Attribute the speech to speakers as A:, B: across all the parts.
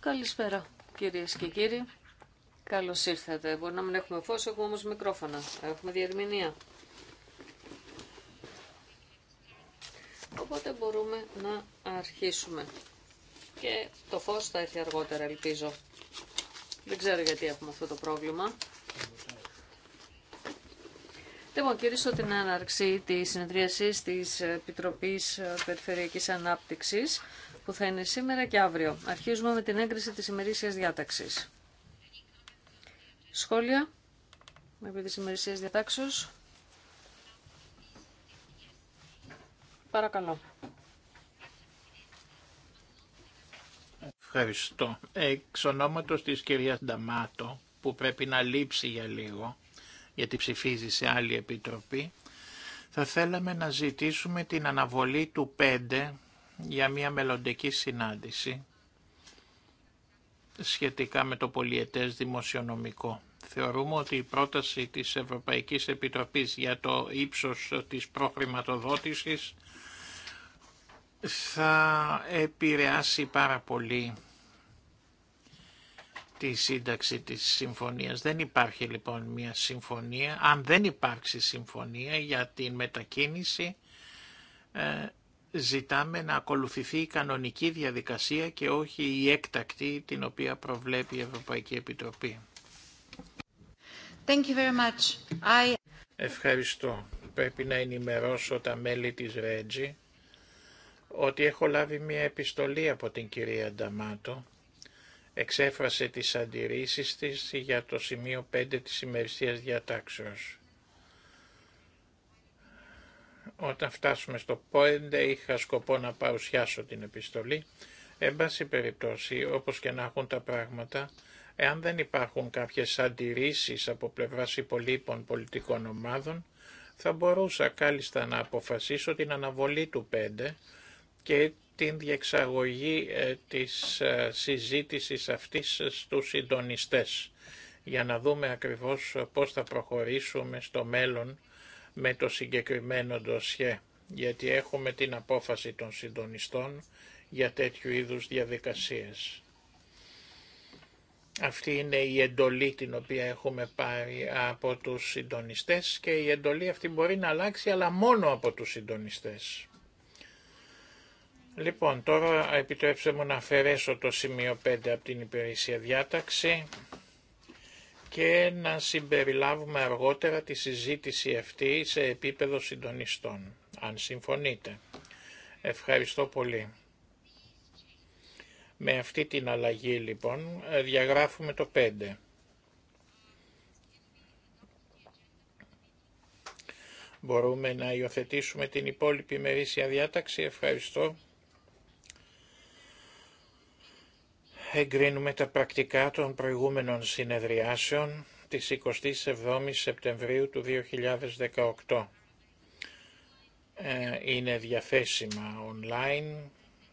A: Καλησπέρα κυρίες και κύριοι. Καλώς ήρθατε. Μπορεί να μην έχουμε φως, έχουμε όμω μικρόφωνα. Έχουμε διερμηνία. Οπότε μπορούμε να αρχίσουμε. Και το φως θα έρθει αργότερα, ελπίζω. Δεν ξέρω γιατί έχουμε αυτό το πρόβλημα. Λοιπόν, κηρύσω την έναρξη τη συνεδρίαση της επιτροπή Περιφερειακής Ανάπτυξης που θα είναι σήμερα και αύριο. Αρχίζουμε με την έγκριση τη ημερήσιας διάταξη. Σχόλια με τη ημερήσιας διατάξεως. Παρακαλώ.
B: Ευχαριστώ. Εξ ονόματος της κυρίας Νταμάτο, που πρέπει να λείψει για λίγο, γιατί ψηφίζει σε άλλη επιτροπή, θα θέλαμε να ζητήσουμε την αναβολή του 5 για μια μελλοντική συνάντηση σχετικά με το πολιετές δημοσιονομικό. Θεωρούμε ότι η πρόταση της Ευρωπαϊκής Επιτροπής για το ύψος της προχρηματοδότησης θα επηρεάσει πάρα πολύ τη σύνταξη της συμφωνίας. Δεν υπάρχει λοιπόν μια συμφωνία. Αν δεν υπάρξει συμφωνία για την μετακίνηση, ε, ζητάμε να ακολουθηθεί η κανονική διαδικασία και όχι η έκτακτη την οποία προβλέπει η Ευρωπαϊκή Επιτροπή.
C: Thank you very much. I...
B: Ευχαριστώ. Πρέπει να ενημερώσω τα μέλη της Ρέτζη ότι έχω λάβει μια επιστολή από την κυρία Νταμάτο εξέφρασε τις αντιρρήσεις της για το σημείο 5 της ημερησίας διατάξεως. Όταν φτάσουμε στο 5 είχα σκοπό να παρουσιάσω την επιστολή. Εν πάση περιπτώσει, όπως και να έχουν τα πράγματα, εάν δεν υπάρχουν κάποιες αντιρρήσεις από πλευράς υπολείπων πολιτικών ομάδων, θα μπορούσα κάλλιστα να αποφασίσω την αναβολή του 5 και την διεξαγωγή ε, της ε, συζήτησης αυτής στους συντονιστές για να δούμε ακριβώς ε, πώς θα προχωρήσουμε στο μέλλον με το συγκεκριμένο ντοσιέ γιατί έχουμε την απόφαση των συντονιστών για τέτοιου είδους διαδικασίες. Αυτή είναι η εντολή την οποία έχουμε πάρει από τους συντονιστές και η εντολή αυτή μπορεί να αλλάξει αλλά μόνο από τους συντονιστές. Λοιπόν, τώρα επιτρέψτε μου να αφαιρέσω το σημείο 5 από την υπηρεσία διάταξη και να συμπεριλάβουμε αργότερα τη συζήτηση αυτή σε επίπεδο συντονιστών, αν συμφωνείτε. Ευχαριστώ πολύ. Με αυτή την αλλαγή λοιπόν διαγράφουμε το 5. Μπορούμε να υιοθετήσουμε την υπόλοιπη μερίσια διάταξη. Ευχαριστώ. εγκρίνουμε τα πρακτικά των προηγούμενων συνεδριάσεων της 27ης Σεπτεμβρίου του 2018. Ε, είναι διαθέσιμα online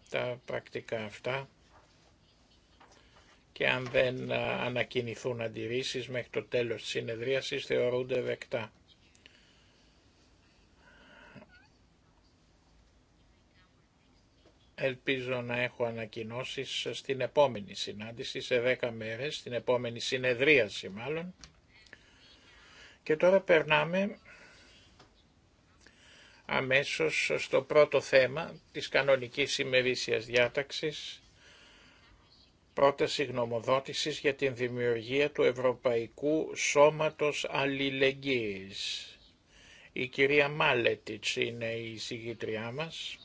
B: τα πρακτικά αυτά και αν δεν ε, ανακοινηθούν αντιρρήσεις μέχρι το τέλος της συνεδρίασης θεωρούνται δεκτά. Ελπίζω να έχω ανακοινώσεις στην επόμενη συνάντηση, σε δέκα μέρες, στην επόμενη συνεδρίαση μάλλον. Και τώρα περνάμε αμέσως στο πρώτο θέμα της κανονικής ημερήσιας διάταξης, πρόταση γνωμοδότησης για την δημιουργία του Ευρωπαϊκού Σώματος Αλληλεγγύης. Η κυρία Μάλετιτς είναι η συγγήτριά μας.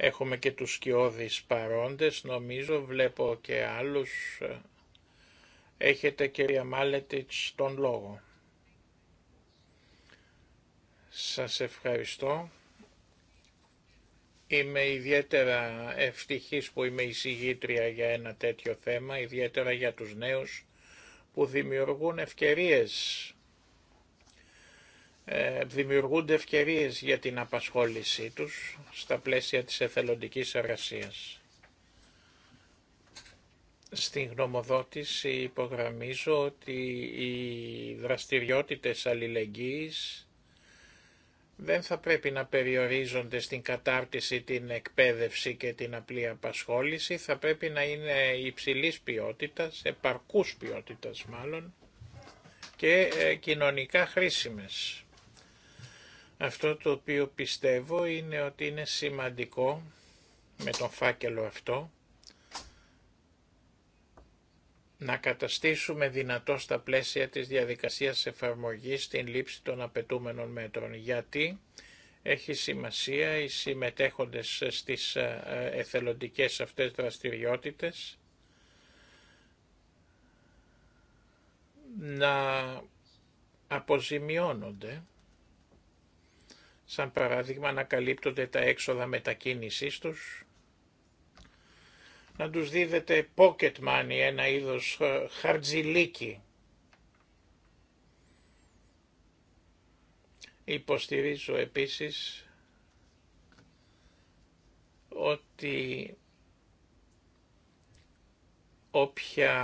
B: Έχουμε και τους σκιώδεις παρόντες, νομίζω, βλέπω και άλλους. Έχετε κυρία Μάλετιτς τον λόγο. Σας ευχαριστώ. Είμαι ιδιαίτερα ευτυχής που είμαι εισηγήτρια για ένα τέτοιο θέμα, ιδιαίτερα για τους νέους που δημιουργούν ευκαιρίες ε, δημιουργούνται ευκαιρίες για την απασχόλησή τους στα πλαίσια της εθελοντικής εργασίας. Στην γνωμοδότηση υπογραμμίζω ότι οι δραστηριότητες αλληλεγγύης δεν θα πρέπει να περιορίζονται στην κατάρτιση, την εκπαίδευση και την απλή απασχόληση, θα πρέπει να είναι υψηλής ποιότητας, επαρκούς ποιότητας μάλλον, και ε, κοινωνικά χρήσιμες. Αυτό το οποίο πιστεύω είναι ότι είναι σημαντικό με τον φάκελο αυτό να καταστήσουμε δυνατό στα πλαίσια της διαδικασίας εφαρμογής την λήψη των απαιτούμενων μέτρων. Γιατί έχει σημασία οι συμμετέχοντες στις ε, εθελοντικές αυτές δραστηριότητες να αποζημιώνονται σαν παράδειγμα να καλύπτονται τα έξοδα μετακίνησής τους, να τους δίδεται pocket money, ένα είδος ε, χαρτζιλίκι. Υποστηρίζω επίσης ότι όποια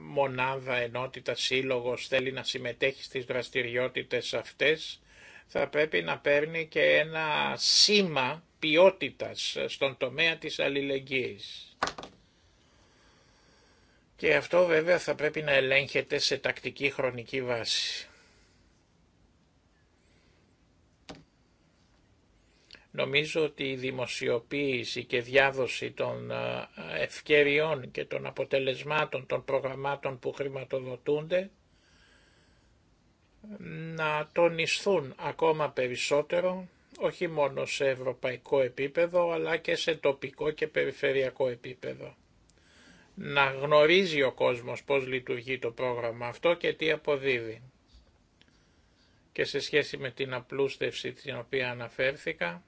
B: μονάδα, ενότητα, σύλλογος θέλει να συμμετέχει στις δραστηριότητες αυτές, θα πρέπει να παίρνει και ένα σήμα ποιότητας στον τομέα της αλληλεγγύης. Και αυτό βέβαια θα πρέπει να ελέγχεται σε τακτική χρονική βάση. Νομίζω ότι η δημοσιοποίηση και διάδοση των ε, ευκαιριών και των αποτελεσμάτων των προγραμμάτων που χρηματοδοτούνται να τονισθούν ακόμα περισσότερο, όχι μόνο σε ευρωπαϊκό επίπεδο, αλλά και σε τοπικό και περιφερειακό επίπεδο. Να γνωρίζει ο κόσμος πώς λειτουργεί το πρόγραμμα αυτό και τι αποδίδει. Και σε σχέση με την απλούστευση την οποία αναφέρθηκα,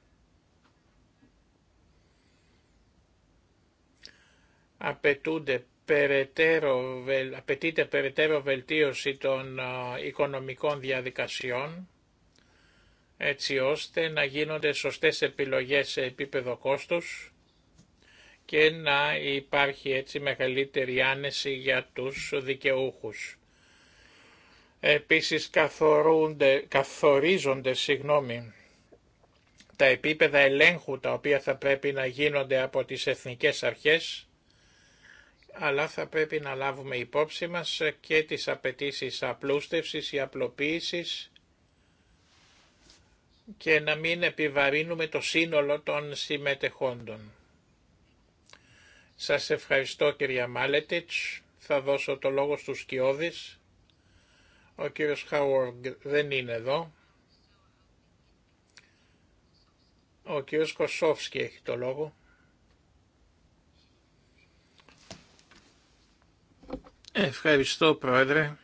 B: απαιτούνται περαιτέρω, απαιτείται περαιτέρω βελτίωση των οικονομικών διαδικασιών έτσι ώστε να γίνονται σωστές επιλογές σε επίπεδο κόστους και να υπάρχει έτσι μεγαλύτερη άνεση για τους δικαιούχους. Επίσης καθορίζονται συγγνώμη, τα επίπεδα ελέγχου τα οποία θα πρέπει να γίνονται από τις εθνικές αρχές αλλά θα πρέπει να λάβουμε υπόψη μας και τις απαιτήσεις απλούστευσης ή απλοποίησης και να μην επιβαρύνουμε το σύνολο των συμμετεχόντων. Σας ευχαριστώ κυρία Μάλετιτς. Θα δώσω το λόγο στους Κιώδης. Ο κύριος Χαουόργ δεν είναι εδώ. Ο κύριος Κοσόφσκι έχει το λόγο. Ευχαριστώ Πρόεδρε.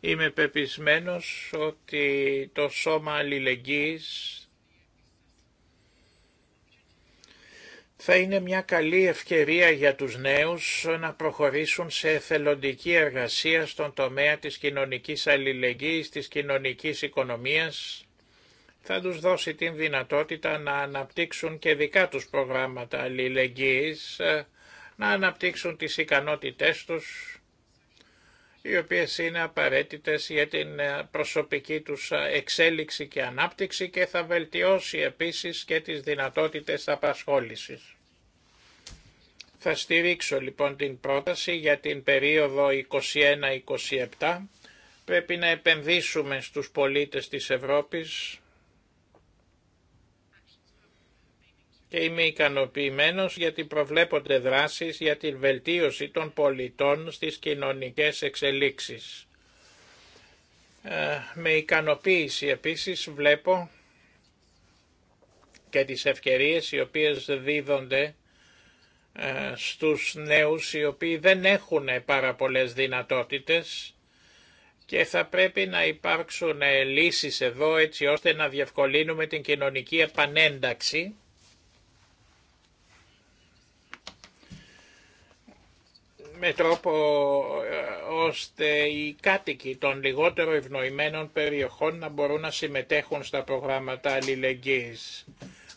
B: Είμαι πεπισμένος ότι το σώμα αλληλεγγύης θα είναι μια καλή ευκαιρία για τους νέους να προχωρήσουν σε εθελοντική εργασία στον τομέα της κοινωνικής αλληλεγγύης, της κοινωνικής οικονομίας. Θα τους δώσει την δυνατότητα να αναπτύξουν και δικά τους προγράμματα αλληλεγγύης να αναπτύξουν τις ικανότητές τους, οι οποίες είναι απαραίτητες για την ε, προσωπική τους ε, εξέλιξη και ανάπτυξη και θα βελτιώσει επίσης και τις δυνατότητες απασχόλησης. Θα στηρίξω λοιπόν την πρόταση για την περίοδο 21-27. Πρέπει να επενδύσουμε στους πολίτες της Ευρώπης και είμαι ικανοποιημένος γιατί προβλέπονται δράσεις για την βελτίωση των πολιτών στις κοινωνικές εξελίξεις. Ε, με ικανοποίηση επίσης βλέπω και τις ευκαιρίες οι οποίες δίδονται ε, στους νέους οι οποίοι δεν έχουν πάρα πολλές δυνατότητες και θα πρέπει να υπάρξουν ε, λύσεις εδώ έτσι ώστε να διευκολύνουμε την κοινωνική επανένταξη με τρόπο ε, ώστε οι κάτοικοι των λιγότερο ευνοημένων περιοχών να μπορούν να συμμετέχουν στα προγράμματα αλληλεγγύης.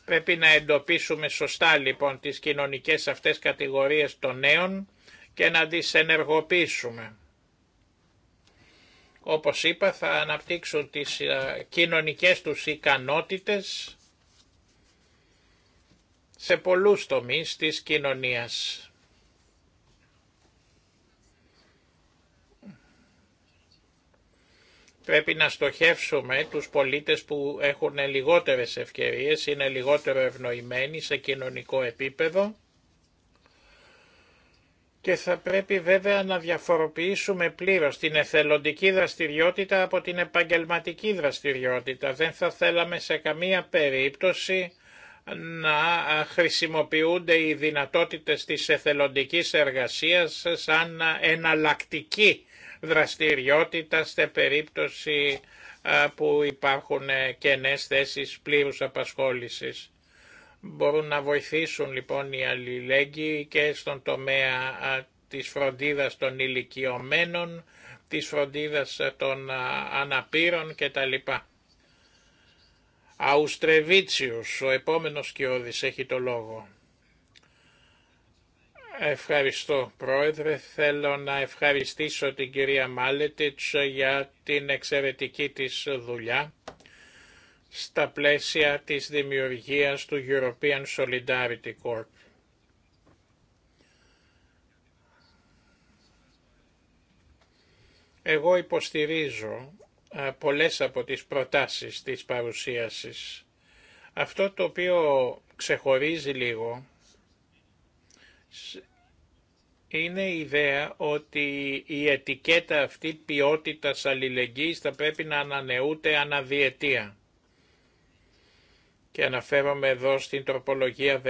B: Πρέπει να εντοπίσουμε σωστά λοιπόν τις κοινωνικές αυτές κατηγορίες των νέων και να τις ενεργοποιήσουμε. Όπως είπα θα αναπτύξουν τις ε, κοινωνικές τους ικανότητες σε πολλούς τομείς της κοινωνίας. πρέπει να στοχεύσουμε τους πολίτες που έχουν λιγότερες ευκαιρίες, είναι λιγότερο ευνοημένοι σε κοινωνικό επίπεδο και θα πρέπει βέβαια να διαφοροποιήσουμε πλήρως την εθελοντική δραστηριότητα από την επαγγελματική δραστηριότητα. Δεν θα θέλαμε σε καμία περίπτωση να χρησιμοποιούνται οι δυνατότητες της εθελοντικής εργασίας σαν εναλλακτική δραστηριότητα σε περίπτωση που υπάρχουν ε, κενές θέσεις πλήρους απασχόλησης. Μπορούν να βοηθήσουν λοιπόν οι αλληλέγγυοι και στον τομέα της φροντίδας των ηλικιωμένων, της φροντίδας ε, των αναπήρων κτλ. Αουστρεβίτσιος, ο επόμενος κοιόδης, έχει το λόγο. Ευχαριστώ Πρόεδρε. Θέλω να ευχαριστήσω την κυρία Μάλετιτς για την εξαιρετική της δουλειά στα πλαίσια της δημιουργίας του European Solidarity Corps. Εγώ υποστηρίζω πολλές από τις προτάσεις της παρουσίασης. Αυτό το οποίο ξεχωρίζει λίγο είναι η ιδέα ότι η ετικέτα αυτή ποιότητας αλληλεγγύης θα πρέπει να ανανεούται αναδιετία. Και αναφέρομαι εδώ στην τροπολογία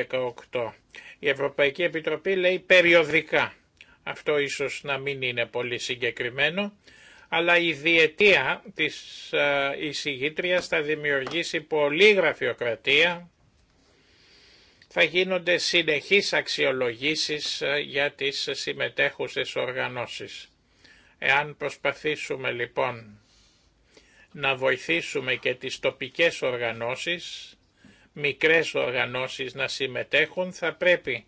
B: 18. Η Ευρωπαϊκή Επιτροπή λέει περιοδικά. Αυτό ίσως να μην είναι πολύ συγκεκριμένο, αλλά η διετία της ε, εισηγήτριας θα δημιουργήσει πολύ γραφειοκρατία θα γίνονται συνεχείς αξιολογήσεις ε, για τις συμμετέχουσες οργανώσεις. Εάν προσπαθήσουμε λοιπόν να βοηθήσουμε και τις τοπικές οργανώσεις, μικρές οργανώσεις να συμμετέχουν, θα πρέπει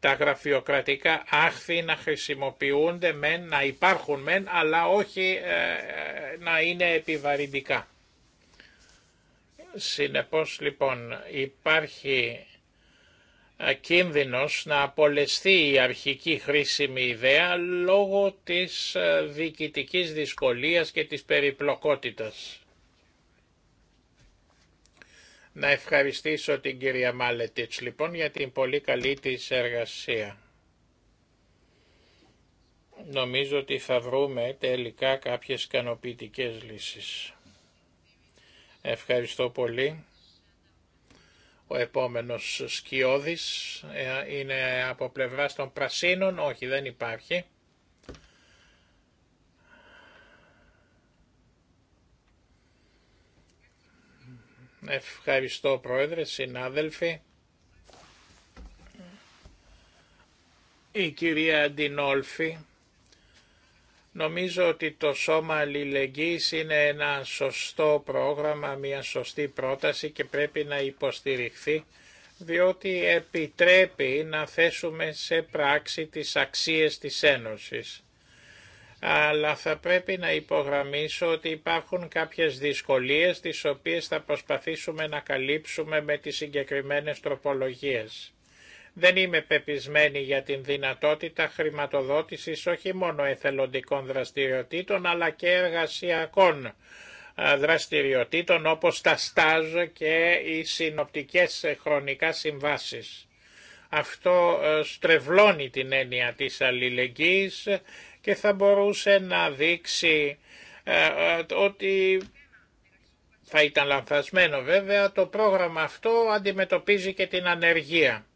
B: τα γραφειοκρατικά άχθη να χρησιμοποιούνται μεν, να υπάρχουν μεν, αλλά όχι ε, να είναι επιβαρυντικά. Συνεπώς λοιπόν υπάρχει κίνδυνος να απολεστεί η αρχική χρήσιμη ιδέα λόγω της ε, διοικητικής δυσκολίας και της περιπλοκότητας. Να ευχαριστήσω την κυρία Μάλετιτς λοιπόν για την πολύ καλή της εργασία. Νομίζω ότι θα βρούμε τελικά κάποιες ικανοποιητικέ λύσεις. Ευχαριστώ πολύ. Ο επόμενος σκιώδης ε, είναι από πλευράς των πρασίνων, όχι δεν υπάρχει. Ευχαριστώ Πρόεδρε, συνάδελφοι. Η κυρία Αντινόλφη Νομίζω ότι το Σώμα Αλληλεγγύης είναι ένα σωστό πρόγραμμα, μια σωστή πρόταση και πρέπει να υποστηριχθεί διότι επιτρέπει να θέσουμε σε πράξη τις αξίες της Ένωσης. Αλλά θα πρέπει να υπογραμμίσω ότι υπάρχουν κάποιες δυσκολίες τις οποίες θα προσπαθήσουμε να καλύψουμε με τις συγκεκριμένες τροπολογίες. Δεν είμαι πεπισμένη για την δυνατότητα χρηματοδότησης όχι μόνο εθελοντικών δραστηριοτήτων αλλά και εργασιακών ε, δραστηριοτήτων όπως τα στάζ και οι συνοπτικές χρονικά συμβάσεις. Αυτό ε, στρεβλώνει την έννοια της αλληλεγγύης και θα μπορούσε να δείξει ε, ότι θα ήταν λανθασμένο βέβαια, το πρόγραμμα αυτό αντιμετωπίζει και την ανεργία.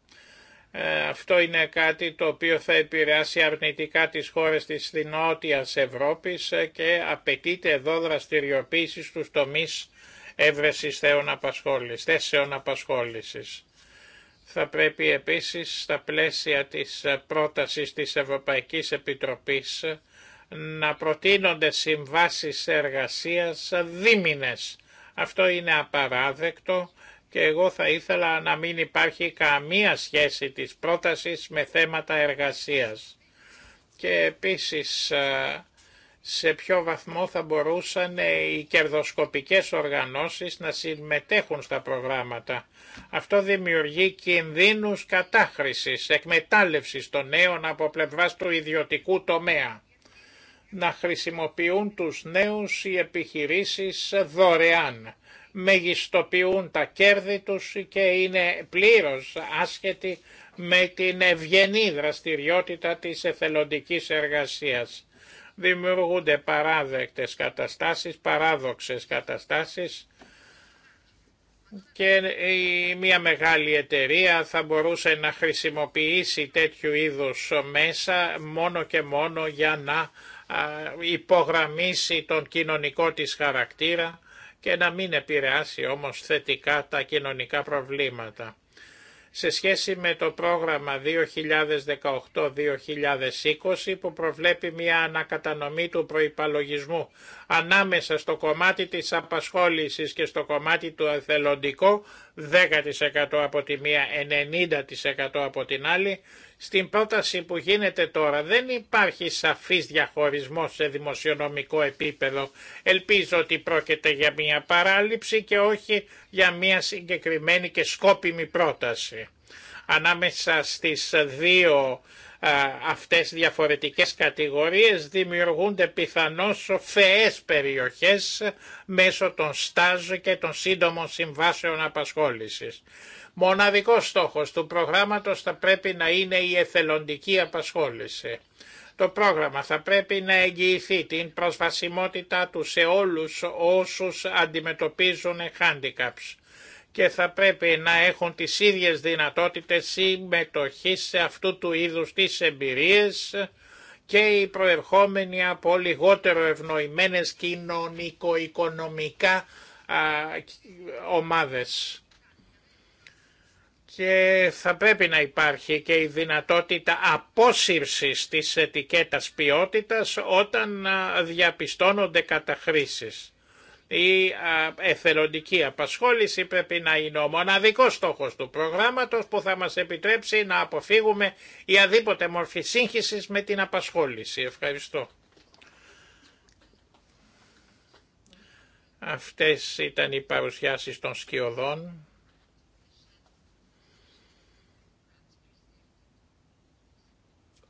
B: Ε, αυτό είναι κάτι το οποίο θα επηρεάσει αρνητικά τις χώρες της Νότιας Ευρώπης ε, και απαιτείται εδώ δραστηριοποίηση στους τομείς έβρεσης θέων απασχόλησης, θέσεων απασχόλησης. Θα πρέπει επίσης στα πλαίσια της πρότασης της Ευρωπαϊκής Επιτροπής να προτείνονται συμβάσεις εργασίας δίμηνες. Αυτό είναι απαράδεκτο και εγώ θα ήθελα να μην υπάρχει καμία σχέση της πρότασης με θέματα εργασίας. Και επίσης ε, σε ποιο βαθμό θα μπορούσαν οι κερδοσκοπικές οργανώσεις να συμμετέχουν στα προγράμματα. Αυτό δημιουργεί κινδύνους κατάχρησης, εκμετάλλευσης των νέων από πλευράς του ιδιωτικού τομέα. Να χρησιμοποιούν τους νέους οι επιχειρήσεις δωρεάν μεγιστοποιούν τα κέρδη τους και είναι πλήρως άσχετοι με την ευγενή δραστηριότητα της εθελοντικής εργασίας. Δημιουργούνται παράδεκτες καταστάσεις, παράδοξες καταστάσεις και μια μεγάλη εταιρεία θα μπορούσε να χρησιμοποιήσει τέτοιου είδους μέσα μόνο και μόνο για να υπογραμμίσει τον κοινωνικό της χαρακτήρα και να μην επηρεάσει όμως θετικά τα κοινωνικά προβλήματα. Σε σχέση με το πρόγραμμα 2018-2020 που προβλέπει μια ανακατανομή του προϋπαλογισμού ανάμεσα στο κομμάτι της απασχόλησης και στο κομμάτι του εθελοντικού 10% από τη μία, 90% από την άλλη στην πρόταση που γίνεται τώρα δεν υπάρχει σαφής διαχωρισμός σε δημοσιονομικό επίπεδο. Ελπίζω ότι πρόκειται για μια παράληψη και όχι για μια συγκεκριμένη και σκόπιμη πρόταση. Ανάμεσα στις δύο αυτές διαφορετικές κατηγορίες δημιουργούνται πιθανώς φαιές περιοχές μέσω των στάζ και των σύντομων συμβάσεων απασχόλησης. Μοναδικός στόχος του προγράμματος θα πρέπει να είναι η εθελοντική απασχόληση. Το πρόγραμμα θα πρέπει να εγγυηθεί την προσβασιμότητά του σε όλους όσους αντιμετωπίζουν handicaps και θα πρέπει να έχουν τις ίδιες δυνατότητες συμμετοχής σε αυτού του είδους τις εμπειρίες και οι προερχόμενοι από λιγότερο ευνοημένες κοινωνικο-οικονομικά ομάδες και θα πρέπει να υπάρχει και η δυνατότητα απόσυρσης της ετικέτας ποιότητας όταν διαπιστώνονται καταχρήσεις. Η εθελοντική απασχόληση πρέπει να είναι ο μοναδικός στόχος του προγράμματος που θα μας επιτρέψει να αποφύγουμε η αδίποτε μορφή σύγχυσης με την απασχόληση. Ευχαριστώ. Αυτές ήταν οι παρουσιάσεις των σκιωδών.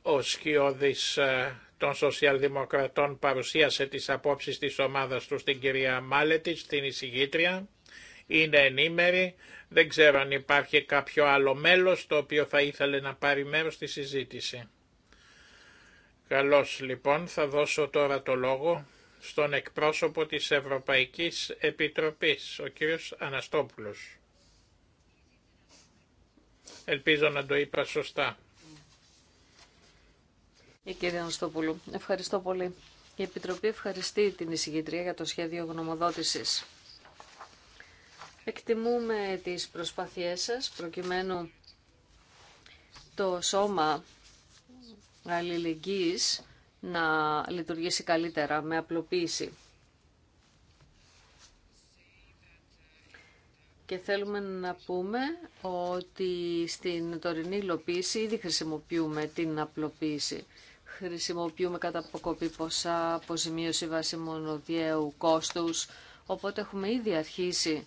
B: ο Σκιώδης ε, των Σοσιαλδημοκρατών παρουσίασε τις απόψεις της ομάδας του στην κυρία Μάλετη, στην εισηγήτρια. Είναι ενήμερη. Δεν ξέρω αν υπάρχει κάποιο άλλο μέλος το οποίο θα ήθελε να πάρει μέρος στη συζήτηση. Καλώς λοιπόν θα δώσω τώρα το λόγο στον εκπρόσωπο της Ευρωπαϊκής Επιτροπής, ο κύριος Αναστόπουλος. Ελπίζω να το είπα σωστά.
A: Η κυρία Αναστοπούλου, ευχαριστώ πολύ. Η Επιτροπή ευχαριστεί την εισηγητρία για το σχέδιο γνωμοδότησης. Εκτιμούμε τις προσπάθειές σας προκειμένου το σώμα αλληλεγγύης να λειτουργήσει καλύτερα με απλοποίηση. Και θέλουμε να πούμε ότι στην τωρινή υλοποίηση ήδη χρησιμοποιούμε την απλοποίηση χρησιμοποιούμε κατά αποκοπή ποσά, αποζημίωση βάση μονοδιαίου κόστους, οπότε έχουμε ήδη αρχίσει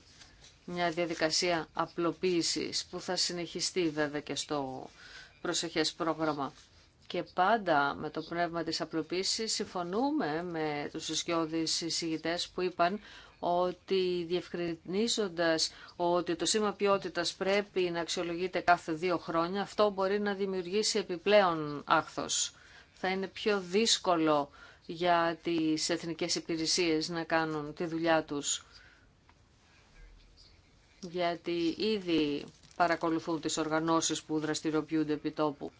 A: μια διαδικασία απλοποίησης που θα συνεχιστεί βέβαια και στο προσεχές πρόγραμμα. Και πάντα με το πνεύμα της απλοποίησης συμφωνούμε με τους ισχυώδεις εισηγητές που είπαν ότι διευκρινίζοντας ότι το σήμα ποιότητας πρέπει να αξιολογείται κάθε δύο χρόνια, αυτό μπορεί να δημιουργήσει επιπλέον άχθος θα είναι πιο δύσκολο για τις εθνικές υπηρεσίες να κάνουν τη δουλειά τους γιατί ήδη παρακολουθούν τις οργανώσεις που δραστηριοποιούνται επί τόπου.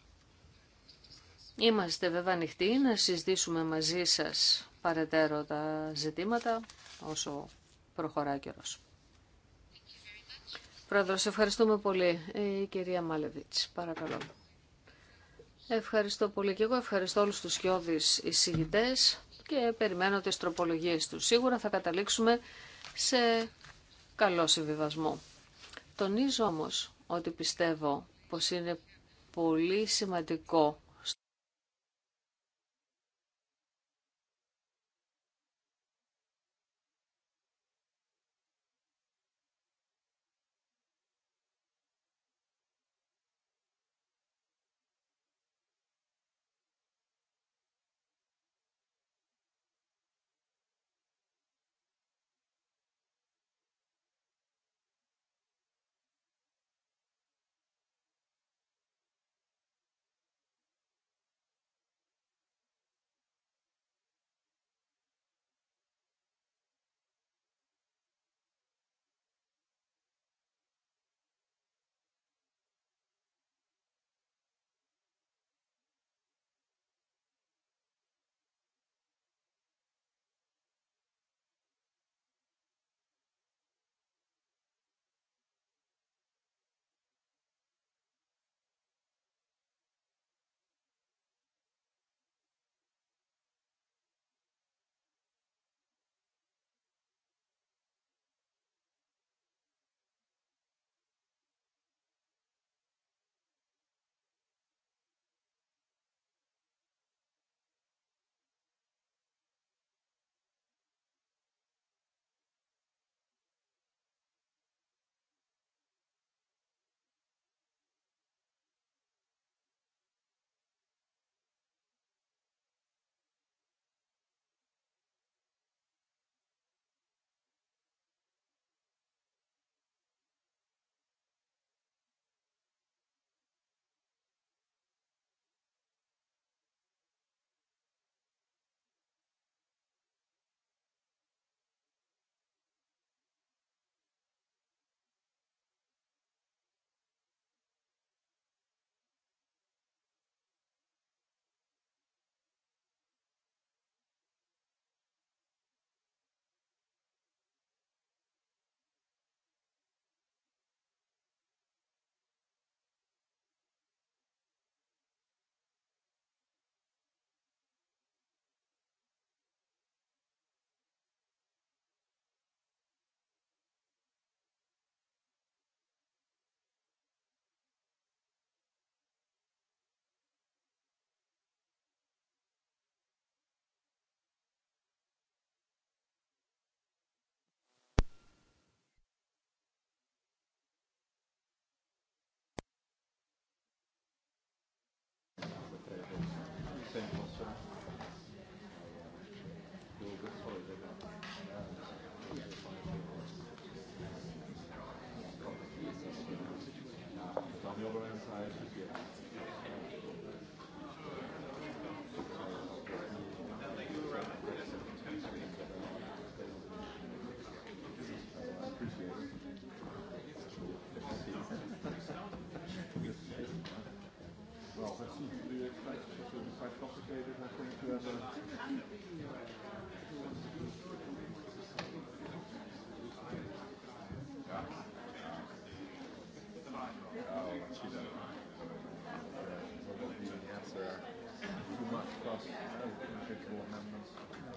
A: Είμαστε βέβαια ανοιχτοί να συζητήσουμε μαζί σας παρετέρω τα ζητήματα όσο προχωρά καιρός. Πρόεδρος, ευχαριστούμε πολύ. Η κυρία Μάλεβιτς, παρακαλώ. Ευχαριστώ πολύ και εγώ ευχαριστώ όλους τους σκιώδεις εισηγητές και περιμένω τις τροπολογίες τους. Σίγουρα θα καταλήξουμε σε καλό συμβιβασμό. Τονίζω όμως ότι πιστεύω πως είναι πολύ σημαντικό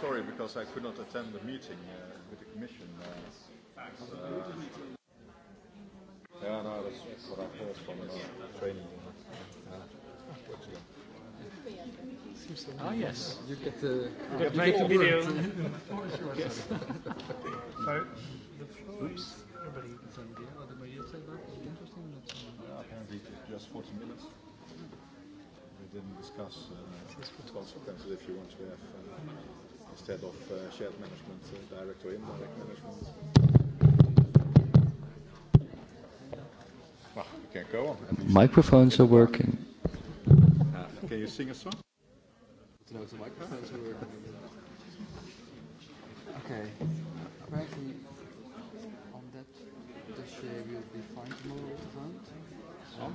A: sorry because I could
C: not attend the meeting with the Commission.
D: yeah, no, that's what I heard from the training.
C: Ah, yes. You get the, you get the video. yes. so, Oops. Everybody is on the other way. It's interesting. Uh, apparently, just 40 minutes We didn't discuss uh, consequences if you want to have. Uh, instead of shared management direct or indirect management. Well, we can go on. Microphones are working. Can you sing a song? Okay. Apparently, on that, the share will
D: be fine tomorrow Some?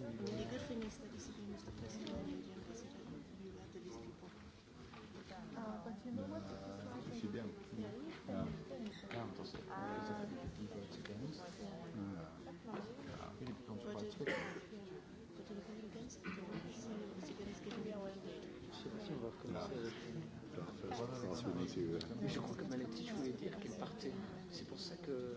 C: je crois que je voulais dire qu'elle partait. C'est pour ça que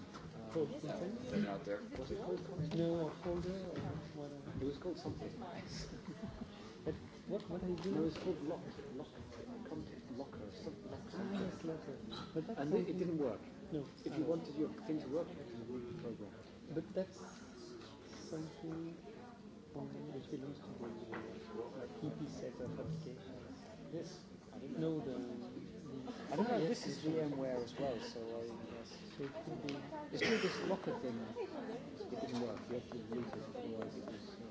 D: called something? They're not there. Was it called
C: something? No, Folder or whatever. It was called something. But what what I do? It was called lock, lock, contact locker, something. Ah, yes, locker. But that's and it didn't work. No. If you wanted your thing to work, you had to program. But that's something which belongs to the PP set of applications. Yes. No, the. I don't know. This is VMware as well, so I it could be, it's not this locker thing. It didn't work. You have to use it, otherwise it was. Uh,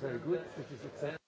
C: Very good. This is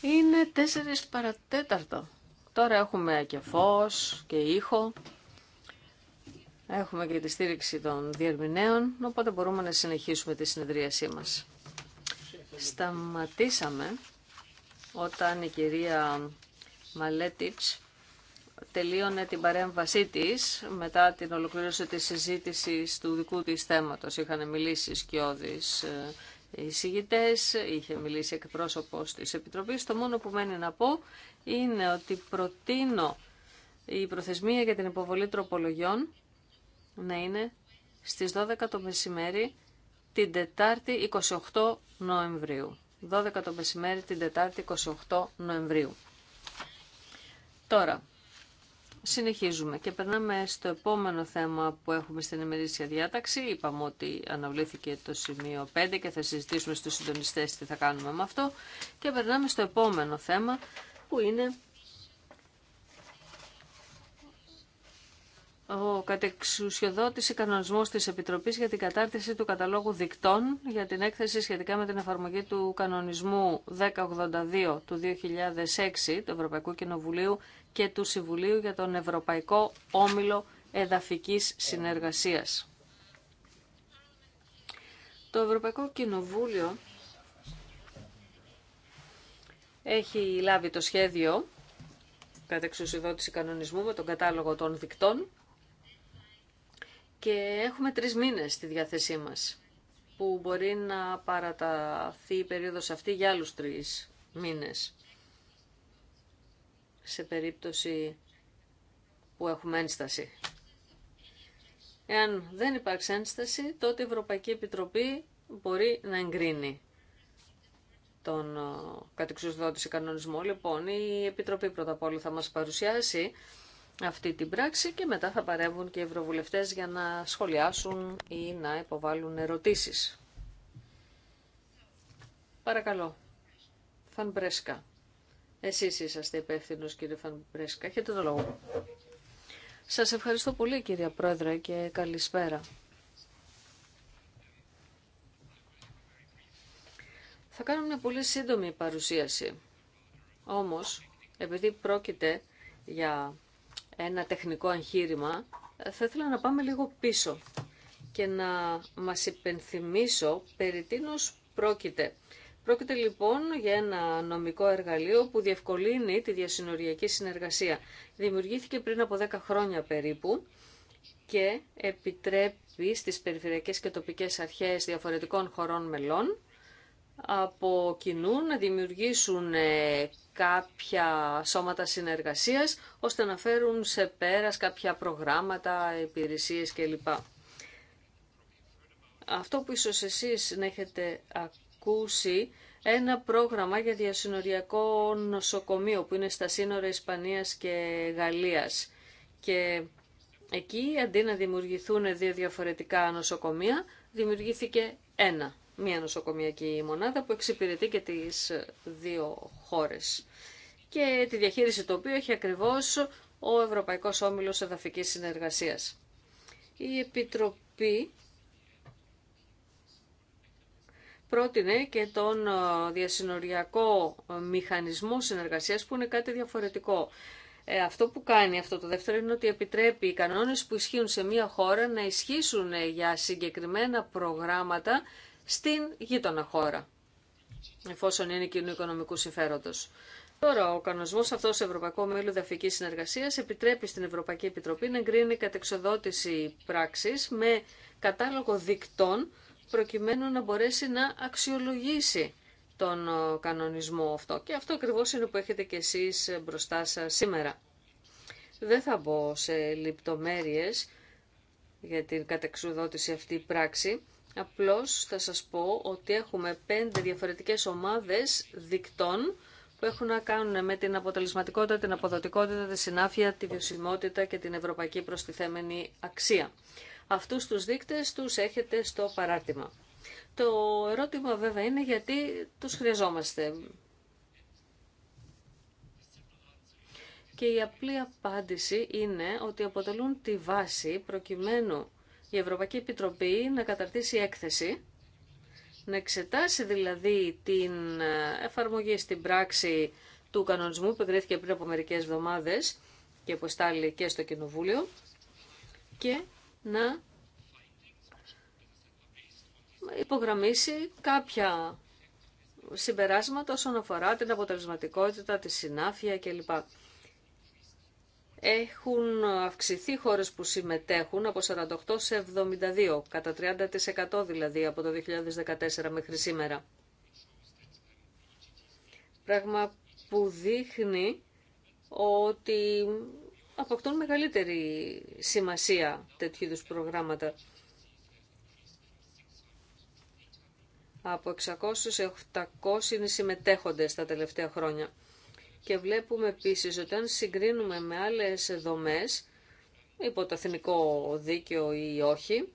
A: Είναι τέσσερις παρατέταρτο. Τώρα έχουμε και φως και ήχο. Έχουμε και τη στήριξη των διερμηνέων, οπότε μπορούμε να συνεχίσουμε τη συνεδρίασή μας. Σταματήσαμε όταν η κυρία Μαλέτιτς τελείωνε την παρέμβασή της μετά την ολοκλήρωση της συζήτησης του δικού της θέματος. Είχαν μιλήσει σκιώδης ε, εισηγητές, είχε μιλήσει εκπρόσωπο της Επιτροπής. Το μόνο που μένει να πω είναι ότι προτείνω η προθεσμία για την υποβολή τροπολογιών να είναι στις 12 το μεσημέρι την Τετάρτη 28 Νοεμβρίου. 12 το μεσημέρι την Τετάρτη 28 Νοεμβρίου. Τώρα, Συνεχίζουμε και περνάμε στο επόμενο θέμα που έχουμε στην ημερήσια διάταξη. Είπαμε ότι αναβλήθηκε το σημείο 5 και θα συζητήσουμε στους συντονιστές τι θα κάνουμε με αυτό. Και περνάμε στο επόμενο θέμα που είναι ο κατεξουσιοδότηση κανονισμός της Επιτροπής για την κατάρτιση του καταλόγου δικτών για την έκθεση σχετικά με την εφαρμογή του κανονισμού 1082 του 2006 του Ευρωπαϊκού Κοινοβουλίου και του Συμβουλίου για τον Ευρωπαϊκό Όμιλο Εδαφικής Συνεργασίας. Το Ευρωπαϊκό Κοινοβούλιο έχει λάβει το σχέδιο κατά εξουσιοδότηση κανονισμού με τον κατάλογο των δικτών και έχουμε τρεις μήνες στη διάθεσή μας που μπορεί να παραταθεί η περίοδος αυτή για άλλους τρεις μήνες σε περίπτωση που έχουμε ένσταση. Εάν δεν υπάρξει ένσταση, τότε η Ευρωπαϊκή Επιτροπή μπορεί να εγκρίνει τον ε, κατεξουσδότηση κανονισμό. Λοιπόν, η Επιτροπή πρώτα απ' όλα θα μας παρουσιάσει αυτή την πράξη και μετά θα παρέμβουν και οι ευρωβουλευτές για να σχολιάσουν ή να υποβάλουν ερωτήσεις. Παρακαλώ. Φαν Μπρέσκα. Εσείς είσαστε υπεύθυνο κύριε Φανμπρέσκα. Έχετε το λόγο. Σας ευχαριστώ πολύ κύριε Πρόεδρε και καλησπέρα. Θα κάνω μια πολύ σύντομη παρουσίαση. Όμως, επειδή πρόκειται για ένα τεχνικό εγχείρημα, θα ήθελα να πάμε λίγο πίσω και να μας υπενθυμίσω περί τίνος πρόκειται. Πρόκειται λοιπόν για ένα νομικό εργαλείο που διευκολύνει τη διασυνοριακή συνεργασία. Δημιουργήθηκε πριν από 10 χρόνια περίπου και επιτρέπει στις περιφερειακές και τοπικές αρχές διαφορετικών χωρών μελών από κοινού να δημιουργήσουν ε, κάποια σώματα συνεργασίας ώστε να φέρουν σε πέρας κάποια προγράμματα, υπηρεσίες κλπ. Αυτό που ίσως εσείς να ακούσει ένα πρόγραμμα για διασυνοριακό νοσοκομείο που είναι στα σύνορα Ισπανίας και Γαλλίας. Και εκεί αντί να δημιουργηθούν δύο διαφορετικά νοσοκομεία, δημιουργήθηκε ένα, μία νοσοκομιακή μονάδα που εξυπηρετεί και τις δύο χώρες. Και τη διαχείριση το οποίο έχει ακριβώς ο Ευρωπαϊκός Όμιλος Εδαφικής Συνεργασίας. Η Επιτροπή πρότεινε και τον ε, διασυνοριακό ε, μηχανισμό συνεργασίας που είναι κάτι διαφορετικό. Ε, αυτό που κάνει αυτό το δεύτερο είναι ότι επιτρέπει οι κανόνες που ισχύουν σε μία χώρα να ισχύσουν για συγκεκριμένα προγράμματα στην γείτονα χώρα, εφόσον είναι κοινού οικονομικού συμφέροντος. Τώρα, ο κανονισμό αυτό Ευρωπαϊκό Ευρωπαϊκού Δαφική Συνεργασία επιτρέπει στην Ευρωπαϊκή Επιτροπή να εγκρίνει κατεξοδότηση πράξη με κατάλογο δικτών προκειμένου να μπορέσει να αξιολογήσει τον ε, κανονισμό αυτό. Και αυτό ακριβώς είναι που έχετε και εσείς ε, μπροστά σας σήμερα. Δεν θα μπω σε λεπτομέρειες για την κατεξουδότηση αυτή πράξη. Απλώς θα σας πω ότι έχουμε πέντε διαφορετικές ομάδες δικτών που έχουν να κάνουν με την αποτελεσματικότητα, την αποδοτικότητα, τη συνάφεια, τη βιωσιμότητα και την ευρωπαϊκή προστιθέμενη αξία. Αυτούς τους δείκτες τους έχετε στο παράτημα. Το ερώτημα βέβαια είναι γιατί τους χρειαζόμαστε. Και η απλή απάντηση είναι ότι αποτελούν τη βάση προκειμένου η Ευρωπαϊκή Επιτροπή να καταρτήσει έκθεση, να εξετάσει δηλαδή την εφαρμογή στην πράξη του κανονισμού που εγκρίθηκε πριν από μερικές εβδομάδες και αποστάλλει και στο Κοινοβούλιο και να υπογραμμίσει κάποια συμπεράσματα όσον αφορά την αποτελεσματικότητα, τη συνάφεια κλπ. Έχουν αυξηθεί χώρες που συμμετέχουν από 48 σε 72, κατά 30% δηλαδή από το 2014 μέχρι σήμερα. Πράγμα που δείχνει ότι αποκτούν μεγαλύτερη σημασία τέτοιου είδους προγράμματα. Από 600 σε 800 είναι συμμετέχοντες τα τελευταία χρόνια. Και βλέπουμε επίσης ότι αν συγκρίνουμε με άλλες δομές, υπό το εθνικό δίκαιο ή όχι,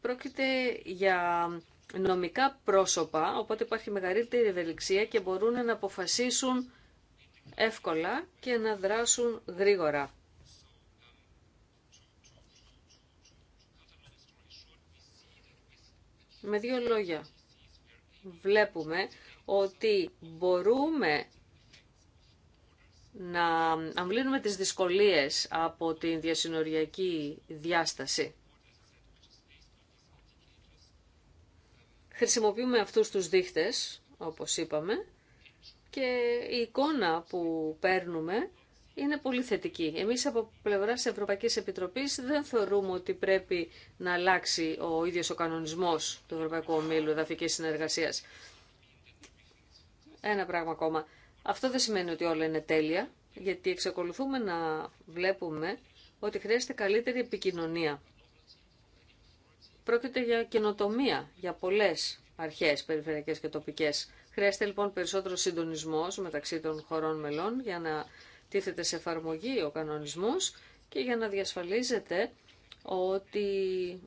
A: πρόκειται για νομικά πρόσωπα, οπότε υπάρχει μεγαλύτερη ευελιξία και μπορούν να αποφασίσουν εύκολα και να δράσουν γρήγορα. Με δύο λόγια, βλέπουμε ότι μπορούμε να αμβλύνουμε τις δυσκολίες από την διασυνοριακή διάσταση. Χρησιμοποιούμε αυτούς τους δείχτες, όπως είπαμε, και η εικόνα που παίρνουμε είναι πολύ θετική. Εμείς από πλευρά της Ευρωπαϊκής Επιτροπής δεν θεωρούμε ότι πρέπει να αλλάξει ο ίδιος ο κανονισμός του Ευρωπαϊκού Ομίλου Εδαφικής Συνεργασίας. Ένα πράγμα ακόμα. Αυτό δεν σημαίνει ότι όλα είναι τέλεια, γιατί εξακολουθούμε να βλέπουμε ότι χρειάζεται καλύτερη επικοινωνία. Πρόκειται για καινοτομία, για πολλές αρχές περιφερειακές και τοπικές Χρειάζεται λοιπόν περισσότερο συντονισμό μεταξύ των χωρών μελών για να τίθεται σε εφαρμογή ο κανονισμός και για να διασφαλίζεται ότι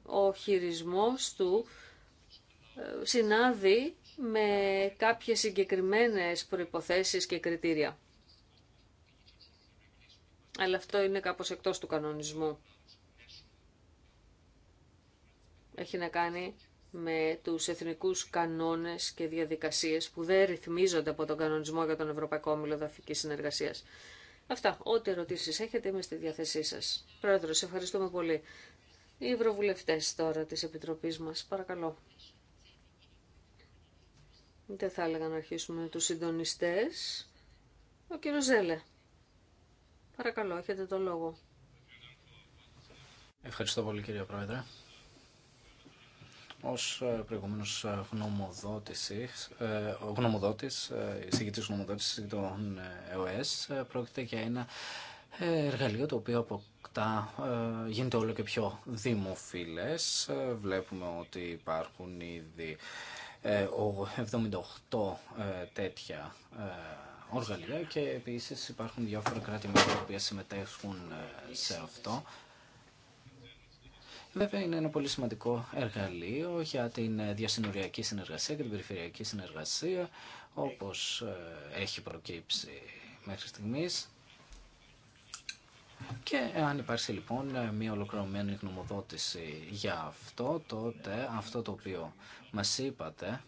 A: ο χειρισμός του ε, συνάδει με κάποιες συγκεκριμένες προϋποθέσεις και κριτήρια. Αλλά αυτό είναι κάπως εκτός του κανονισμού. Έχει να κάνει με τους εθνικούς κανόνες και διαδικασίες που δεν ρυθμίζονται από τον κανονισμό για τον Ευρωπαϊκό Όμιλο Συνεργασία. Συνεργασίας. Αυτά. Ό,τι ερωτήσεις έχετε, είμαι στη διάθεσή σας. Πρόεδρος, ευχαριστούμε πολύ. Οι ευρωβουλευτές τώρα της Επιτροπής μας, παρακαλώ. Δεν θα έλεγα να αρχίσουμε με τους συντονιστές. Ο κύριος Ζέλε. Παρακαλώ, έχετε το λόγο.
D: Ευχαριστώ πολύ κύριε Πρόεδρε ως ε, προηγούμενος ε, ε, γνωμοδότης, γνωμοδότης εισηγητής γνωμοδότης των ΕΟΕΣ πρόκειται για ένα εργαλείο το οποίο αποκτά, γίνεται όλο και πιο δημοφιλές. Βλέπουμε ότι υπάρχουν ήδη 78 τέτοια οργαλεία και επίσης υπάρχουν διάφορα τα που συμμετέχουν σε αυτό. Βέβαια είναι ένα πολύ σημαντικό εργαλείο για την διασυνοριακή συνεργασία και την περιφερειακή συνεργασία όπως ε, έχει προκύψει μέχρι στιγμής. Και αν υπάρξει λοιπόν μια ολοκληρωμένη γνωμοδότηση για αυτό, τότε αυτό το οποίο μας είπατε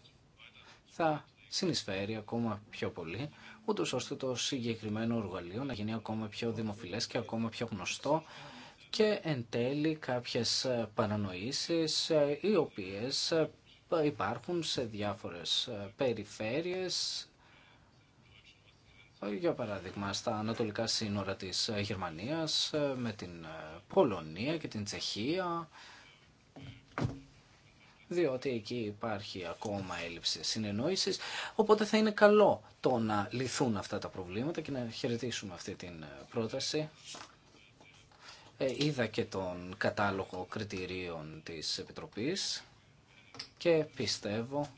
D: θα συνεισφέρει ακόμα πιο πολύ, ούτως ώστε το συγκεκριμένο εργαλείο να γίνει ακόμα πιο δημοφιλές και ακόμα πιο γνωστό και εν τέλει κάποιες ε, παρανοήσεις ε, οι οποίες ε, υπάρχουν σε διάφορες περιφέρειες για παράδειγμα στα ανατολικά σύνορα της Γερμανίας με την Πολωνία και την Τσεχία διότι εκεί υπάρχει ακόμα έλλειψη συνεννόησης, οπότε θα είναι καλό το να λυθούν αυτά τα προβλήματα και να χαιρετήσουμε αυτή την πρόταση. Ε, είδα και τον κατάλογο κριτηρίων της Επιτροπής και πιστεύω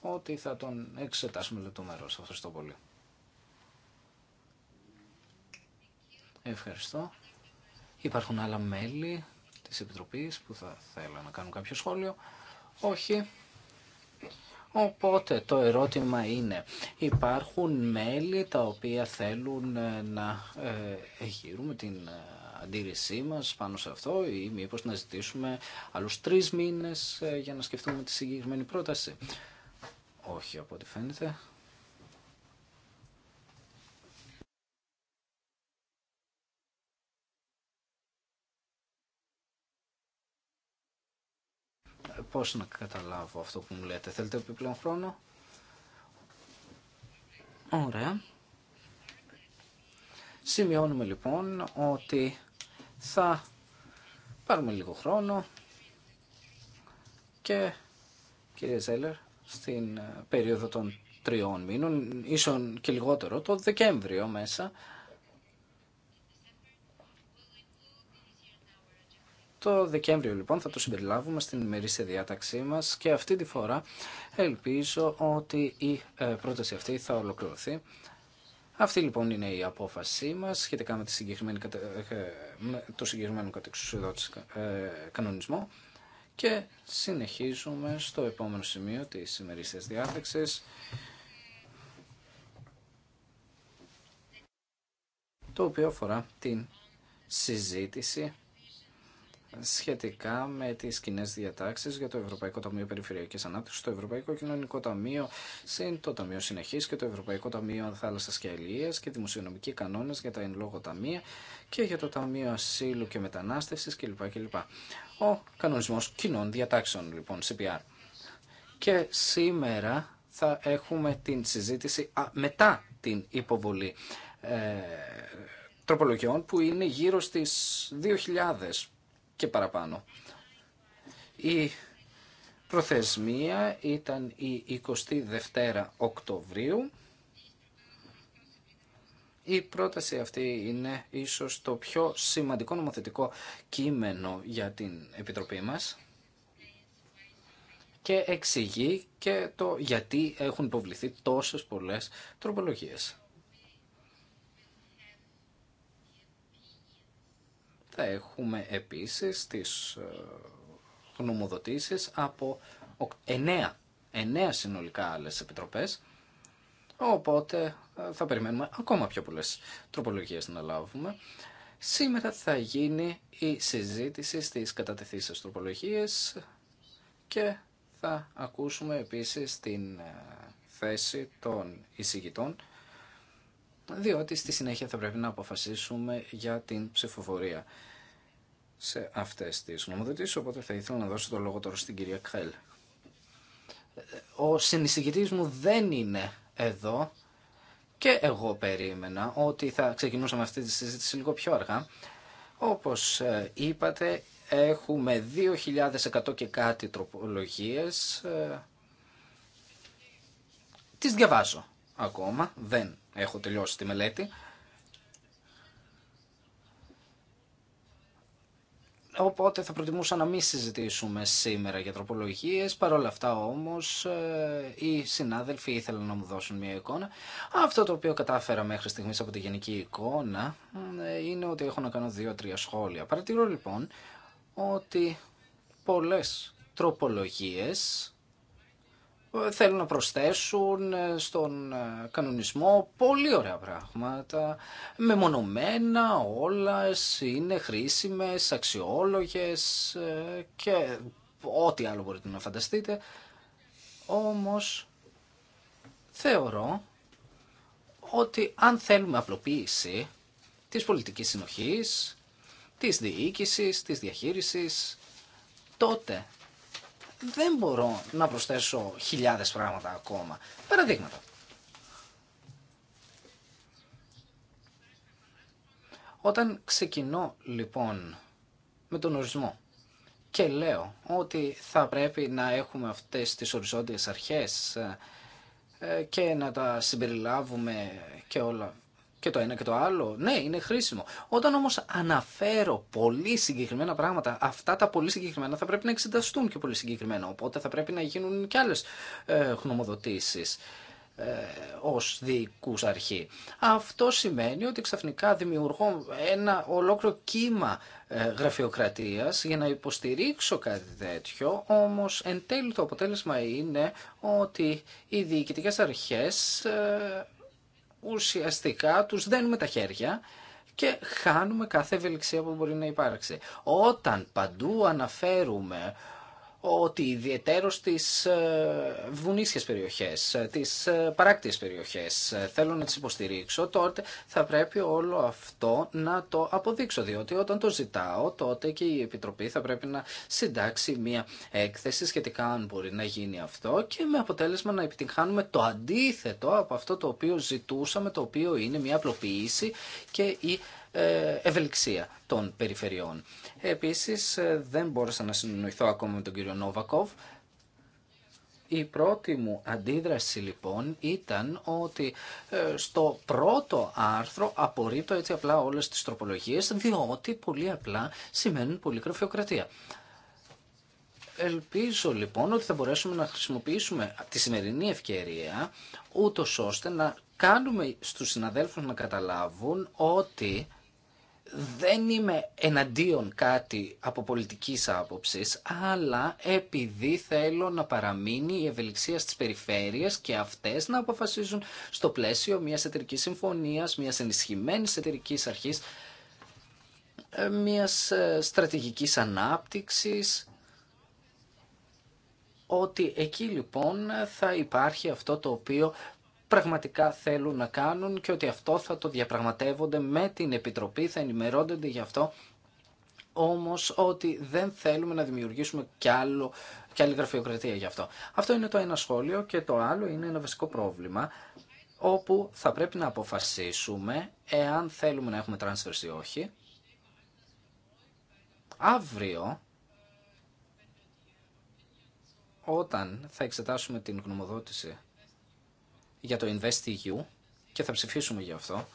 D: ότι θα τον εξετάσουμε λεπτομέρως. Ευχαριστώ πολύ. Ευχαριστώ. Υπάρχουν άλλα μέλη της Επιτροπής που θα θέλουν να κάνουν κάποιο σχόλιο. Όχι. Οπότε το ερώτημα είναι, υπάρχουν μέλη τα οποία θέλουν να ε, γύρουμε την ε, αντίρρησή μας πάνω σε αυτό ή μήπω να ζητήσουμε άλλου τρεις μήνε ε, για να σκεφτούμε τη συγκεκριμένη πρόταση. Όχι από ό,τι φαίνεται. Ε, πώς να καταλάβω αυτό που μου λέτε. Θέλετε επιπλέον χρόνο. Ωραία. Σημειώνουμε λοιπόν ότι θα πάρουμε λίγο χρόνο και κύριε Ζέλερ στην ε, περίοδο των τριών μήνων, ίσον και λιγότερο, το Δεκέμβριο μέσα, Το Δεκέμβριο λοιπόν θα το συμπεριλάβουμε στην ημερήσια διάταξή μας και αυτή τη φορά ελπίζω ότι η ε, πρόταση αυτή θα ολοκληρωθεί αυτή λοιπόν είναι η απόφασή μας σχετικά με, ε, το συγκεκριμένο κατεξουσιοδότη ε, κανονισμό και συνεχίζουμε στο επόμενο σημείο τη ημερήσια διάθεξης το οποίο αφορά την συζήτηση σχετικά με τι κοινέ διατάξει για το Ευρωπαϊκό Ταμείο Περιφερειακή Ανάπτυξη, το Ευρωπαϊκό Κοινωνικό Ταμείο, συν το Ταμείο Συνεχής και το Ευρωπαϊκό Ταμείο Θάλασσα και Αλληλείας και δημοσιονομικοί κανόνες για τα εν λόγω ταμεία και για το Ταμείο Ασύλου και Μετανάστευσης κλπ. κλπ. Ο κανονισμό κοινών διατάξεων λοιπόν, CPR. Και σήμερα θα έχουμε την συζήτηση α, μετά την υποβολή ε, τροπολογιών που είναι γύρω στις 2.000 και παραπάνω. Η προθεσμία ήταν η 22 Οκτωβρίου. Η πρόταση αυτή είναι ίσως το πιο σημαντικό νομοθετικό κείμενο για την Επιτροπή μας και εξηγεί και το γιατί έχουν υποβληθεί τόσες πολλές τροπολογίες. Θα έχουμε επίσης τις ε, γνωμοδοτήσεις από 9, 9 συνολικά άλλες επιτροπές, οπότε ε, θα περιμένουμε ακόμα πιο πολλές τροπολογίες να λάβουμε. Σήμερα θα γίνει η συζήτηση στις κατατεθήσεις τροπολογίες και θα ακούσουμε επίσης την ε, θέση των εισηγητών διότι στη συνέχεια θα πρέπει να αποφασίσουμε για την ψηφοφορία σε αυτές τις νομοδοτήσεις, οπότε θα ήθελα να δώσω το λόγο τώρα στην κυρία Κχέλ. Ο συνεισηγητής μου δεν είναι εδώ και εγώ περίμενα ότι θα ξεκινούσαμε αυτή τη συζήτηση λίγο πιο αργά. Όπως ε, είπατε, έχουμε 2.100 και κάτι τροπολογίες. Ε, τις διαβάζω ακόμα, δεν έχω τελειώσει τη μελέτη. Οπότε θα προτιμούσα να μην συζητήσουμε σήμερα για τροπολογίες. Παρ' όλα αυτά όμως ε, οι συνάδελφοι ήθελαν να μου δώσουν μια εικόνα. Αυτό το οποίο κατάφερα μέχρι στιγμής από τη γενική εικόνα ε, είναι ότι έχω να κάνω δύο-τρία σχόλια. Παρατηρώ λοιπόν ότι πολλές τροπολογίες θέλουν να προσθέσουν ε, στον ε, κανονισμό πολύ ωραία πράγματα, μεμονωμένα όλα είναι χρήσιμες, αξιόλογες ε, και ό,τι άλλο μπορείτε να φανταστείτε, όμως θεωρώ ότι αν θέλουμε απλοποίηση της πολιτικής συνοχής, της διοίκησης, της διαχείρισης, τότε δεν μπορώ να προσθέσω χιλιάδες πράγματα ακόμα. Παραδείγματα. Όταν ξεκινώ λοιπόν με τον ορισμό και λέω ότι θα πρέπει να έχουμε αυτές τις οριζόντιες αρχές ε, και να τα συμπεριλάβουμε και όλα και το ένα και το άλλο. Ναι, είναι χρήσιμο. Όταν όμω αναφέρω πολύ συγκεκριμένα πράγματα, αυτά τα πολύ συγκεκριμένα θα πρέπει να εξεταστούν και πολύ συγκεκριμένα. Οπότε θα πρέπει να γίνουν και άλλε ε, γνωμοδοτήσει ε, ως διοικού αρχή. Αυτό σημαίνει ότι ξαφνικά δημιουργώ ένα ολόκληρο κύμα ε, γραφειοκρατίας για να υποστηρίξω κάτι τέτοιο, όμως εν τέλει το αποτέλεσμα είναι ότι οι διοικητικές αρχές ε, ουσιαστικά τους δένουμε τα χέρια και χάνουμε κάθε ευελιξία που μπορεί να υπάρξει. Όταν παντού αναφέρουμε ότι ιδιαίτερο στις ε, βουνίσιε περιοχές, ε, τις ε, παράκτιες περιοχές θέλω να τις υποστηρίξω, τότε θα πρέπει όλο αυτό να το αποδείξω, διότι όταν το ζητάω τότε και η Επιτροπή θα πρέπει να συντάξει μια έκθεση σχετικά αν μπορεί να γίνει αυτό και με αποτέλεσμα να επιτυγχάνουμε το αντίθετο από αυτό το οποίο ζητούσαμε, το οποίο είναι μια απλοποίηση και η ε, ευελιξία των περιφερειών. Επίσης, ε, δεν μπόρεσα να συνοηθώ ακόμα με τον κύριο Νόβακοβ. Η πρώτη μου αντίδραση λοιπόν ήταν ότι ε, στο πρώτο άρθρο απορρίπτω έτσι απλά όλες τις τροπολογίες διότι πολύ απλά σημαίνουν πολύ γραφειοκρατία. Ελπίζω λοιπόν ότι θα μπορέσουμε να χρησιμοποιήσουμε τη σημερινή ευκαιρία ούτως ώστε να κάνουμε στους συναδέλφους να καταλάβουν ότι δεν είμαι εναντίον κάτι από πολιτικής άποψης, αλλά επειδή θέλω να παραμείνει η ευελιξία στις περιφέρειες και αυτές να αποφασίζουν στο πλαίσιο μιας εταιρικής συμφωνίας, μιας ενισχυμένης εταιρικής αρχής, ε, μιας ε, στρατηγικής ανάπτυξης, ότι εκεί λοιπόν θα υπάρχει αυτό το οποίο πραγματικά θέλουν να κάνουν και ότι αυτό θα το διαπραγματεύονται με την Επιτροπή, θα ενημερώνονται γι' αυτό, όμως ότι δεν θέλουμε να δημιουργήσουμε κι, άλλο, κι άλλη γραφειοκρατία γι' αυτό. Αυτό είναι το ένα σχόλιο και το άλλο είναι ένα βασικό πρόβλημα όπου θα πρέπει να αποφασίσουμε εάν θέλουμε να έχουμε transfers ή όχι. Αύριο, όταν θα εξετάσουμε την γνωμοδότηση για το InvestEU και θα ψηφίσουμε για αυτό.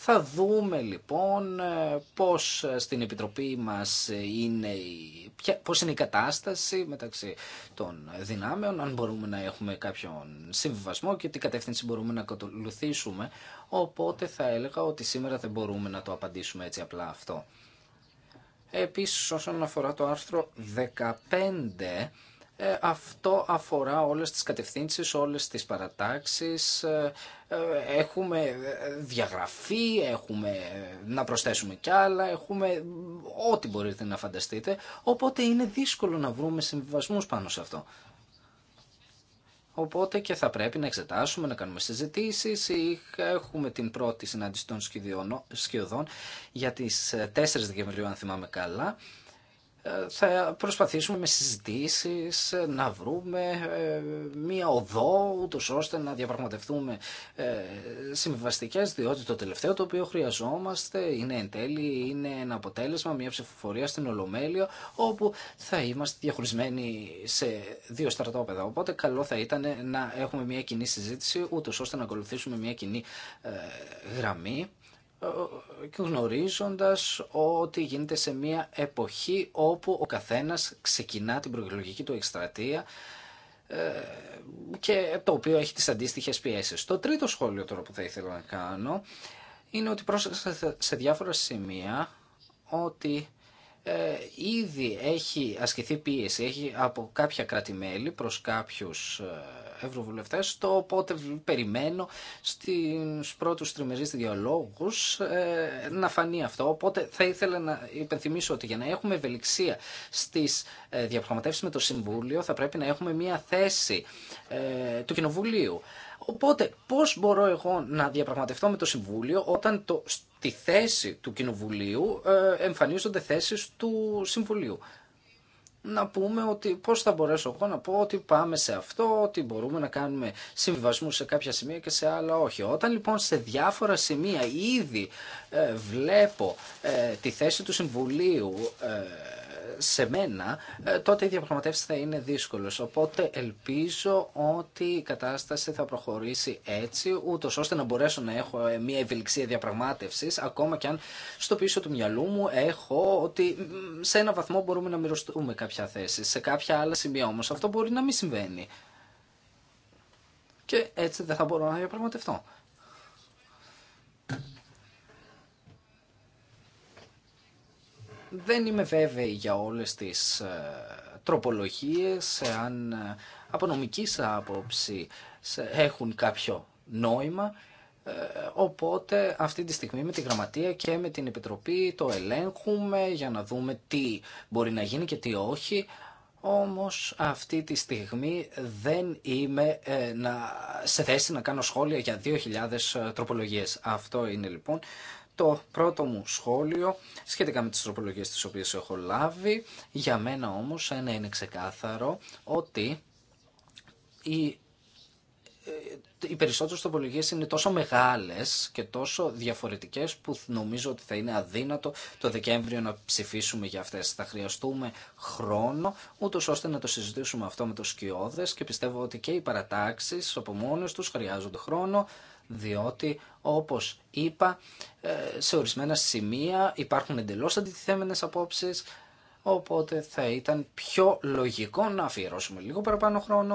D: Θα δούμε λοιπόν ε, πώς ε, στην Επιτροπή μας ε, είναι, πώς είναι η κατάσταση μεταξύ των δυνάμεων, αν μπορούμε να έχουμε κάποιον συμβιβασμό και τι κατεύθυνση μπορούμε να ακολουθήσουμε. Οπότε θα έλεγα ότι σήμερα δεν μπορούμε να το απαντήσουμε έτσι απλά αυτό. Επίσης όσον αφορά το άρθρο 15 ε, αυτό αφορά όλες τις κατευθύνσεις, όλες τις παρατάξεις. Ε, ε, έχουμε διαγραφή, έχουμε να προσθέσουμε κι άλλα, έχουμε ό,τι μπορείτε να φανταστείτε. Οπότε είναι δύσκολο να βρούμε συμβιβασμούς πάνω σε αυτό. Οπότε και θα πρέπει να εξετάσουμε, να κάνουμε συζητήσεις. Έχουμε την πρώτη συνάντηση των σκιωδών για τις 4 Δεκεμβρίου, αν θυμάμαι καλά θα προσπαθήσουμε με συζητήσεις να βρούμε ε, μία οδό ούτως ώστε να διαπραγματευτούμε ε, συμβιβαστικές διότι το τελευταίο το οποίο χρειαζόμαστε είναι εν τέλει είναι ένα αποτέλεσμα μια ψηφοφορία στην Ολομέλεια όπου θα είμαστε διαχωρισμένοι σε δύο στρατόπεδα οπότε καλό θα ήταν να έχουμε μια κοινή συζήτηση ούτως ώστε να ακολουθήσουμε μια κοινή ε, γραμμή γνωρίζοντας ότι γίνεται σε μια εποχή όπου ο καθένας ξεκινά την προεκλογική του εκστρατεία ε, και το οποίο έχει τις αντίστοιχες πιέσεις. Το τρίτο σχόλιο τώρα που θα ήθελα να κάνω είναι ότι πρόσεξα σε διάφορα σημεία ότι ε, ήδη έχει ασκηθεί πίεση έχει από κάποια κρατημέλη προς κάποιους ε, ευρωβουλευτές το οπότε περιμένω στους πρώτους τριμερείς διαλόγους ε, να φανεί αυτό οπότε θα ήθελα να υπενθυμίσω ότι για να έχουμε ευελιξία στις διαπραγματεύσεις με το Συμβούλιο θα πρέπει να έχουμε μια θέση του Κοινοβουλίου Οπότε, πώς μπορώ εγώ να διαπραγματευτώ με το Συμβούλιο όταν το, τη θέση του Κοινοβουλίου ε, εμφανίζονται θέσεις του Συμβουλίου. Να πούμε ότι πώς θα μπορέσω εγώ να πω ότι πάμε σε αυτό, ότι μπορούμε να κάνουμε συμβιβασμού σε κάποια σημεία και σε άλλα όχι. Όταν λοιπόν σε διάφορα σημεία ήδη ε, βλέπω ε, τη θέση του Συμβουλίου σε μένα, ε, τότε η διαπραγματεύσει θα είναι δύσκολος. Οπότε ελπίζω ότι η κατάσταση θα προχωρήσει έτσι, ούτω ώστε να μπορέσω να έχω ε, μια ευελιξία διαπραγματεύση. ακόμα και αν στο πίσω του μυαλού μου έχω ότι σε ένα βαθμό μπορούμε να μοιραστούμε κάποια θέση, σε κάποια άλλα σημεία όμως. Αυτό μπορεί να μην συμβαίνει. Και έτσι δεν θα μπορώ να διαπραγματευτώ. Δεν είμαι βέβαιη για όλες τις ε, τροπολογίες, αν ε, από νομική άποψη έχουν κάποιο νόημα, ε, οπότε αυτή τη στιγμή με τη Γραμματεία και με την Επιτροπή το ελέγχουμε για να δούμε τι μπορεί να γίνει και τι όχι, όμως αυτή τη στιγμή δεν είμαι σε θέση να κάνω σχόλια για 2.000 τροπολογίες. Αυτό είναι λοιπόν το πρώτο μου σχόλιο σχετικά με τις τροπολογίες τις οποίες έχω λάβει. Για μένα όμως ένα είναι ξεκάθαρο ότι οι ε, περισσότερες τοπολογίες είναι τόσο μεγάλες και τόσο διαφορετικές που νομίζω ότι θα είναι αδύνατο το Δεκέμβριο να ψηφίσουμε για αυτές. Θα χρειαστούμε χρόνο ούτως ώστε να το συζητήσουμε αυτό με τους σκιώδες και πιστεύω ότι και οι παρατάξεις από μόνες τους χρειάζονται χρόνο διότι όπως είπα ε, σε ορισμένα σημεία υπάρχουν εντελώς αντιθέμενες απόψεις οπότε θα ήταν πιο λογικό να αφιερώσουμε λίγο παραπάνω χρόνο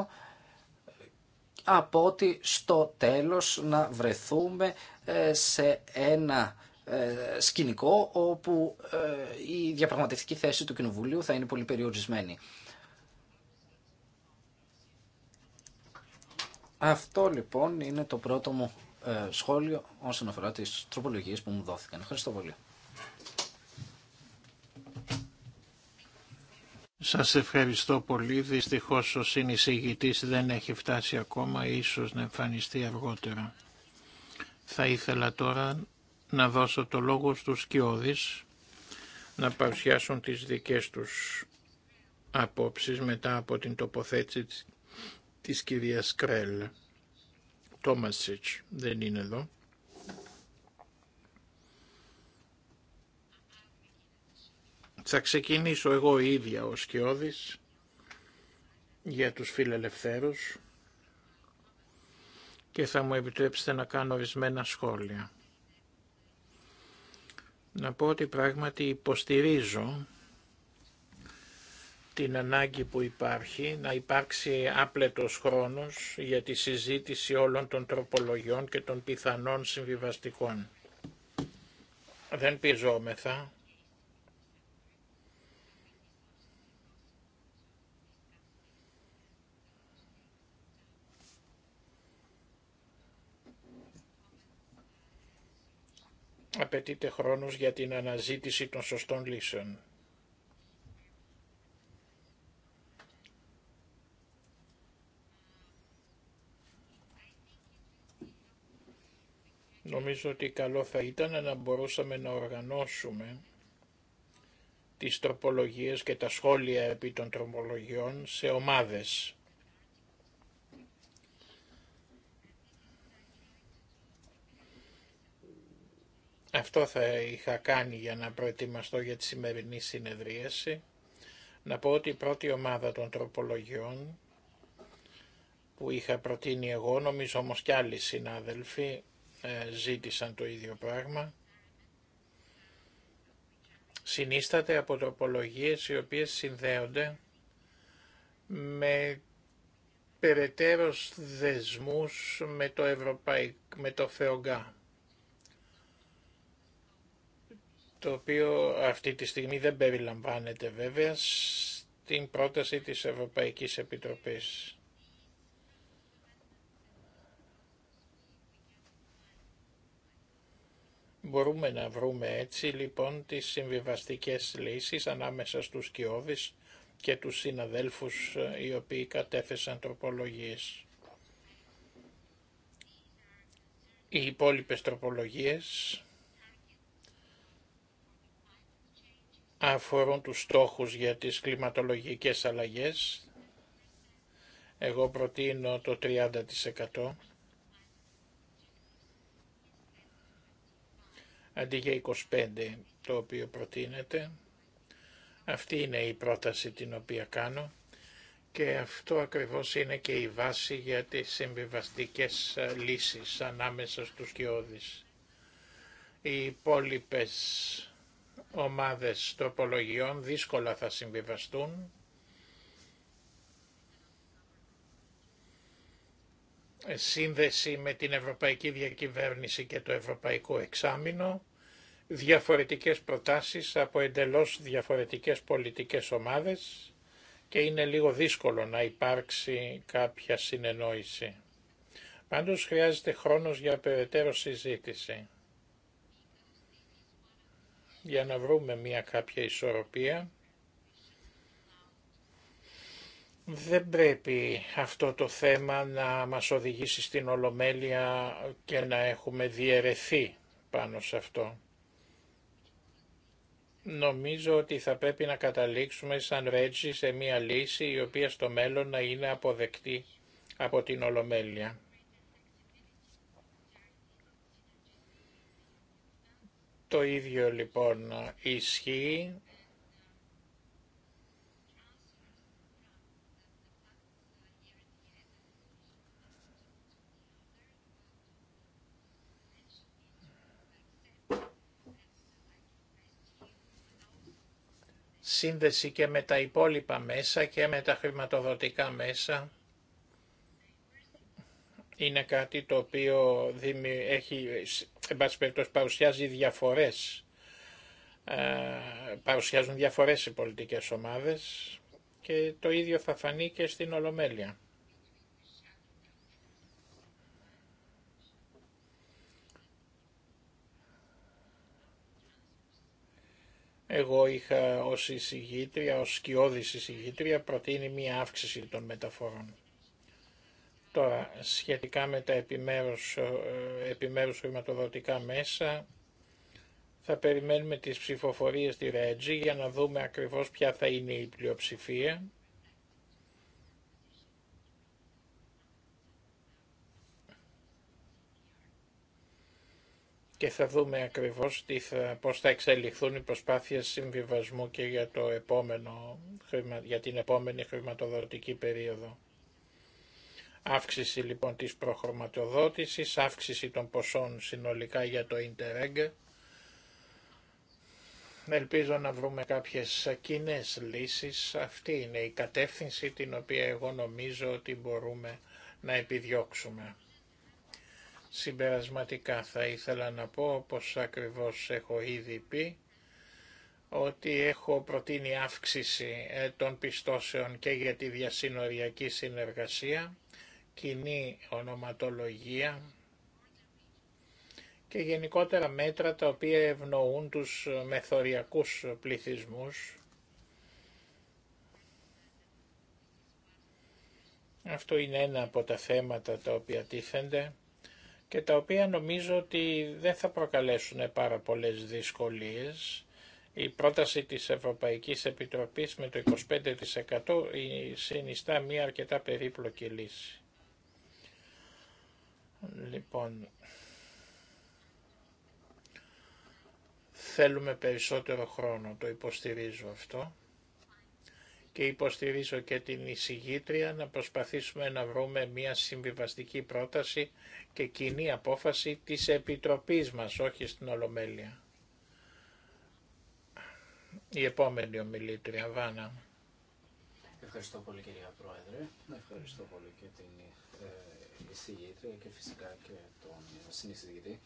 D: ε, από ότι στο τέλος να βρεθούμε ε, σε ένα σκηνικό όπου η διαπραγματευτική θέση του Κοινοβουλίου θα είναι πολύ περιορισμένη. Αυτό λοιπόν είναι το πρώτο μου ε, σχόλιο όσον αφορά τις τροπολογίες
B: που μου δόθηκαν. Ευχαριστώ πολύ. Σας ευχαριστώ πολύ. Δυστυχώς ο συνεισηγητής δεν έχει φτάσει ακόμα, ίσως να εμφανιστεί αργότερα. Θα ήθελα τώρα να δώσω το λόγο στους Σκιώδης να παρουσιάσουν τις δικές τους απόψεις μετά από την τοποθέτηση της κυρίας Κρέλ. Τόμασιτς δεν είναι εδώ. Θα ξεκινήσω εγώ ίδια ο Σκιώδης για τους φιλελευθέρους και θα μου επιτρέψετε να κάνω ορισμένα σχόλια. Να πω ότι πράγματι υποστηρίζω την ανάγκη που υπάρχει να υπάρξει άπλετος χρόνος για τη συζήτηση όλων των τροπολογιών και των πιθανών συμβιβαστικών. Δεν πιζόμεθα. Απαιτείται χρόνος για την αναζήτηση των σωστών λύσεων. Νομίζω ότι καλό θα ήταν να μπορούσαμε να οργανώσουμε τις τροπολογίες και τα σχόλια επί των τροπολογιών σε ομάδες. Αυτό θα είχα κάνει για να προετοιμαστώ για τη σημερινή συνεδρίαση. Να πω ότι η πρώτη ομάδα των τροπολογιών που είχα προτείνει εγώ, νομίζω όμως κι άλλοι συνάδελφοι, ε, ζήτησαν το ίδιο πράγμα. Συνίσταται από τροπολογίες οι οποίες συνδέονται με περαιτέρω δεσμούς με το, Ευρωπαϊκ, με το ΦΕΟΓΑ το οποίο αυτή τη στιγμή δεν περιλαμβάνεται βέβαια στην πρόταση της Ευρωπαϊκής Επιτροπής. Μπορούμε να βρούμε έτσι λοιπόν τις συμβιβαστικές λύσεις ανάμεσα στους Κιώβης και τους συναδέλφους ε, οι οποίοι κατέθεσαν τροπολογίες. Οι υπόλοιπες τροπολογίες αφορούν τους στόχους για τις κλιματολογικές αλλαγές. Εγώ προτείνω το 30%. αντί για 25 το οποίο προτείνεται. Αυτή είναι η πρόταση την οποία κάνω και αυτό ακριβώς είναι και η βάση για τις συμβιβαστικές ε, λύσεις ανάμεσα στους κοιόδης. Οι υπόλοιπε ομάδες τοπολογιών δύσκολα θα συμβιβαστούν σύνδεση με την Ευρωπαϊκή Διακυβέρνηση και το Ευρωπαϊκό Εξάμεινο, διαφορετικές προτάσεις από εντελώς διαφορετικές πολιτικές ομάδες και είναι λίγο δύσκολο να υπάρξει κάποια συνεννόηση. Πάντως χρειάζεται χρόνος για περαιτέρω συζήτηση για να βρούμε μια κάποια ισορροπία δεν πρέπει αυτό το θέμα να μας οδηγήσει στην Ολομέλεια και να έχουμε διαιρεθεί πάνω σε αυτό. Νομίζω ότι θα πρέπει να καταλήξουμε σαν Ρέτζι σε μια λύση η οποία στο μέλλον να είναι αποδεκτή από την Ολομέλεια. Το ίδιο λοιπόν ισχύει σύνδεση και με τα υπόλοιπα μέσα και με τα χρηματοδοτικά μέσα είναι κάτι το οποίο έχει, εν πάση παρουσιάζει διαφορές. Ε, παρουσιάζουν διαφορές οι πολιτικές ομάδες και το ίδιο θα φανεί και στην Ολομέλεια. Εγώ είχα ως εισηγήτρια, ως σκιώδης εισηγήτρια προτείνει μία αύξηση των μεταφορών. Τώρα, σχετικά με τα επιμέρους, ε, επιμέρους χρηματοδοτικά μέσα, θα περιμένουμε τις ψηφοφορίες στη Ρέτζη για να δούμε ακριβώς ποια θα είναι η πλειοψηφία και θα δούμε ακριβώς τι θα, πώς θα εξελιχθούν οι προσπάθειες συμβιβασμού και για, το επόμενο, για την επόμενη χρηματοδοτική περίοδο. Αύξηση λοιπόν της προχρωματοδότησης, αύξηση των ποσών συνολικά για το Interreg. Ελπίζω να βρούμε κάποιες κοινέ λύσεις. Αυτή είναι η κατεύθυνση την οποία εγώ νομίζω ότι μπορούμε να επιδιώξουμε. Συμπερασματικά θα ήθελα να πω, όπως ακριβώς έχω ήδη πει, ότι έχω προτείνει αύξηση ε, των πιστώσεων και για τη διασυνοριακή συνεργασία, κοινή ονοματολογία και γενικότερα μέτρα τα οποία ευνοούν τους μεθοριακούς πληθυσμούς. Αυτό είναι ένα από τα θέματα τα οποία τίθενται και τα οποία νομίζω ότι δεν θα προκαλέσουν πάρα πολλές δυσκολίες. Η πρόταση της Ευρωπαϊκής Επιτροπής με το 25% συνιστά μία αρκετά περίπλοκη λύση. Λοιπόν, θέλουμε περισσότερο χρόνο, το υποστηρίζω αυτό και υποστηρίζω και την εισηγήτρια να προσπαθήσουμε να βρούμε μια συμβιβαστική πρόταση και κοινή απόφαση της Επιτροπής μας, όχι στην Ολομέλεια. Η επόμενη ομιλήτρια, Βάνα.
D: Ευχαριστώ πολύ κυρία Πρόεδρε, ευχαριστώ πολύ και την ε, εισηγήτρια και φυσικά και τον συνεισηγητή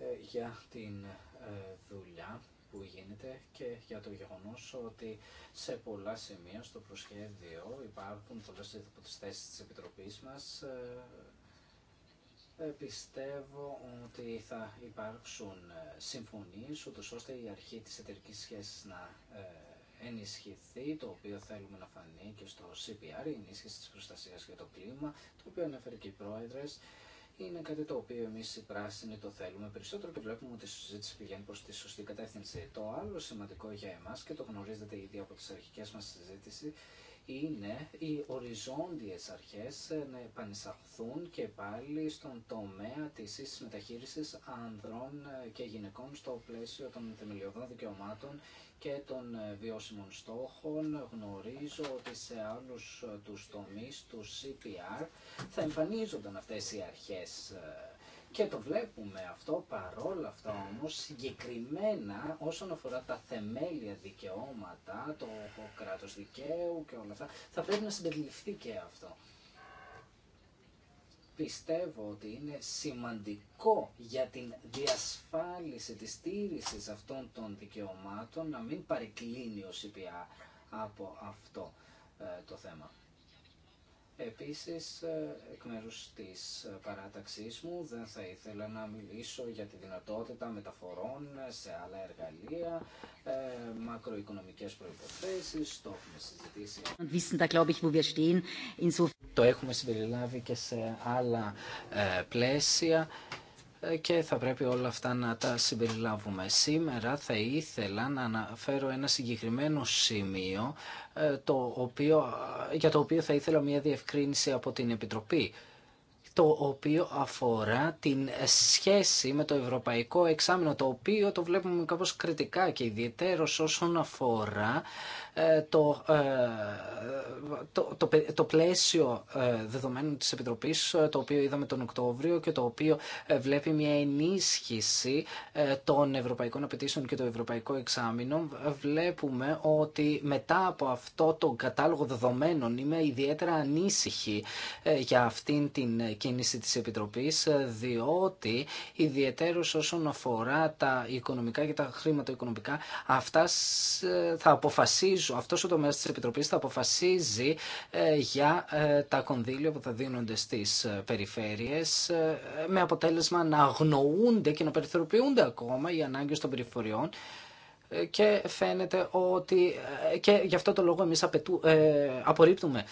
D: ε, για την ε, δουλειά που γίνεται και για το γεγονός ότι σε πολλά σημεία στο προσχέδιο υπάρχουν πολλές από τις θέσεις της Επιτροπής μας. Ε, πιστεύω ότι θα υπάρξουν ε, συμφωνίες ούτως ώστε η αρχή της εταιρική σχέσης να ε, ενισχυθεί, το οποίο θέλουμε να φανεί και στο CPR, η ενίσχυση της προστασίας για το κλίμα, το οποίο αναφέρει και η Πρόεδρες, είναι κάτι το οποίο εμεί οι πράσινοι το θέλουμε περισσότερο και βλέπουμε ότι η συζήτηση πηγαίνει προ τη σωστή κατεύθυνση. Το άλλο σημαντικό για εμά και το γνωρίζετε ήδη από τι αρχικέ μα συζήτηση είναι οι οριζόντιες αρχές ε, να επανεισαχθούν και πάλι στον τομέα της ίσης μεταχείρισης ανδρών ε, και γυναικών στο πλαίσιο των θεμελιωδών δικαιωμάτων και των ε, βιώσιμων στόχων. Γνωρίζω ότι σε άλλους τους τομείς του CPR θα εμφανίζονταν αυτές οι αρχές και το βλέπουμε αυτό παρόλα αυτά ναι. όμως συγκεκριμένα όσον αφορά τα θεμέλια δικαιώματα, το κράτος δικαίου και όλα αυτά, θα πρέπει να συμπεριληφθεί και αυτό. Πιστεύω ότι είναι σημαντικό για την διασφάλιση της στήρισης αυτών των δικαιωμάτων να μην παρεκκλίνει ο ΣΥΠΙΑ από αυτό ε, το θέμα. Επίσης, ε, εκ μέρους της ε, παράταξής μου, δεν θα ήθελα να μιλήσω για τη δυνατότητα μεταφορών ε, σε άλλα εργαλεία, μακροοικονομικές προϋποθέσεις, το έχουμε συζητήσει. Το έχουμε συμπεριλάβει και σε άλλα πλαίσια και θα πρέπει όλα αυτά να τα συμπεριλάβουμε. Σήμερα θα ήθελα να αναφέρω ένα συγκεκριμένο σημείο ε, το οποίο, ε, για το οποίο θα ήθελα μια διευκρίνηση από την Επιτροπή το οποίο αφορά την σχέση με το ευρωπαϊκό εξάμεινο, το οποίο το βλέπουμε κάπως κριτικά και ιδιαίτερος όσον αφορά ε, ε, το, το, το, πλαίσιο ε, δεδομένων της Επιτροπής, το οποίο είδαμε τον Οκτώβριο και το οποίο βλέπει μια ενίσχυση των ευρωπαϊκών απαιτήσεων και το ευρωπαϊκό εξάμεινο. Βλέπουμε ότι μετά από αυτό το κατάλογο δεδομένων είμαι ιδιαίτερα ανήσυχη για αυτήν την κίνηση της Επιτροπής ε, διότι ιδιαιτέρως όσον αφορά τα οικονομικά και τα οικονομικά αυτά ε, θα αποφασίζουν, αυτός ο τομέας της Επιτροπής θα αποφασίζει ε, για τα κονδύλια που θα δίνονται στις περιφέρειες με αποτέλεσμα να αγνοούνται και να περιθωριοποιούνται ακόμα οι ανάγκες των περιφοριών ε, και φαίνεται ότι ε, και γι' αυτό το λόγο εμείς απαιτού, ε, απορρίπτουμε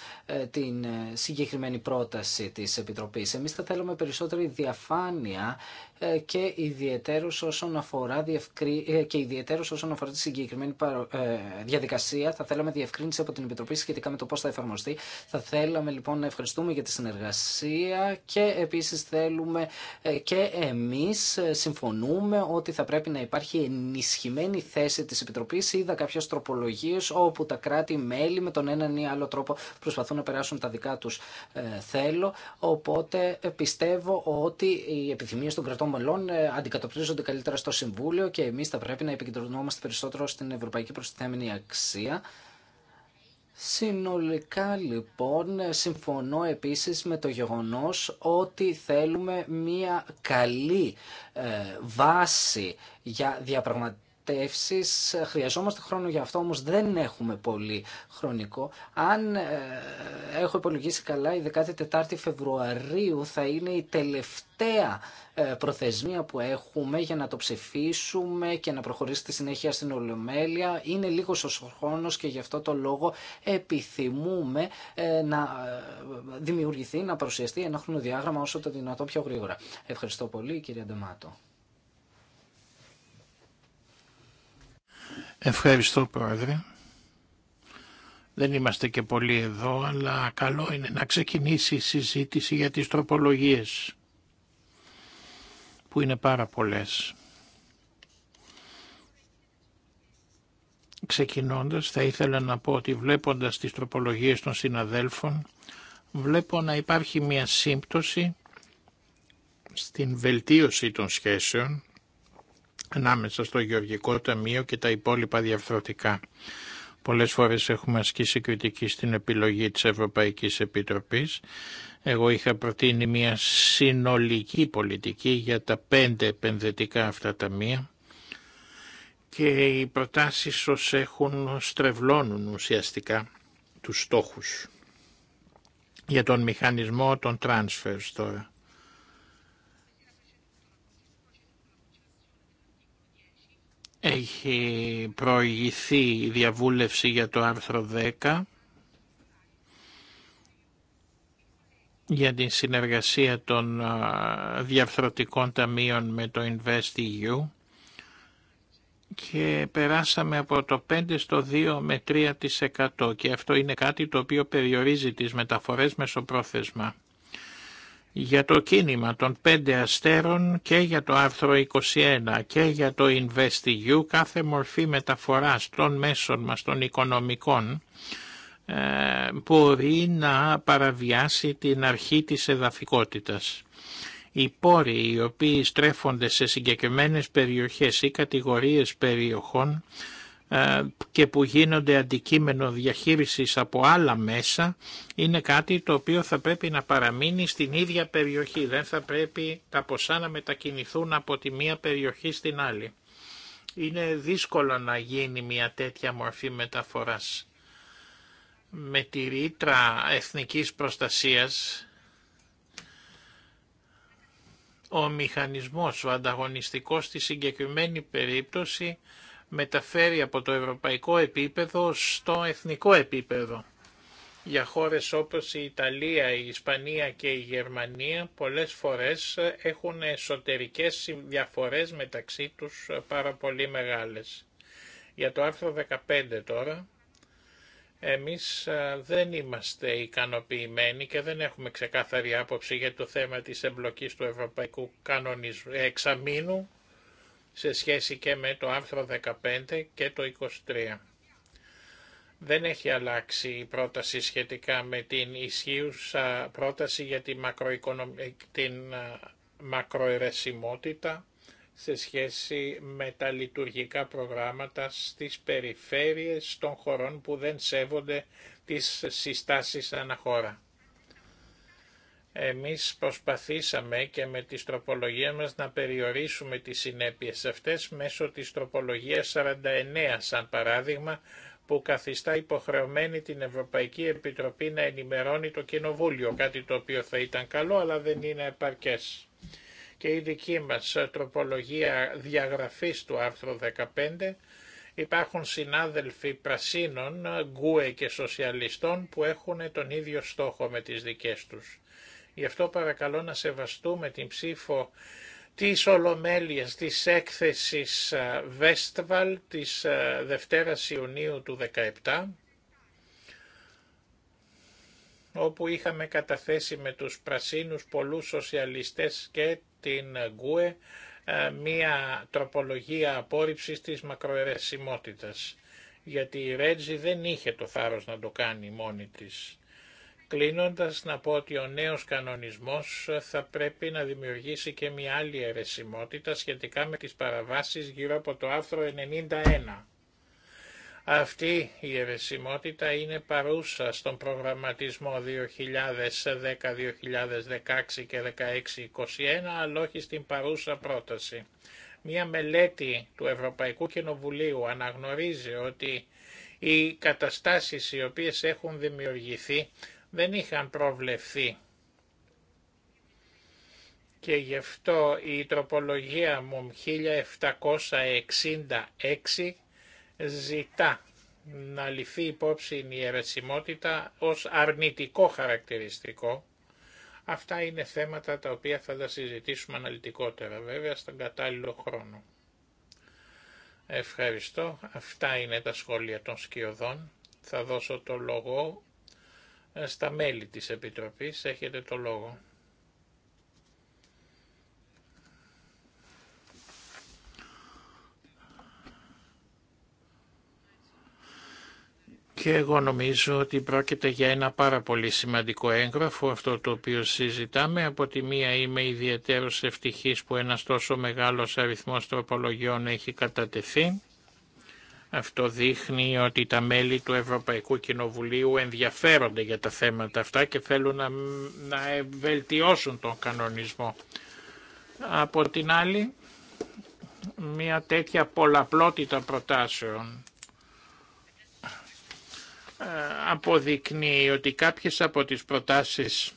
D: την συγκεκριμένη πρόταση της Επιτροπής. Εμείς θα θέλουμε περισσότερη διαφάνεια ε, και ιδιαιτέρως όσον αφορά, διευκρι... και ιδιαίτερου όσον αφορά τη συγκεκριμένη παρο... διαδικασία. Θα θέλαμε διευκρίνηση από την Επιτροπή σχετικά με το πώς θα εφαρμοστεί. Θα θέλαμε λοιπόν να ευχαριστούμε για τη συνεργασία και επίσης θέλουμε και εμείς συμφωνούμε ότι θα πρέπει να υπάρχει ενισχυμένη θέση θέση της Επιτροπής είδα κάποιε τροπολογίες όπου τα κράτη-μέλη με τον έναν ή άλλο τρόπο προσπαθούν να περάσουν τα δικά τους ε, θέλω. Οπότε ε, πιστεύω ότι οι επιθυμίες των κρατών μελών ε, αντικατοπτρίζονται καλύτερα στο Συμβούλιο και εμείς θα πρέπει να επικεντρωνόμαστε περισσότερο στην ευρωπαϊκή προστιθέμενη αξία. Συνολικά λοιπόν συμφωνώ επίσης με το γεγονός ότι θέλουμε μια καλή βάση για διαπραγματεύσεις Χρειαζόμαστε χρόνο για αυτό, όμως δεν έχουμε πολύ χρονικό. Αν ε, έχω υπολογίσει καλά, η 14η Φεβρουαρίου θα είναι η τελευταία ε, προθεσμία που έχουμε για να το ψηφίσουμε και να προχωρήσει στη συνέχεια στην Ολομέλεια. Είναι λίγο ο χρόνο και γι' αυτό το λόγο επιθυμούμε ε, να δημιουργηθεί, να παρουσιαστεί ένα χρονοδιάγραμμα όσο το δυνατό πιο γρήγορα. Ευχαριστώ πολύ κυρία Ντεμάτο.
B: Ευχαριστώ Πρόεδρε. Δεν είμαστε και πολύ εδώ, αλλά καλό είναι να ξεκινήσει η συζήτηση για τις τροπολογίες, που είναι πάρα πολλές. Ξεκινώντας, θα ήθελα να πω ότι βλέποντας τις τροπολογίες των συναδέλφων, βλέπω να υπάρχει μια σύμπτωση στην βελτίωση των σχέσεων ανάμεσα στο Γεωργικό Ταμείο και τα υπόλοιπα διαφθορτικά. Πολλές φορές έχουμε ασκήσει κριτική στην επιλογή της Ευρωπαϊκής Επιτροπής. Εγώ είχα προτείνει μια συνολική πολιτική για τα πέντε επενδυτικά αυτά ταμεία και οι προτάσεις ως έχουν στρεβλώνουν ουσιαστικά τους στόχους. Για τον μηχανισμό των transfers τώρα. Έχει προηγηθεί η διαβούλευση για το άρθρο 10 για την συνεργασία των διαρθρωτικών ταμείων με το InvestEU και περάσαμε από το 5 στο 2 με 3% και αυτό είναι κάτι το οποίο περιορίζει τις μεταφορές μεσοπρόθεσμα για το κίνημα των πέντε αστέρων και για το άρθρο 21 και για το InvestEU κάθε μορφή μεταφοράς των μέσων μας των οικονομικών ε, μπορεί να παραβιάσει την αρχή της εδαφικότητας. Οι πόροι οι οποίοι στρέφονται σε συγκεκριμένες περιοχές ή κατηγορίες περιοχών ε, και που γίνονται αντικείμενο διαχείρισης από άλλα μέσα είναι κάτι το οποίο θα πρέπει να παραμείνει στην ίδια περιοχή. Δεν θα πρέπει τα ποσά να μετακινηθούν από τη μία περιοχή στην άλλη. Είναι δύσκολο να γίνει μια τέτοια μορφή μεταφοράς. Με τη ρήτρα εθνικής προστασίας ο μηχανισμός, ο ανταγωνιστικός στη συγκεκριμένη περίπτωση μεταφέρει από το ευρωπαϊκό επίπεδο στο εθνικό επίπεδο. Για χώρες όπως η Ιταλία, η Ισπανία και η Γερμανία πολλές φορές έχουν εσωτερικές διαφορές μεταξύ τους πάρα πολύ μεγάλες. Για το άρθρο 15 τώρα, εμείς δεν είμαστε ικανοποιημένοι και δεν έχουμε ξεκάθαρη άποψη για το θέμα της εμπλοκής του Ευρωπαϊκού Κανονισμού, ε, Εξαμήνου σε σχέση και με το άρθρο 15 και το 23. Δεν έχει αλλάξει η πρόταση σχετικά με την ισχύουσα πρόταση για τη την μακροερεσιμότητα σε σχέση με τα λειτουργικά προγράμματα στις περιφέρειες των χωρών που δεν σέβονται τις συστάσεις αναχώρα. Εμείς προσπαθήσαμε και με τις τροπολογίες μας να περιορίσουμε τις συνέπειες αυτές μέσω της τροπολογίας 49 σαν παράδειγμα που καθιστά υποχρεωμένη την Ευρωπαϊκή Επιτροπή να ενημερώνει το Κοινοβούλιο, κάτι το οποίο θα ήταν καλό αλλά δεν είναι επαρκές. Και η δική μας τροπολογία διαγραφής του άρθρου 15 υπάρχουν συνάδελφοι πρασίνων, γκούε και σοσιαλιστών που έχουν τον ίδιο στόχο με τις δικές τους. Γι' αυτό παρακαλώ να σεβαστούμε την ψήφο της Ολομέλειας, της έκθεσης Βέστβαλ ε, της ε, Δευτέρα Ιουνίου του 2017, όπου είχαμε καταθέσει με τους πρασίνους πολλούς σοσιαλιστές και την Γκουε ε, μία τροπολογία απόρριψης της μακροαιρεσιμότητας, γιατί η Ρέτζη δεν είχε το θάρρος να το κάνει μόνη της. Κλείνοντας να πω ότι ο νέος κανονισμός θα πρέπει να δημιουργήσει και μια άλλη αιρεσιμότητα σχετικά με τις παραβάσεις γύρω από το άρθρο 91. Αυτή η αιρεσιμότητα είναι παρούσα στον προγραμματισμό 2010-2016 και 2016-2021, αλλά όχι στην παρούσα πρόταση. Μια μελέτη του Ευρωπαϊκού Κοινοβουλίου αναγνωρίζει ότι οι καταστάσεις οι οποίες έχουν δημιουργηθεί δεν είχαν προβλεφθεί. Και γι' αυτό η τροπολογία μου 1766 ζητά να ληφθεί υπόψη η ερεσιμότητα ως αρνητικό χαρακτηριστικό. Αυτά είναι θέματα τα οποία θα τα συζητήσουμε αναλυτικότερα βέβαια στον κατάλληλο χρόνο. Ευχαριστώ. Αυτά είναι τα σχόλια των σκιωδών. Θα δώσω το λόγο στα μέλη της Επιτροπής. Έχετε το λόγο. Και εγώ νομίζω ότι πρόκειται για ένα πάρα πολύ σημαντικό έγγραφο αυτό το οποίο συζητάμε. Από τη μία είμαι ιδιαίτερος ευτυχής που ένας τόσο μεγάλος αριθμός τροπολογιών έχει κατατεθεί. Αυτό δείχνει ότι τα μέλη του Ευρωπαϊκού Κοινοβουλίου ενδιαφέρονται για τα θέματα αυτά και θέλουν να, βελτιώσουν τον κανονισμό. Από την άλλη, μια τέτοια πολλαπλότητα προτάσεων ε, αποδεικνύει ότι κάποιες από τις προτάσεις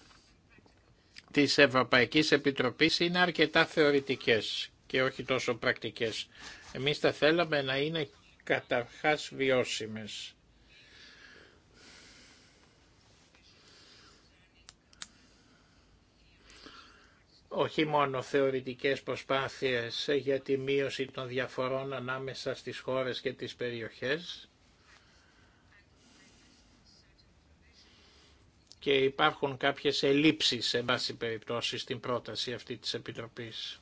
B: της Ευρωπαϊκής Επιτροπής είναι αρκετά θεωρητικές και όχι τόσο πρακτικές. Εμείς θα θέλαμε να είναι καταρχάς βιώσιμες. όχι μόνο θεωρητικές προσπάθειες για τη μείωση των διαφορών ανάμεσα στις χώρες και τις περιοχές και υπάρχουν κάποιες ελλείψεις, σε βάση περιπτώσει, στην πρόταση αυτή της Επιτροπής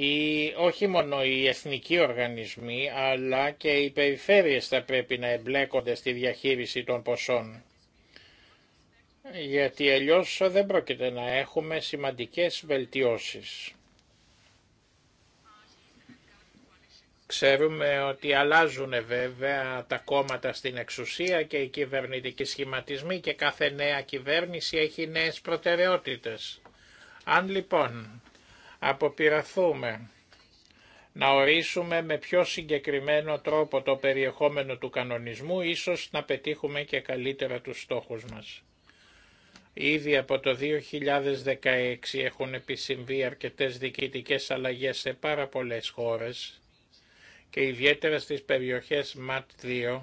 B: οι, όχι μόνο οι εθνικοί οργανισμοί αλλά και οι περιφέρειες θα πρέπει να εμπλέκονται στη διαχείριση των ποσών. Γιατί αλλιώς δεν πρόκειται να έχουμε σημαντικές βελτιώσεις. Ξέρουμε ότι αλλάζουν βέβαια τα κόμματα στην εξουσία και οι κυβερνητικοί σχηματισμοί και κάθε νέα κυβέρνηση έχει νέες προτεραιότητες. Αν λοιπόν αποπειραθούμε να ορίσουμε με πιο συγκεκριμένο τρόπο το περιεχόμενο του κανονισμού, ίσως να πετύχουμε και καλύτερα τους στόχους μας. Ήδη από το 2016 έχουν επισυμβεί αρκετές διοικητικές αλλαγές σε πάρα πολλές χώρες και ιδιαίτερα στις περιοχές ΜΑΤ2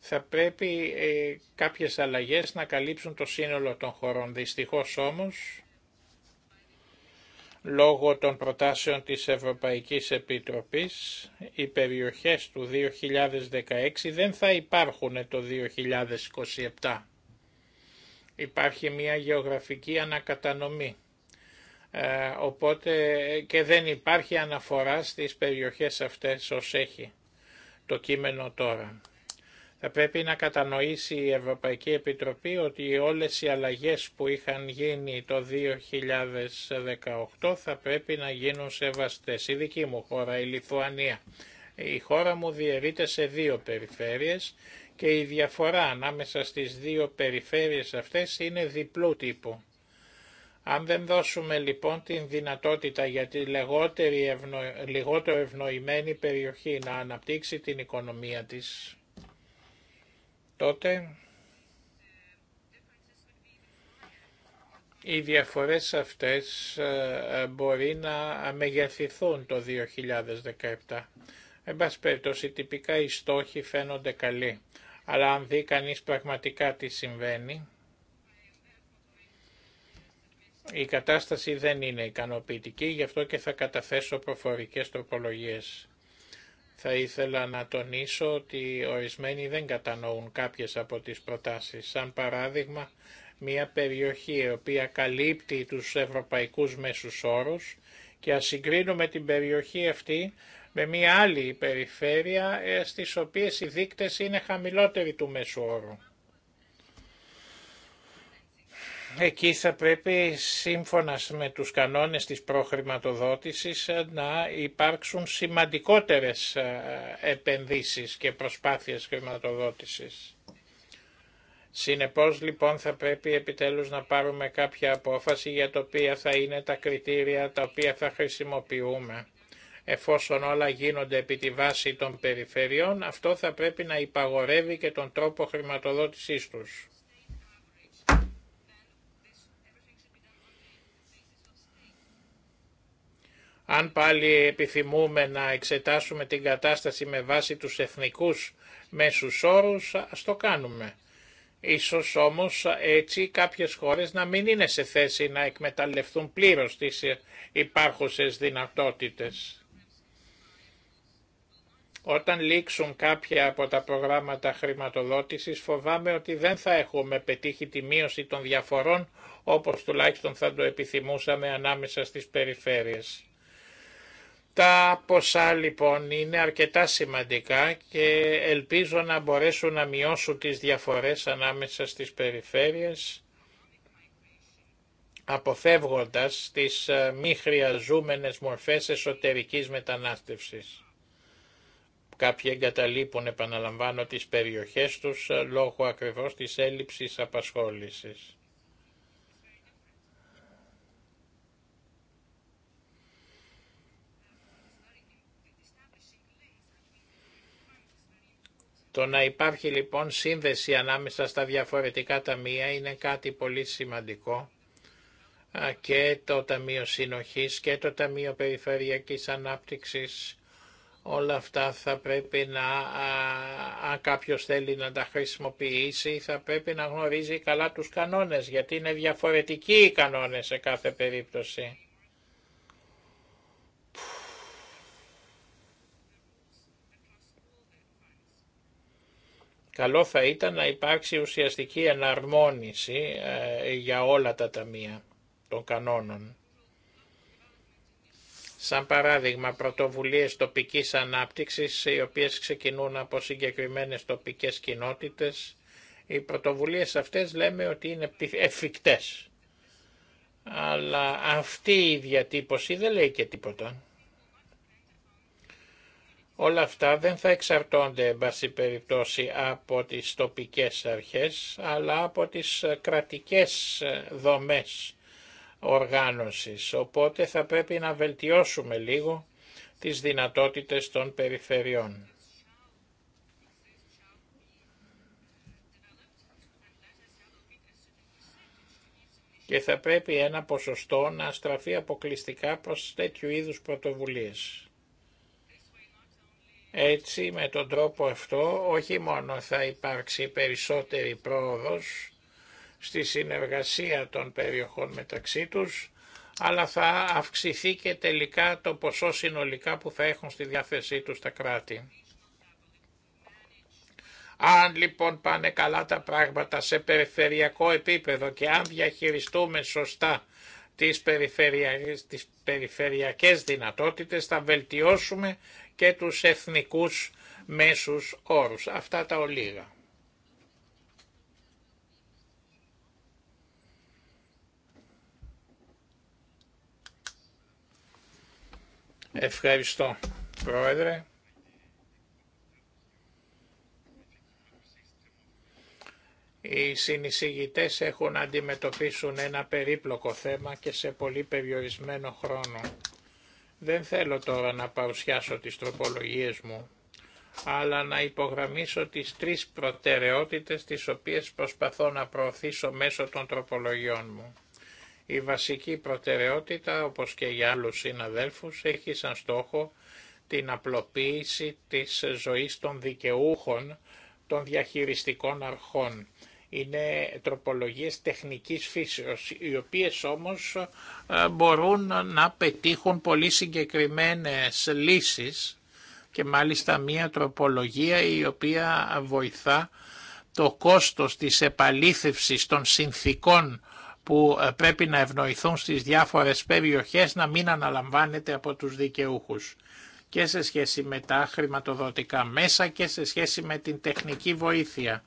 B: θα πρέπει ε, κάποιες αλλαγές να καλύψουν το σύνολο των χωρών. Δυστυχώς όμως λόγω των προτάσεων της Ευρωπαϊκής Επιτροπής οι περιοχές του 2016 δεν θα υπάρχουν το 2027. Υπάρχει μια γεωγραφική ανακατανομή. Ε, οπότε και δεν υπάρχει αναφορά στις περιοχές αυτές ως έχει το κείμενο τώρα. Θα πρέπει να κατανοήσει η Ευρωπαϊκή Επιτροπή ότι όλες οι αλλαγές που είχαν γίνει το 2018 θα πρέπει να γίνουν σεβαστές. Η δική μου χώρα, η Λιθουανία. Η χώρα μου διαιρείται σε δύο περιφέρειες και η διαφορά ανάμεσα στις δύο περιφέρειες αυτές είναι διπλού τύπου. Αν δεν δώσουμε λοιπόν την δυνατότητα για τη λιγότερο ευνοημένη περιοχή να αναπτύξει την οικονομία της, τότε οι διαφορές αυτές ε, μπορεί να μεγεθυνθούν το 2017. Εν πάση περιπτώσει, τυπικά οι στόχοι φαίνονται καλοί, αλλά αν δει κανείς πραγματικά τι συμβαίνει, η κατάσταση δεν είναι ικανοποιητική, γι' αυτό και θα καταθέσω προφορικές τροπολογίες. Θα ήθελα να τονίσω ότι ορισμένοι δεν κατανοούν κάποιες από τις προτάσεις. Σαν παράδειγμα, μια περιοχή η οποία καλύπτει τους ευρωπαϊκούς μέσους όρους και ας συγκρίνουμε την περιοχή αυτή με μια άλλη περιφέρεια ε, στις οποίες οι δείκτες είναι χαμηλότεροι του μέσου όρου εκεί θα πρέπει σύμφωνα με τους κανόνες της προχρηματοδότησης ε, να υπάρξουν σημαντικότερες ε, επενδύσεις και προσπάθειες χρηματοδότησης. Συνεπώς λοιπόν θα πρέπει επιτέλους να πάρουμε κάποια απόφαση για το οποία θα είναι τα κριτήρια τα οποία θα χρησιμοποιούμε. Εφόσον όλα γίνονται επί τη βάση των περιφερειών, αυτό θα πρέπει να υπαγορεύει και τον τρόπο χρηματοδότησής τους. Αν πάλι επιθυμούμε να εξετάσουμε την κατάσταση με βάση τους εθνικούς μέσους όρους, ας το κάνουμε. Ίσως όμως έτσι κάποιες χώρες να μην είναι σε θέση να εκμεταλλευτούν πλήρως τις υπάρχουσες δυνατότητες. Όταν λήξουν κάποια από τα προγράμματα χρηματοδότησης φοβάμαι ότι δεν θα έχουμε πετύχει τη μείωση των διαφορών όπως τουλάχιστον θα το επιθυμούσαμε ανάμεσα στις περιφέρειες. Τα ποσά λοιπόν είναι αρκετά σημαντικά και ελπίζω να μπορέσουν να μειώσουν τις διαφορές ανάμεσα στις περιφέρειες αποφεύγοντας τις ε, μη χρειαζούμενες μορφές εσωτερικής μετανάστευσης. Κάποιοι εγκαταλείπουν, επαναλαμβάνω, τις περιοχές τους ε, λόγω ακριβώς της έλλειψης απασχόλησης. Το να υπάρχει λοιπόν σύνδεση ανάμεσα στα διαφορετικά ταμεία είναι κάτι πολύ σημαντικό και το Ταμείο Συνοχής και το Ταμείο Περιφερειακής Ανάπτυξης όλα αυτά θα πρέπει να, αν κάποιος θέλει να τα χρησιμοποιήσει, θα πρέπει να γνωρίζει καλά τους κανόνες, γιατί είναι διαφορετικοί οι κανόνες σε κάθε περίπτωση. Καλό θα ήταν να υπάρξει ουσιαστική εναρμόνιση ε, για όλα τα ταμεία των κανόνων. Σαν παράδειγμα, πρωτοβουλίες τοπικής ανάπτυξης, οι οποίες ξεκινούν από συγκεκριμένες τοπικές κοινότητες, οι πρωτοβουλίες αυτές λέμε ότι είναι εφικτές. Αλλά αυτή η διατύπωση δεν λέει και τίποτα. Όλα αυτά δεν θα εξαρτώνται, εν πάση περιπτώσει, από τις τοπικές αρχές, αλλά από τις κρατικές δομές οργάνωσης. Οπότε θα πρέπει να βελτιώσουμε λίγο τις δυνατότητες των περιφερειών. Και θα πρέπει ένα ποσοστό να στραφεί αποκλειστικά προς τέτοιου είδους πρωτοβουλίες. Έτσι με τον τρόπο αυτό όχι μόνο θα υπάρξει περισσότερη πρόοδος στη συνεργασία των περιοχών μεταξύ τους, αλλά θα αυξηθεί και τελικά το ποσό συνολικά που θα έχουν στη διάθεσή τους τα κράτη. Αν λοιπόν πάνε καλά τα πράγματα σε περιφερειακό επίπεδο και αν διαχειριστούμε σωστά τις, τις περιφερειακές δυνατότητες, θα βελτιώσουμε και τους εθνικούς μέσους όρους. Αυτά τα ολίγα. Ευχαριστώ, Πρόεδρε. Οι συνεισηγητές έχουν να αντιμετωπίσουν ένα περίπλοκο θέμα και σε πολύ περιορισμένο χρόνο. Δεν θέλω τώρα να παρουσιάσω τις τροπολογίες μου, αλλά να υπογραμμίσω τις τρεις προτεραιότητες τις οποίες προσπαθώ να προωθήσω μέσω των τροπολογιών μου. Η βασική προτεραιότητα, όπως και για άλλους συναδέλφους, έχει σαν στόχο την απλοποίηση της ζωής των δικαιούχων των διαχειριστικών αρχών είναι τροπολογίες τεχνικής φύσεως, οι οποίες όμως ε, μπορούν να πετύχουν πολύ συγκεκριμένες λύσεις και μάλιστα μία τροπολογία η οποία βοηθά το κόστος της επαλήθευσης των συνθήκων που ε, πρέπει να ευνοηθούν στις διάφορες περιοχές να μην αναλαμβάνεται από τους δικαιούχους και σε σχέση με τα χρηματοδοτικά μέσα και σε σχέση με την τεχνική βοήθεια.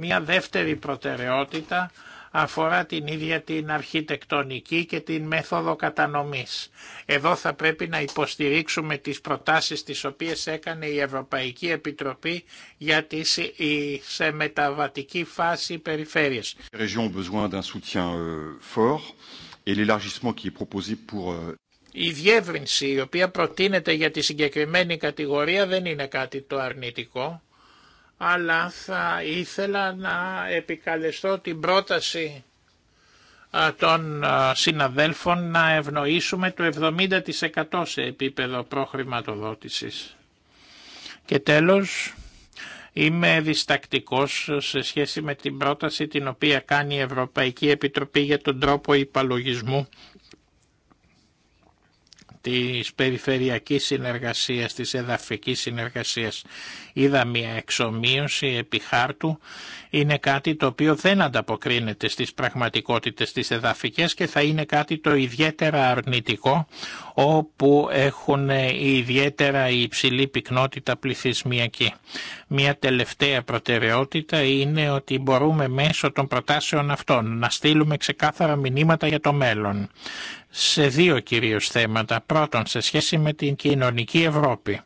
B: Μια δεύτερη προτεραιότητα αφορά την ίδια την αρχιτεκτονική και την μέθοδο κατανομής. Εδώ θα πρέπει να υποστηρίξουμε τις προτάσεις τις οποίες έκανε η Ευρωπαϊκή Επιτροπή για τη σε μεταβατική φάση περιφέρειες. Η διεύρυνση η οποία προτείνεται για τη συγκεκριμένη κατηγορία δεν είναι κάτι το αρνητικό αλλά θα ήθελα να επικαλεστώ την πρόταση των συναδέλφων να ευνοήσουμε το 70% σε επίπεδο προχρηματοδότησης. Και τέλος, είμαι διστακτικός σε σχέση με την πρόταση την οποία κάνει η Ευρωπαϊκή Επιτροπή για τον τρόπο υπαλογισμού της περιφερειακής συνεργασίας, της εδαφικής συνεργασίας. Είδα μια εξομοίωση επί χάρτου. Είναι κάτι το οποίο δεν ανταποκρίνεται στις πραγματικότητες της εδαφικές και θα είναι κάτι το ιδιαίτερα αρνητικό όπου έχουν ιδιαίτερα υψηλή πυκνότητα πληθυσμιακή. Μια τελευταία προτεραιότητα είναι ότι μπορούμε μέσω των προτάσεων αυτών να στείλουμε ξεκάθαρα μηνύματα για το μέλλον σε δύο κυρίως θέματα. Πρώτον, σε σχέση με την κοινωνική Ευρώπη.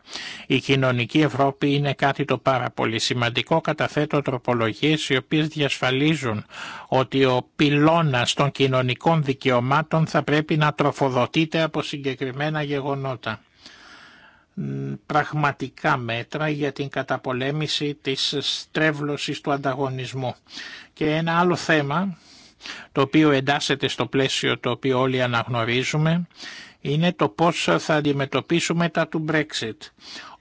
B: Η κοινωνική Ευρώπη είναι κάτι το πάρα πολύ σημαντικό. Καταθέτω τροπολογίες οι οποίες διασφαλίζουν ότι ο πυλώνας των κοινωνικών δικαιωμάτων θα πρέπει να τροφοδοτείται από συγκεκριμένα γεγονότα πραγματικά μέτρα για την καταπολέμηση της στρέβλωσης του ανταγωνισμού. Και ένα άλλο θέμα το οποίο εντάσσεται στο πλαίσιο το οποίο όλοι αναγνωρίζουμε, είναι το πώς θα αντιμετωπίσουμε τα του Brexit.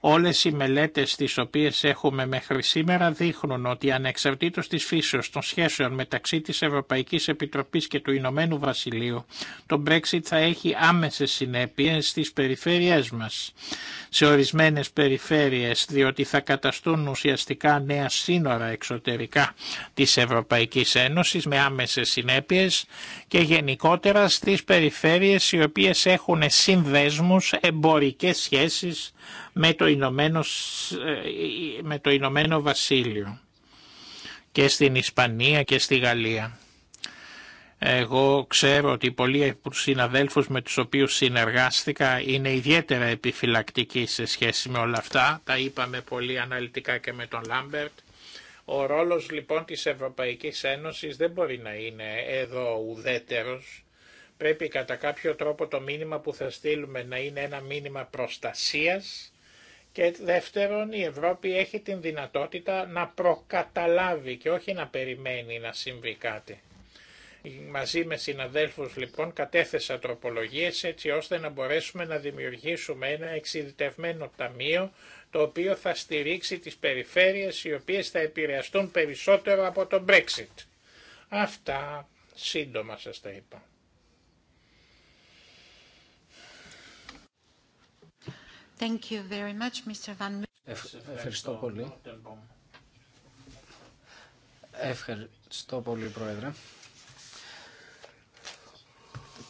B: Όλες οι μελέτες τις οποίες έχουμε μέχρι σήμερα δείχνουν ότι ανεξαρτήτως της φύσεως των σχέσεων μεταξύ της Ευρωπαϊκής Επιτροπής και του Ηνωμένου Βασιλείου, το Brexit θα έχει άμεσες συνέπειες στις περιφέρειές μας. Σε ορισμένες περιφέρειες, διότι θα καταστούν ουσιαστικά νέα σύνορα εξωτερικά της Ευρωπαϊκής Ένωσης με άμεσες συνέπειες και γενικότερα στις περιφέρειες οι οποίες έχουν συνδέσμους, εμπορικές σχέσεις με το Ηνωμένο, ε, με το Ηνωμένο Βασίλειο και στην Ισπανία και στη Γαλλία. Εγώ ξέρω ότι πολλοί από τους συναδέλφους με τους οποίους συνεργάστηκα είναι ιδιαίτερα επιφυλακτικοί σε σχέση με όλα αυτά. Τα είπαμε πολύ αναλυτικά και με τον Λάμπερτ. Ο ρόλος λοιπόν της Ευρωπαϊκής Ένωσης δεν μπορεί να είναι εδώ ουδέτερος. Πρέπει κατά κάποιο τρόπο το μήνυμα που θα στείλουμε να είναι ένα μήνυμα προστασίας και δεύτερον, η Ευρώπη έχει την δυνατότητα να προκαταλάβει και όχι να περιμένει να συμβεί κάτι. Μαζί με συναδέλφους λοιπόν κατέθεσα τροπολογίες έτσι ώστε να μπορέσουμε να δημιουργήσουμε ένα εξειδητευμένο ταμείο το οποίο θα στηρίξει τις περιφέρειες οι οποίες θα επηρεαστούν περισσότερο από το Brexit. Αυτά σύντομα σας τα είπα. Ευχαριστώ
D: πολύ. Ευχαριστώ πολύ, Πρόεδρε.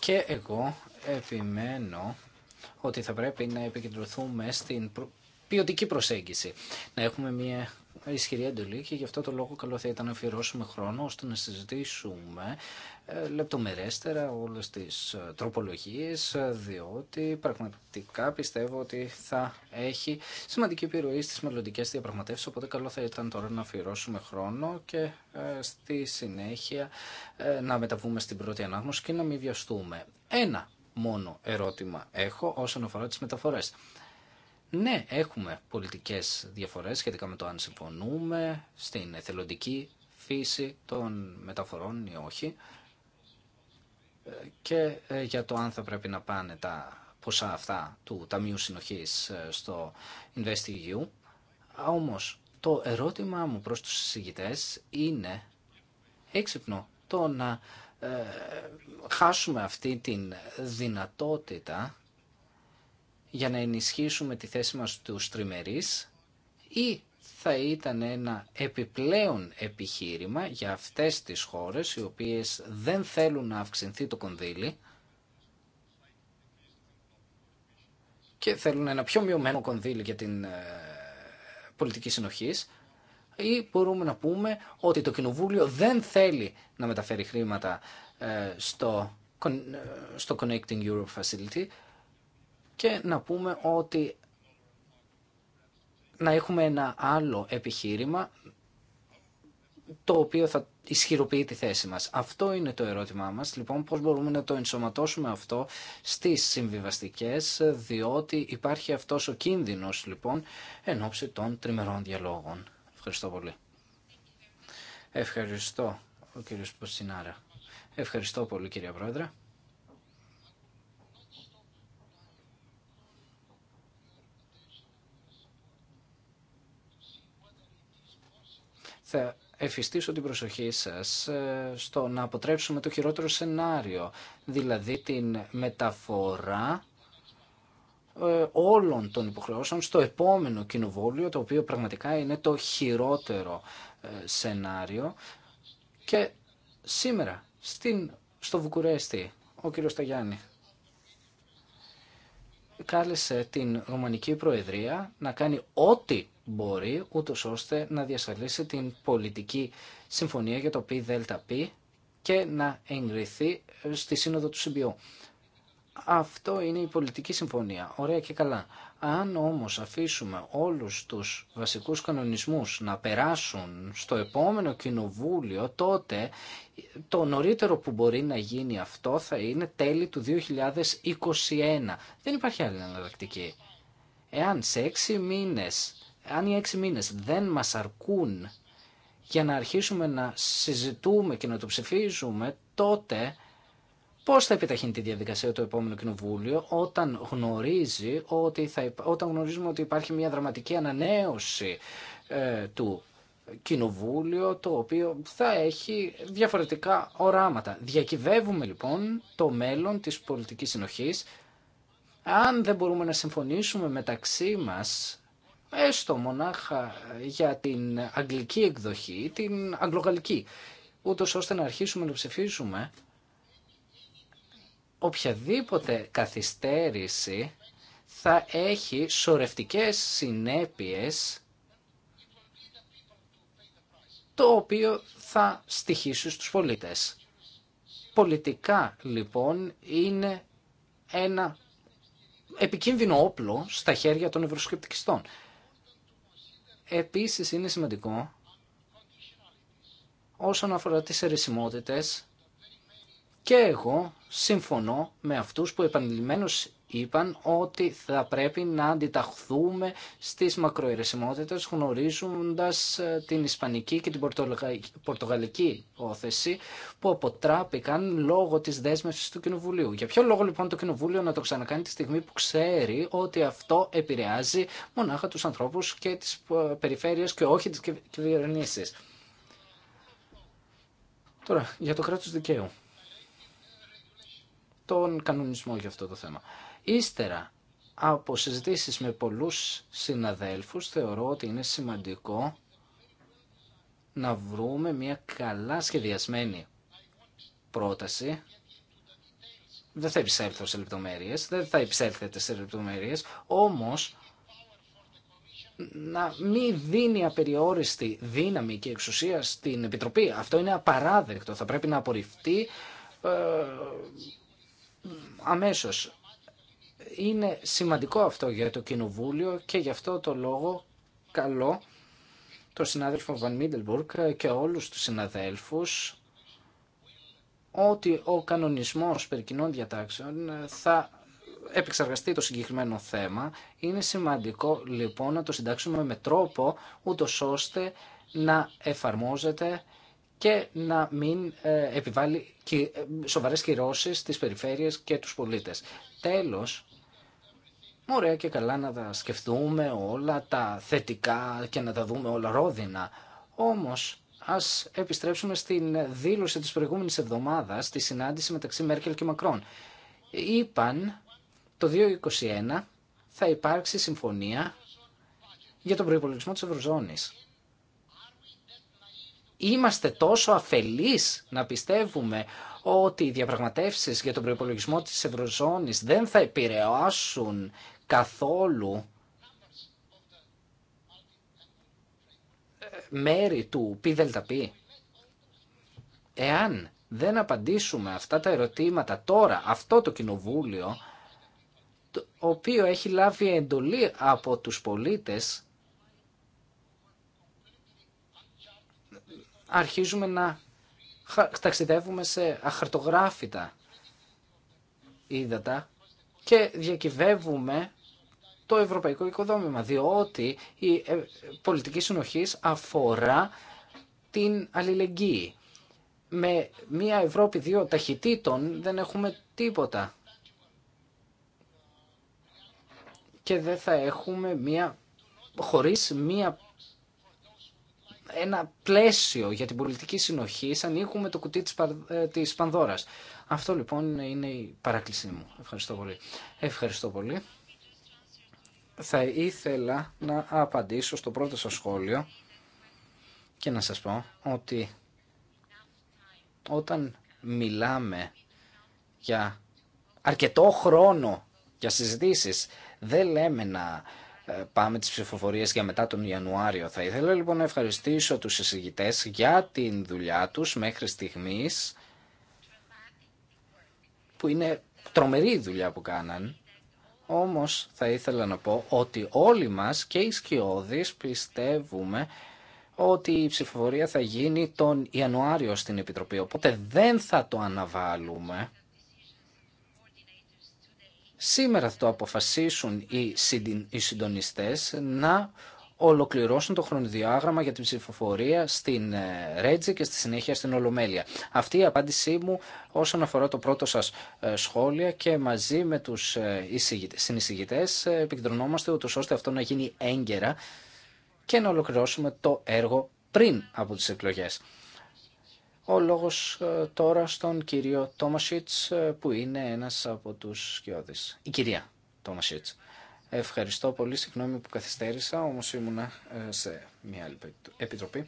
D: Και εγώ επιμένω ότι θα πρέπει να επικεντρωθούμε στην ποιοτική προσέγγιση. Να έχουμε μια ισχυρή εντολή και γι' αυτό το λόγο καλό θα ήταν να αφιερώσουμε χρόνο ώστε να συζητήσουμε ε, λεπτομερέστερα όλες τις ε, τροπολογίες ε, διότι πραγματικά πιστεύω ότι θα έχει σημαντική επιρροή στις μελλοντικές διαπραγματεύσεις οπότε καλό θα ήταν τώρα να αφιερώσουμε χρόνο και στη συνέχεια να μεταβούμε στην πρώτη ανάγνωση και να μην βιαστούμε. Ένα μόνο ερώτημα έχω όσον αφορά τις μεταφορές. Ναι, έχουμε πολιτικές διαφορές σχετικά με το αν συμφωνούμε στην εθελοντική φύση των μεταφορών ή όχι και ε, για το αν θα πρέπει να πάνε τα ποσά αυτά του Ταμείου Συνοχής ε, στο InvestEU. Όμως το ερώτημά μου προς τους συζητητές είναι έξυπνο το να ε, χάσουμε αυτή την δυνατότητα για να ενισχύσουμε τη θέση μας του τριμερείς ή θα ήταν ένα επιπλέον επιχείρημα για αυτές τις χώρες οι οποίες δεν θέλουν να αυξηθεί το κονδύλι και θέλουν ένα πιο μειωμένο κονδύλι για την ε, πολιτική συνοχής ή μπορούμε να πούμε ότι το Κοινοβούλιο δεν θέλει να μεταφέρει χρήματα ε, ε, στο Connecting Europe Facility και να πούμε ότι να έχουμε ένα άλλο επιχείρημα το οποίο θα ισχυροποιεί τη θέση μας. Αυτό είναι το ερώτημά μας. Λοιπόν, πώς μπορούμε να το ενσωματώσουμε αυτό στις συμβιβαστικές, διότι υπάρχει αυτός ο κίνδυνος, λοιπόν, εν ώψη των τριμερών διαλόγων. Ευχαριστώ πολύ. Ευχαριστώ, ο κύριος Ποστινάρα. Ευχαριστώ πολύ, κύριε Πρόεδρε. θα εφιστήσω την προσοχή σας ε, στο να αποτρέψουμε το χειρότερο σενάριο, δηλαδή την μεταφορά ε, όλων των υποχρεώσεων στο επόμενο κοινοβούλιο, το οποίο πραγματικά είναι το χειρότερο ε, σενάριο. Και σήμερα στην, στο Βουκουρέστι, ο κύριος Σταγιάννη κάλεσε την Ρωμανική Προεδρία να κάνει ό,τι μπορεί, ούτω ώστε να διασφαλίσει την πολιτική συμφωνία για το PΔΠ και να εγκριθεί ε, στη Σύνοδο του ΣΥΜΠΙΟ. Αυτό είναι η πολιτική συμφωνία. Ωραία και καλά. Αν όμως αφήσουμε όλους τους βασικούς κανονισμούς να περάσουν στο επόμενο κοινοβούλιο, τότε το νωρίτερο που μπορεί να γίνει αυτό θα είναι τέλη του 2021. Δεν υπάρχει άλλη εναλλακτική. Εάν σε έξι μήνες, οι έξι μήνες δεν μας αρκούν για να αρχίσουμε να συζητούμε και να το ψηφίζουμε, τότε Πώς θα επιταχύνει τη διαδικασία το επόμενου κοινοβούλιο όταν, γνωρίζει ότι θα, όταν γνωρίζουμε ότι υπάρχει μια δραματική ανανέωση ε, του κοινοβούλιο το οποίο θα έχει διαφορετικά οράματα. Διακυβεύουμε λοιπόν το μέλλον της πολιτικής συνοχής αν δεν μπορούμε να συμφωνήσουμε μεταξύ μας έστω μονάχα για την αγγλική εκδοχή, την αγγλογαλλική ούτως ώστε να αρχίσουμε να ψηφίσουμε οποιαδήποτε καθυστέρηση θα έχει σορευτικές συνέπειες το οποίο θα στοιχήσει στους πολίτες. Πολιτικά λοιπόν είναι ένα επικίνδυνο όπλο στα χέρια των ευρωσκεπτικιστών. Επίσης είναι σημαντικό όσον αφορά τις ερεσιμότητες και εγώ συμφωνώ με αυτούς που επανειλημμένως είπαν ότι θα πρέπει να αντιταχθούμε στις μακροαιρεσιμότητες γνωρίζοντας ε, την Ισπανική και την Πορτογαλική όθεση που αποτράπηκαν λόγω της δέσμευσης του Κοινοβουλίου. Για ποιο λόγο λοιπόν το Κοινοβούλιο να το ξανακάνει τη στιγμή που ξέρει ότι αυτό επηρεάζει μονάχα τους ανθρώπους και τις ε, περιφέρειες και όχι τις κυβερνήσεις. Τώρα, για το κράτος δικαίου τον κανονισμό για αυτό το θέμα. Ύστερα, από συζητήσεις με πολλούς συναδέλφους, θεωρώ ότι είναι σημαντικό να βρούμε μια καλά σχεδιασμένη πρόταση. Δεν θα επισέλθω σε λεπτομέρειες, δεν θα επισέλθετε σε λεπτομέρειες, όμως να μην δίνει απεριόριστη δύναμη και εξουσία στην Επιτροπή. Αυτό είναι απαράδεκτο. Θα πρέπει να απορριφθεί ε, αμέσως. Είναι σημαντικό αυτό για το Κοινοβούλιο και γι' αυτό το λόγο καλό το συνάδελφο Βαν Μίντελμπουργκ και όλους τους συναδέλφους ότι ο κανονισμός περί κοινών διατάξεων θα επεξεργαστεί το συγκεκριμένο θέμα. Είναι σημαντικό λοιπόν να το συντάξουμε με τρόπο ούτως ώστε να εφαρμόζεται και να μην ε, επιβάλλει ε, σοβαρές κυρώσεις στις περιφέρειες και τους πολίτες. Τέλος, ωραία και καλά να τα σκεφτούμε όλα τα θετικά και να τα δούμε όλα ρόδινα. Όμως, ας επιστρέψουμε στην δήλωση της προηγούμενης εβδομάδας, στη συνάντηση μεταξύ Μέρκελ και Μακρόν. Είπαν το 2021 θα υπάρξει συμφωνία για τον προϋπολογισμό της Ευρωζώνης. Είμαστε τόσο αφελείς να πιστεύουμε ότι οι διαπραγματεύσεις για τον προϋπολογισμό της Ευρωζώνης δεν θα επηρεάσουν καθόλου ε, μέρη του ΠΔΠ. Εάν δεν απαντήσουμε αυτά τα ερωτήματα τώρα, αυτό το κοινοβούλιο, το οποίο έχει λάβει εντολή από τους πολίτες αρχίζουμε να ταξιδεύουμε σε αχαρτογράφητα ύδατα και διακυβεύουμε το ευρωπαϊκό οικοδόμημα, διότι η ε, πολιτική συνοχής αφορά την αλληλεγγύη. Με μια Ευρώπη δύο ταχυτήτων δεν έχουμε τίποτα. Και δεν θα έχουμε μια, χωρίς μια ένα πλαίσιο για την πολιτική συνοχή, σαν ανοίγουμε το κουτί της, ε, της Πανδώρας. Αυτό λοιπόν είναι η παράκλησή μου. Ευχαριστώ πολύ. Ευχαριστώ πολύ. Θα ήθελα να απαντήσω στο πρώτο σας σχόλιο και να σας πω ότι όταν μιλάμε για αρκετό χρόνο για συζητήσεις, δεν λέμε να ε, πάμε τις ψηφοφορίες για μετά τον Ιανουάριο. Θα ήθελα λοιπόν να ευχαριστήσω τους εισηγητές για την δουλειά τους μέχρι στιγμής που είναι τρομερή η δουλειά που κάναν. Όμως θα ήθελα να πω ότι όλοι μας και οι σκιώδεις πιστεύουμε ότι η ψηφοφορία θα γίνει τον Ιανουάριο στην Επιτροπή. Οπότε δεν θα το αναβάλουμε. Σήμερα θα το αποφασίσουν οι συντονιστές να ολοκληρώσουν το χρονοδιάγραμμα για την ψηφοφορία στην ε, Ρέτζη και στη συνέχεια στην Ολομέλεια. Αυτή η απάντησή μου όσον αφορά το πρώτο σας ε, σχόλια και μαζί με τους ε, συνεισηγητές επικεντρωνόμαστε ούτως ώστε αυτό να γίνει έγκαιρα και να ολοκληρώσουμε το έργο πριν από τις εκλογές. Ο λόγος ε, τώρα στον κύριο Τόμασιτς ε, που είναι ένας από τους σκιώδεις. Η κυρία Τόμασιτς. Ευχαριστώ πολύ, συγγνώμη που καθυστέρησα, όμως ήμουνα ε, σε μια άλλη επιτροπή.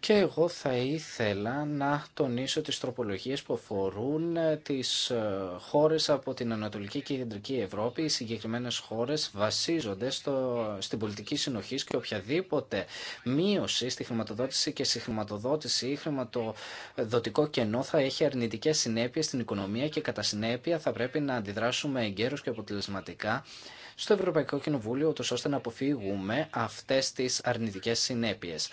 D: Και εγώ θα ήθελα να τονίσω τις τροπολογίες που αφορούν ε, τις ε, χώρες από την Ανατολική και Κεντρική Ευρώπη. Οι συγκεκριμένες χώρες βασίζονται στο, στην πολιτική συνοχή και οποιαδήποτε μείωση στη χρηματοδότηση και στη χρηματοδότηση ή χρηματοδοτικό κενό θα έχει αρνητικές συνέπειες στην οικονομία και κατά συνέπεια θα πρέπει να αντιδράσουμε εγκαίρως και αποτελεσματικά στο Ευρωπαϊκό Κοινοβούλιο, ώστε να αποφύγουμε αυτές τις αρνητικές συνέπειες.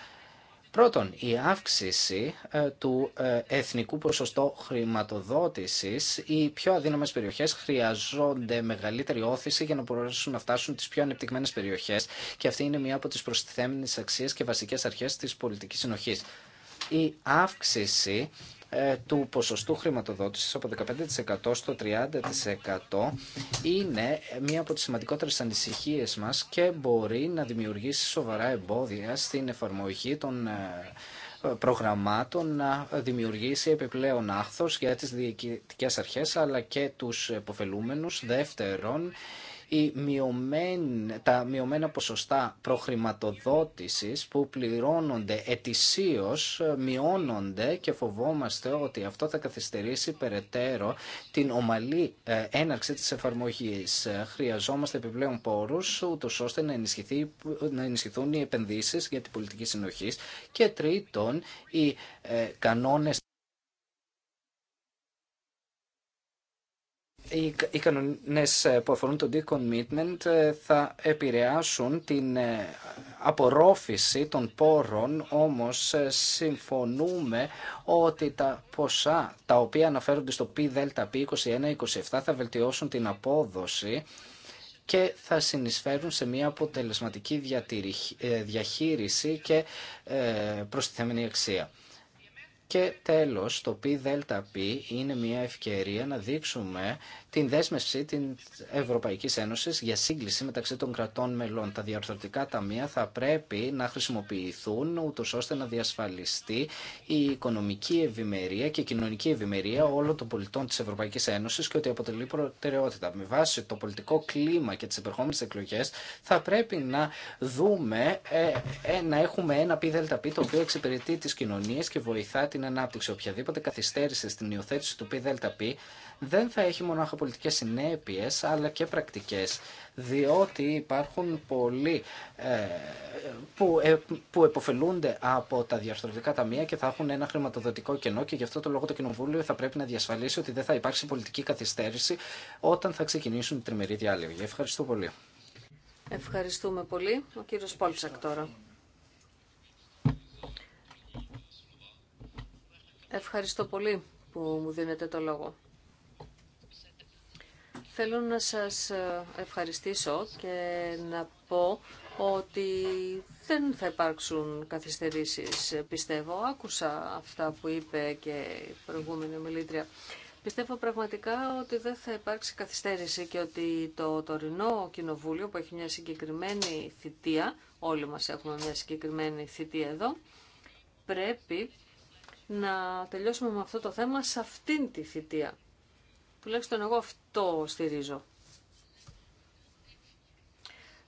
D: Πρώτον, η αύξηση ε, του ε, εθνικού ποσοστό χρηματοδότησης. Οι πιο αδύναμες περιοχές χρειαζόνται μεγαλύτερη όθηση για να μπορέσουν να φτάσουν τις πιο ανεπτυγμένες περιοχές και αυτή είναι μία από τις προστιθέμενες αξίες και βασικές αρχές της πολιτικής συνοχής. Η αύξηση ε, του ποσοστού χρηματοδότησης από 15% στο 30% είναι μία από τις σημαντικότερες ανησυχίες μας και μπορεί να δημιουργήσει σοβαρά εμπόδια στην εφαρμογή των ε, προγραμμάτων να δημιουργήσει επιπλέον άχθος για τις διοικητικές αρχές αλλά και τους υποφελούμενους. Δεύτερον, οι τα μειωμένα ποσοστά προχρηματοδότησης που πληρώνονται ετησίως ε, μειώνονται και φοβόμαστε ότι αυτό θα καθυστερήσει περαιτέρω την ομαλή ε, έναρξη της εφαρμογής. Ε, χρειαζόμαστε επιπλέον πόρους ούτως ώστε να, ενισχυθεί, να ενισχυθούν οι επενδύσεις για την πολιτική συνοχή και τρίτον οι κανόνες οι κανονές ε, που αφορούν το decommitment ε, θα επηρεάσουν την ε, απορρόφηση των πόρων, όμως συμφωνούμε ότι τα ποσά τα οποία αναφέρονται στο πι 21-27 θα βελτιώσουν την απόδοση και θα συνεισφέρουν σε μια αποτελεσματική διαχείριση και προστιθέμενη αξία. Και τέλος, το πι δέλτα πι είναι μια ευκαιρία να δείξουμε την δέσμευση τη Ευρωπαϊκή Ένωση για σύγκληση μεταξύ των κρατών μελών. Τα διαρθρωτικά ταμεία θα πρέπει να χρησιμοποιηθούν ούτως ώστε να διασφαλιστεί η οικονομική ευημερία και η κοινωνική ευημερία όλων των πολιτών τη Ευρωπαϊκή Ένωση και ότι αποτελεί προτεραιότητα. Με βάση το πολιτικό κλίμα και τι επερχόμενε εκλογέ θα πρέπει να δούμε, ε, ε, να έχουμε ένα ΠΔΠ το οποίο εξυπηρετεί τι κοινωνίε και βοηθά την ανάπτυξη. Οποιαδήποτε καθυστέρηση στην υιοθέτηση του ΠΔΠ δεν θα έχει μόνο πολιτικές συνέπειες αλλά και πρακτικές διότι υπάρχουν πολλοί ε, που, ε, εποφελούνται από τα διαρθρωτικά ταμεία και θα έχουν ένα χρηματοδοτικό κενό και γι' αυτό το λόγο το Κοινοβούλιο θα πρέπει να διασφαλίσει ότι δεν θα υπάρξει πολιτική καθυστέρηση όταν θα ξεκινήσουν οι τριμεροί διάλογοι. Ευχαριστώ πολύ.
A: Ευχαριστούμε πολύ. Ο κύριος Πόλτσακ τώρα. Ευχαριστώ πολύ που μου δίνετε το λόγο. Θέλω να σας ε, ευχαριστήσω και να πω ότι δεν θα υπάρξουν καθυστερήσεις, πιστεύω. Άκουσα αυτά που είπε και η προηγούμενη μιλήτρια. Πιστεύω πραγματικά ότι δεν θα υπάρξει καθυστέρηση και ότι το τωρινό κοινοβούλιο που έχει μια συγκεκριμένη θητεία, όλοι μας έχουμε μια συγκεκριμένη θητεία εδώ, πρέπει να τελειώσουμε με αυτό το θέμα σε αυτήν τη θητεία. Τουλάχιστον εγώ αυτό στηρίζω.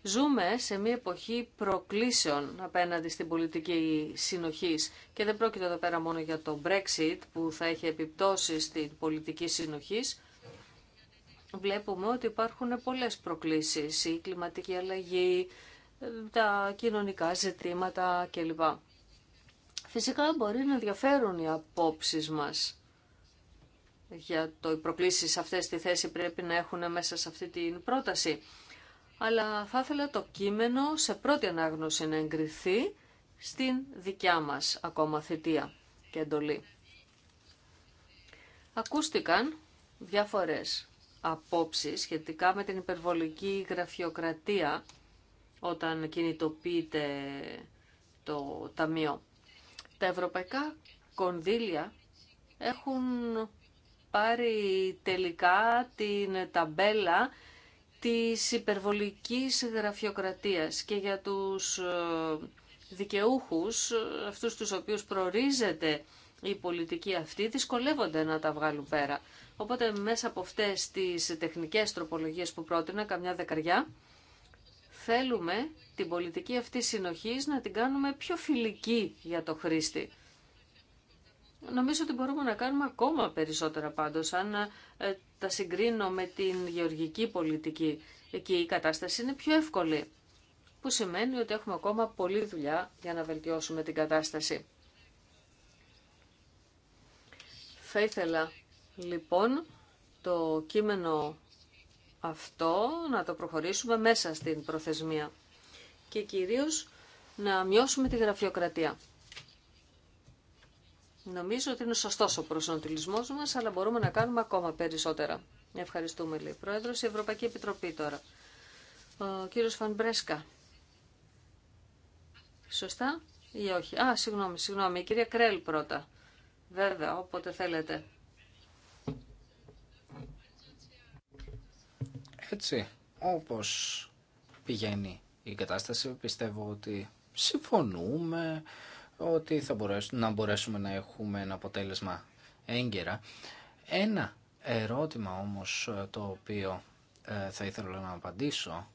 A: Ζούμε σε μια εποχή προκλήσεων απέναντι στην πολιτική συνοχής και δεν πρόκειται εδώ πέρα μόνο για το Brexit που θα έχει επιπτώσεις στην πολιτική συνοχής. Βλέπουμε ότι υπάρχουν πολλές προκλήσεις, η κλιματική αλλαγή, τα κοινωνικά ζητήματα κλπ. Φυσικά μπορεί να ενδιαφέρουν οι απόψεις μας για το οι προκλήσεις αυτές τη θέση πρέπει να έχουν μέσα σε αυτή την πρόταση. Αλλά θα ήθελα το κείμενο σε πρώτη ανάγνωση να εγκριθεί στην δικιά μας ακόμα θητεία και εντολή. Ακούστηκαν διάφορες απόψεις σχετικά με την υπερβολική γραφειοκρατία όταν κινητοποιείται το Ταμείο. Τα ευρωπαϊκά κονδύλια έχουν πάρει τελικά την ταμπέλα της υπερβολικής γραφειοκρατίας και για τους ε, δικαιούχους, ε, αυτούς τους οποίους προορίζεται η πολιτική αυτή, δυσκολεύονται να τα βγάλουν πέρα. Οπότε μέσα από αυτές τις τεχνικές τροπολογίες που πρότεινα, καμιά δεκαριά, θέλουμε την πολιτική αυτή συνοχής να την κάνουμε πιο φιλική για το χρήστη. Νομίζω ότι μπορούμε να κάνουμε ακόμα περισσότερα πάντως, αν ε, τα συγκρίνω με την γεωργική πολιτική. Εκεί η κατάσταση είναι πιο εύκολη, που σημαίνει ότι έχουμε ακόμα πολλή δουλειά για να βελτιώσουμε την κατάσταση. Θα ήθελα λοιπόν το κείμενο αυτό να το προχωρήσουμε μέσα στην προθεσμία και κυρίως να μειώσουμε τη γραφειοκρατία. Νομίζω ότι είναι σωστό ο προσανατολισμό μα, αλλά μπορούμε να κάνουμε ακόμα περισσότερα. Ευχαριστούμε, λέει Πρόεδρος. Η Ευρωπαϊκή Επιτροπή τώρα. Ο κύριο Φανβρέκα. Σωστά ή όχι. Α, συγγνώμη, συγγνώμη. Η κυρία Κρέλ πρώτα. Βέβαια, όποτε θέλετε.
D: Έτσι, όπως πηγαίνει η κατάσταση, πιστεύω ότι συμφωνούμε ότι θα μπορέσουμε, να να έχουμε ένα αποτέλεσμα έγκαιρα. Ένα ερώτημα όμως ε, το οποίο ε, θα ήθελα να απαντήσω.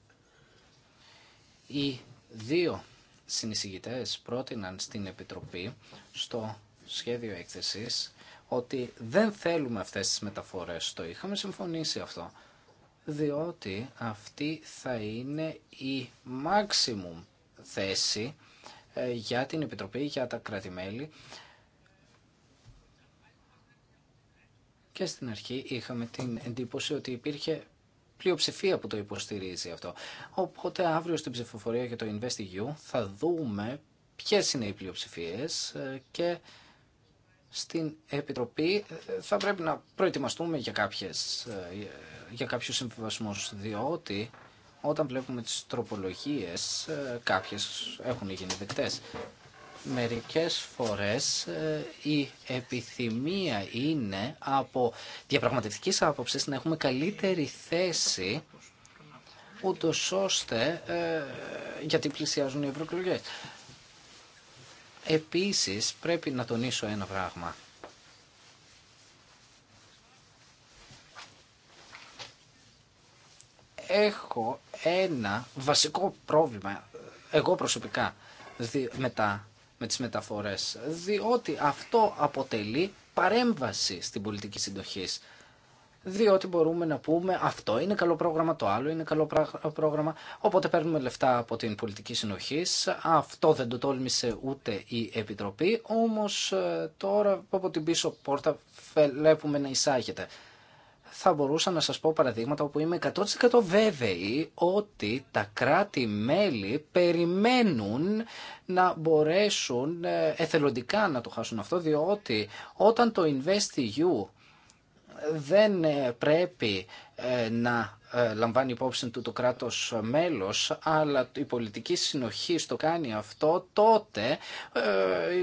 D: Οι δύο συνεισηγητές πρότειναν στην Επιτροπή στο σχέδιο έκθεσης ότι δεν θέλουμε αυτές τις μεταφορές. Το είχαμε συμφωνήσει αυτό. Διότι αυτή θα είναι η maximum θέση ε, για την Επιτροπή, για τα κράτη-μέλη. Και στην αρχή είχαμε την εντύπωση ότι υπήρχε πλειοψηφία που το υποστηρίζει αυτό. Οπότε αύριο στην ψηφοφορία για το InvestEU θα δούμε ποιες είναι οι πλειοψηφίες ε, και στην Επιτροπή ε, θα πρέπει να προετοιμαστούμε για, κάποιες, για κάποιους συμβιβασμούς διότι όταν βλέπουμε τις τροπολογίες, ε, κάποιες έχουν γίνει δεκτές. Μερικές φορές ε, η επιθυμία είναι από διαπραγματευτικής άποψης να έχουμε καλύτερη θέση ούτως ώστε, ε, γιατί πλησιάζουν οι ευρωεκλογές. Επίσης πρέπει να τονίσω ένα πράγμα. έχω ένα βασικό πρόβλημα εγώ προσωπικά με, τα, με τις μεταφορές διότι αυτό αποτελεί παρέμβαση στην πολιτική συντοχής διότι μπορούμε να πούμε αυτό είναι καλό πρόγραμμα, το άλλο είναι καλό πρόγραμμα, οπότε παίρνουμε λεφτά από την πολιτική συνοχή. Αυτό δεν το τόλμησε ούτε η Επιτροπή, όμως ε, τώρα από την πίσω πόρτα βλέπουμε να εισάγεται θα μπορούσα να σας πω παραδείγματα όπου είμαι 100% βέβαιη ότι τα κράτη-μέλη περιμένουν να μπορέσουν ε, εθελοντικά να το χάσουν αυτό, διότι όταν το InvestEU δεν ε, πρέπει ε, να ε, λαμβάνει υπόψη του το κράτος μέλος, αλλά η πολιτική συνοχή στο κάνει αυτό, τότε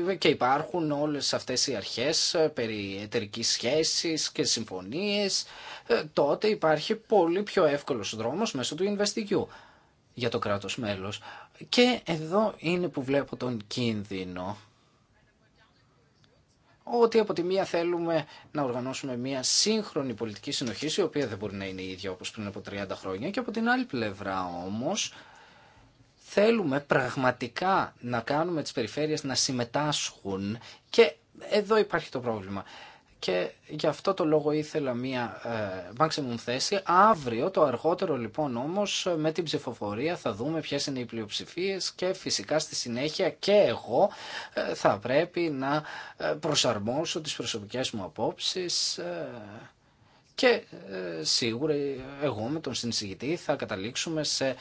D: ε, και υπάρχουν όλες αυτές οι αρχές ε, περί εταιρικής σχέσης και συμφωνίες, τότε υπάρχει πολύ πιο εύκολος δρόμος μέσω του Investigu για το κράτος μέλος. Και εδώ είναι που βλέπω τον κίνδυνο ότι από τη μία θέλουμε να οργανώσουμε μία σύγχρονη πολιτική συνοχή, η οποία δεν μπορεί να είναι η ίδια όπως πριν από 30 χρόνια, και από την άλλη πλευρά όμως θέλουμε πραγματικά να κάνουμε τις περιφέρειες να συμμετάσχουν και εδώ υπάρχει το πρόβλημα και γι' αυτό το λόγο ήθελα μία ε, maximum θέση. Αύριο το αργότερο λοιπόν όμως με την ψηφοφορία θα δούμε ποιες είναι οι πλειοψηφίε και φυσικά στη συνέχεια και εγώ ε, θα πρέπει να ε, προσαρμόσω τις προσωπικές μου απόψεις ε, και σίγουρα εγώ με τον συνεισηγητή θα καταλήξουμε σε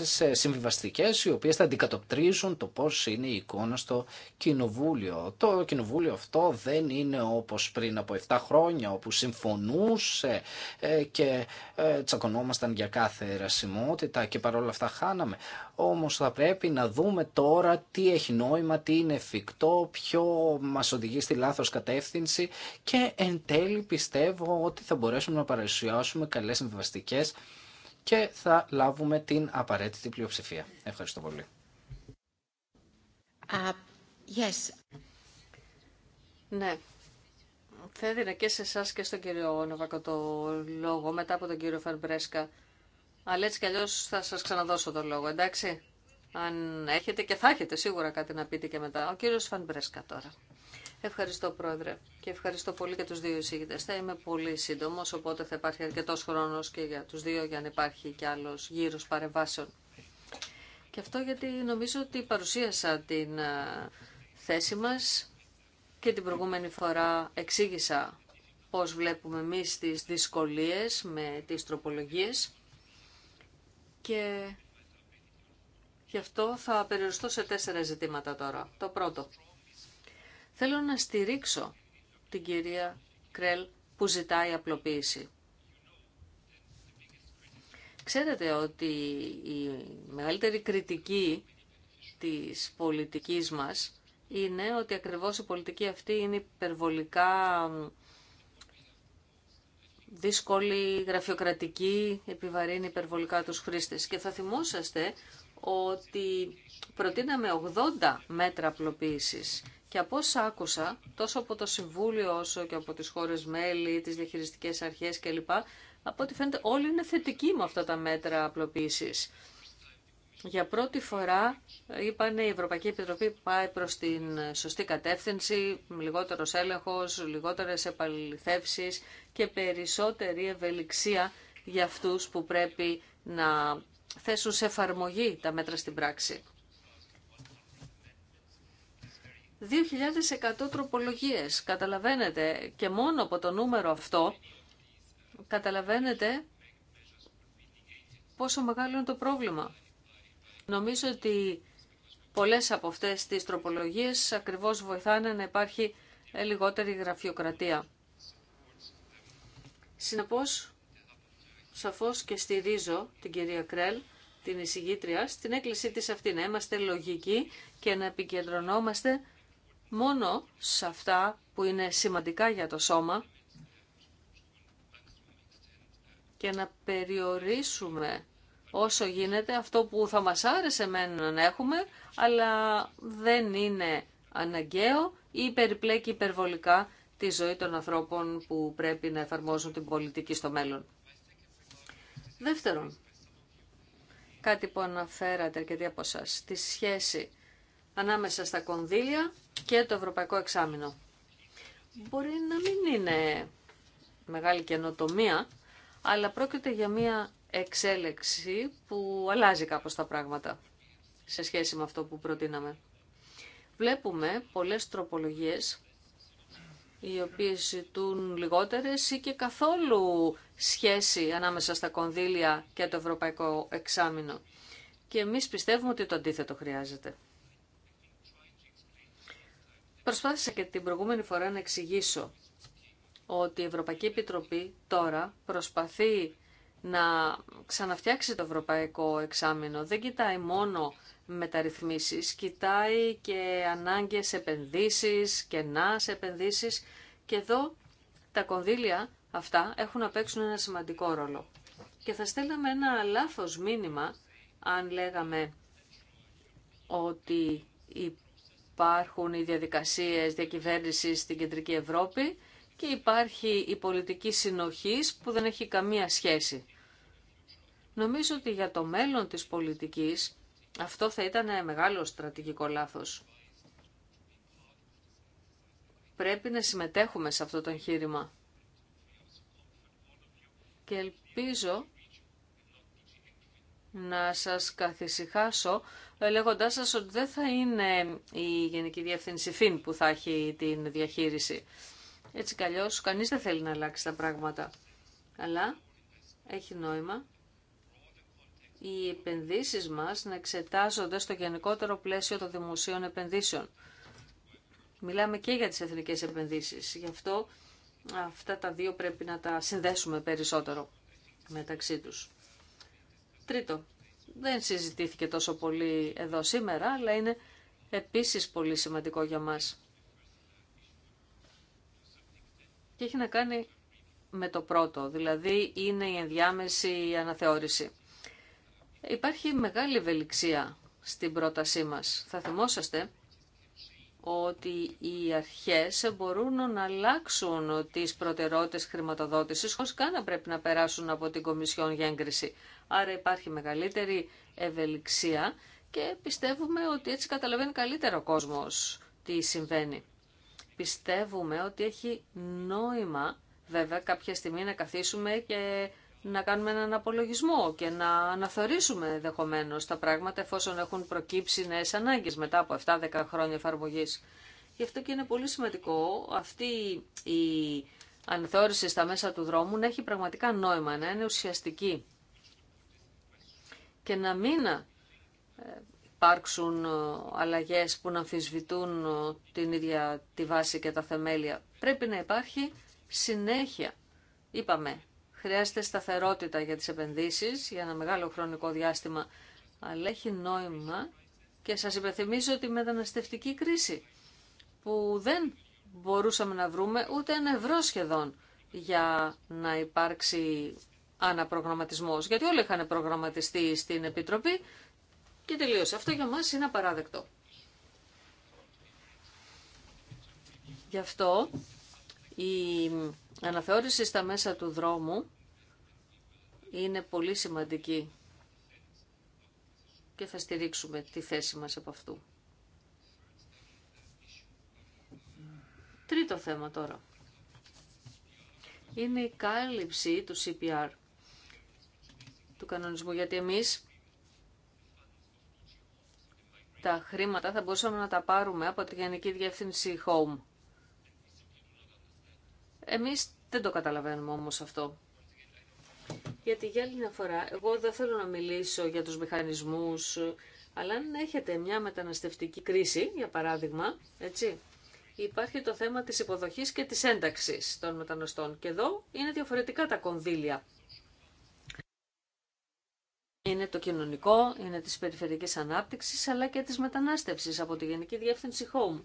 D: σε συμβιβαστικέ οι οποίες θα αντικατοπτρίζουν το πώ είναι η εικόνα στο κοινοβούλιο. Το κοινοβούλιο αυτό δεν είναι όπως πριν από 7 χρόνια όπου συμφωνούσε ε, και ε, τσακωνόμασταν για κάθε ερασιμότητα και παρόλα αυτά χάναμε. Όμως θα πρέπει να δούμε τώρα τι έχει νόημα, τι είναι εφικτό, ποιο μα οδηγεί στη λάθο κατεύθυνση και εν τέλει πιστεύω ότι θα μπορέσουμε να παρουσιάσουμε καλέ συμβιβαστικέ και θα λάβουμε την απαραίτητη πλειοψηφία. Ευχαριστώ πολύ.
A: Uh, yes. Ναι. Θα έδινα και σε εσά και στον κύριο Νοβακο το λόγο μετά από τον κύριο Φαρμπρέσκα. Αλλά έτσι κι αλλιώ θα σα ξαναδώσω το λόγο, εντάξει. Αν έχετε και θα έχετε σίγουρα κάτι να πείτε και μετά. Ο κύριο Φαρμπρέσκα τώρα. Ευχαριστώ, Πρόεδρε. Και ευχαριστώ πολύ και τους δύο εισηγητές. Θα είμαι πολύ σύντομο, οπότε θα υπάρχει αρκετός χρόνος και για τους δύο, για να υπάρχει κι άλλος γύρος παρεμβάσεων. Και αυτό γιατί νομίζω ότι παρουσίασα την θέση μας και την προηγούμενη φορά εξήγησα πώς βλέπουμε εμείς τις δυσκολίες με τις τροπολογίες και γι' αυτό θα περιοριστώ σε τέσσερα ζητήματα τώρα. Το πρώτο, Θέλω να στηρίξω την κυρία Κρέλ που ζητάει απλοποίηση. Ξέρετε ότι η μεγαλύτερη κριτική της πολιτικής μας είναι ότι ακριβώς η πολιτική αυτή είναι υπερβολικά δύσκολη, γραφειοκρατική, επιβαρύνει υπερβολικά τους χρήστες. Και θα θυμόσαστε ότι προτείναμε 80 μέτρα απλοποίησης και από όσα άκουσα, τόσο από το Συμβούλιο όσο και από τις χώρες μέλη, τις διαχειριστικές αρχές κλπ, από ό,τι φαίνεται όλοι είναι θετικοί με αυτά τα μέτρα απλοποίησης. Για πρώτη φορά, είπανε, η Ευρωπαϊκή Επιτροπή πάει προς την σωστή κατεύθυνση, λιγότερος έλεγχος, λιγότερες επαληθεύσεις και περισσότερη ευελιξία για αυτούς που πρέπει να θέσουν σε εφαρμογή τα μέτρα στην πράξη. 2.100 τροπολογίες. Καταλαβαίνετε και μόνο από το νούμερο αυτό καταλαβαίνετε πόσο μεγάλο είναι το πρόβλημα. Νομίζω ότι πολλές από αυτές τις τροπολογίες ακριβώς βοηθάνε να υπάρχει λιγότερη γραφειοκρατία. Συνεπώς, σαφώς και στηρίζω την κυρία Κρέλ, την εισηγήτρια, στην έκκλησή της αυτή να είμαστε λογικοί και να επικεντρωνόμαστε μόνο σε αυτά που είναι σημαντικά για το σώμα και να περιορίσουμε όσο γίνεται αυτό που θα μας άρεσε μένουν να έχουμε, αλλά δεν είναι αναγκαίο ή περιπλέκει υπερβολικά τη ζωή των ανθρώπων που πρέπει να εφαρμόζουν την πολιτική στο μέλλον. Δεύτερον, κάτι που αναφέρατε αρκετοί από σας, τη σχέση ανάμεσα στα κονδύλια και το ευρωπαϊκό εξάμεινο. Μπορεί να μην είναι μεγάλη καινοτομία, αλλά πρόκειται για μια εξέλιξη που αλλάζει κάπως τα πράγματα σε σχέση με αυτό που προτείναμε. Βλέπουμε πολλές τροπολογίες οι οποίες ζητούν λιγότερες ή και καθόλου σχέση ανάμεσα στα κονδύλια και το ευρωπαϊκό εξάμεινο. Και εμείς πιστεύουμε ότι το αντίθετο χρειάζεται. Προσπάθησα και την προηγούμενη φορά να εξηγήσω ότι η Ευρωπαϊκή Επιτροπή τώρα προσπαθεί να ξαναφτιάξει το ευρωπαϊκό εξάμεινο. Δεν κοιτάει μόνο μεταρρυθμίσεις, κοιτάει και ανάγκες επενδύσεις, κενά σε επενδύσεις και εδώ τα κονδύλια αυτά έχουν να παίξουν ένα σημαντικό ρόλο. Και θα στέλναμε ένα λάθος μήνυμα αν λέγαμε ότι η υπάρχουν οι διαδικασίες διακυβέρνησης στην Κεντρική Ευρώπη και υπάρχει η πολιτική συνοχής που δεν έχει καμία σχέση. Νομίζω ότι για το μέλλον της πολιτικής αυτό θα ήταν ένα μεγάλο στρατηγικό λάθος. Πρέπει να συμμετέχουμε σε αυτό το εγχείρημα. Και ελπίζω να σας καθησυχάσω ε, λέγοντάς σας ότι δεν θα είναι η Γενική Διεύθυνση ΦΙΝ που θα έχει την διαχείριση. Έτσι καλώς, κανείς δεν θέλει να αλλάξει τα πράγματα. Αλλά έχει νόημα οι επενδύσεις μας να εξετάζονται στο γενικότερο πλαίσιο των δημοσίων επενδύσεων. Μιλάμε και για τις εθνικές επενδύσεις. Γι' αυτό αυτά τα δύο πρέπει να τα συνδέσουμε περισσότερο μεταξύ τους. Τρίτο, δεν συζητήθηκε τόσο πολύ εδώ σήμερα, αλλά είναι επίσης πολύ σημαντικό για μας. Και έχει να κάνει με το πρώτο, δηλαδή είναι η ενδιάμεση αναθεώρηση. Υπάρχει μεγάλη ευελιξία στην πρότασή μας. Θα θυμόσαστε ότι οι αρχές μπορούν να αλλάξουν τις προτεραιότητες χρηματοδότησης χωρίς καν να πρέπει να περάσουν από την Κομισιόν για έγκριση. Άρα υπάρχει μεγαλύτερη ευελιξία και πιστεύουμε ότι έτσι καταλαβαίνει καλύτερο ο κόσμος τι συμβαίνει. Πιστεύουμε ότι έχει νόημα βέβαια κάποια στιγμή να καθίσουμε και να κάνουμε έναν απολογισμό και να αναθεωρήσουμε δεχομένω τα πράγματα εφόσον έχουν προκύψει νέε ανάγκε μετά από 7-10 χρόνια εφαρμογή. Γι' αυτό και είναι πολύ σημαντικό αυτή η αναθεώρηση στα μέσα του δρόμου να έχει πραγματικά νόημα, να είναι ουσιαστική και να μην ε, υπάρξουν ε, αλλαγές που να αμφισβητούν ε, την ίδια τη βάση και τα θεμέλια. Πρέπει να υπάρχει συνέχεια. Είπαμε, Χρειάζεται σταθερότητα για τις επενδύσεις για ένα μεγάλο χρονικό διάστημα, αλλά έχει νόημα και σας υπενθυμίζω ότι η μεταναστευτική κρίση που δεν μπορούσαμε να βρούμε ούτε ένα ευρώ σχεδόν για να υπάρξει αναπρογραμματισμός, γιατί όλοι είχαν προγραμματιστεί στην Επιτροπή και τελείωσε. Αυτό για μας είναι απαράδεκτο. Γι' αυτό η αναθεώρηση στα μέσα του δρόμου είναι πολύ σημαντική και θα στηρίξουμε τη θέση μας από αυτού. Τρίτο θέμα τώρα. Είναι η κάλυψη του CPR, του κανονισμού, γιατί εμείς τα χρήματα θα μπορούσαμε να τα πάρουμε από τη Γενική Διεύθυνση Home. Εμείς δεν το καταλαβαίνουμε όμως αυτό. Γιατί για άλλη μια φορά, εγώ δεν θέλω να μιλήσω για τους μηχανισμούς, αλλά αν έχετε μια μεταναστευτική κρίση, για παράδειγμα, έτσι, υπάρχει το θέμα της υποδοχής και της ένταξης των μεταναστών. Και εδώ είναι διαφορετικά τα κονδύλια. Είναι το κοινωνικό, είναι της περιφερειακής ανάπτυξης, αλλά και της μετανάστευσης από τη Γενική Διεύθυνση Home.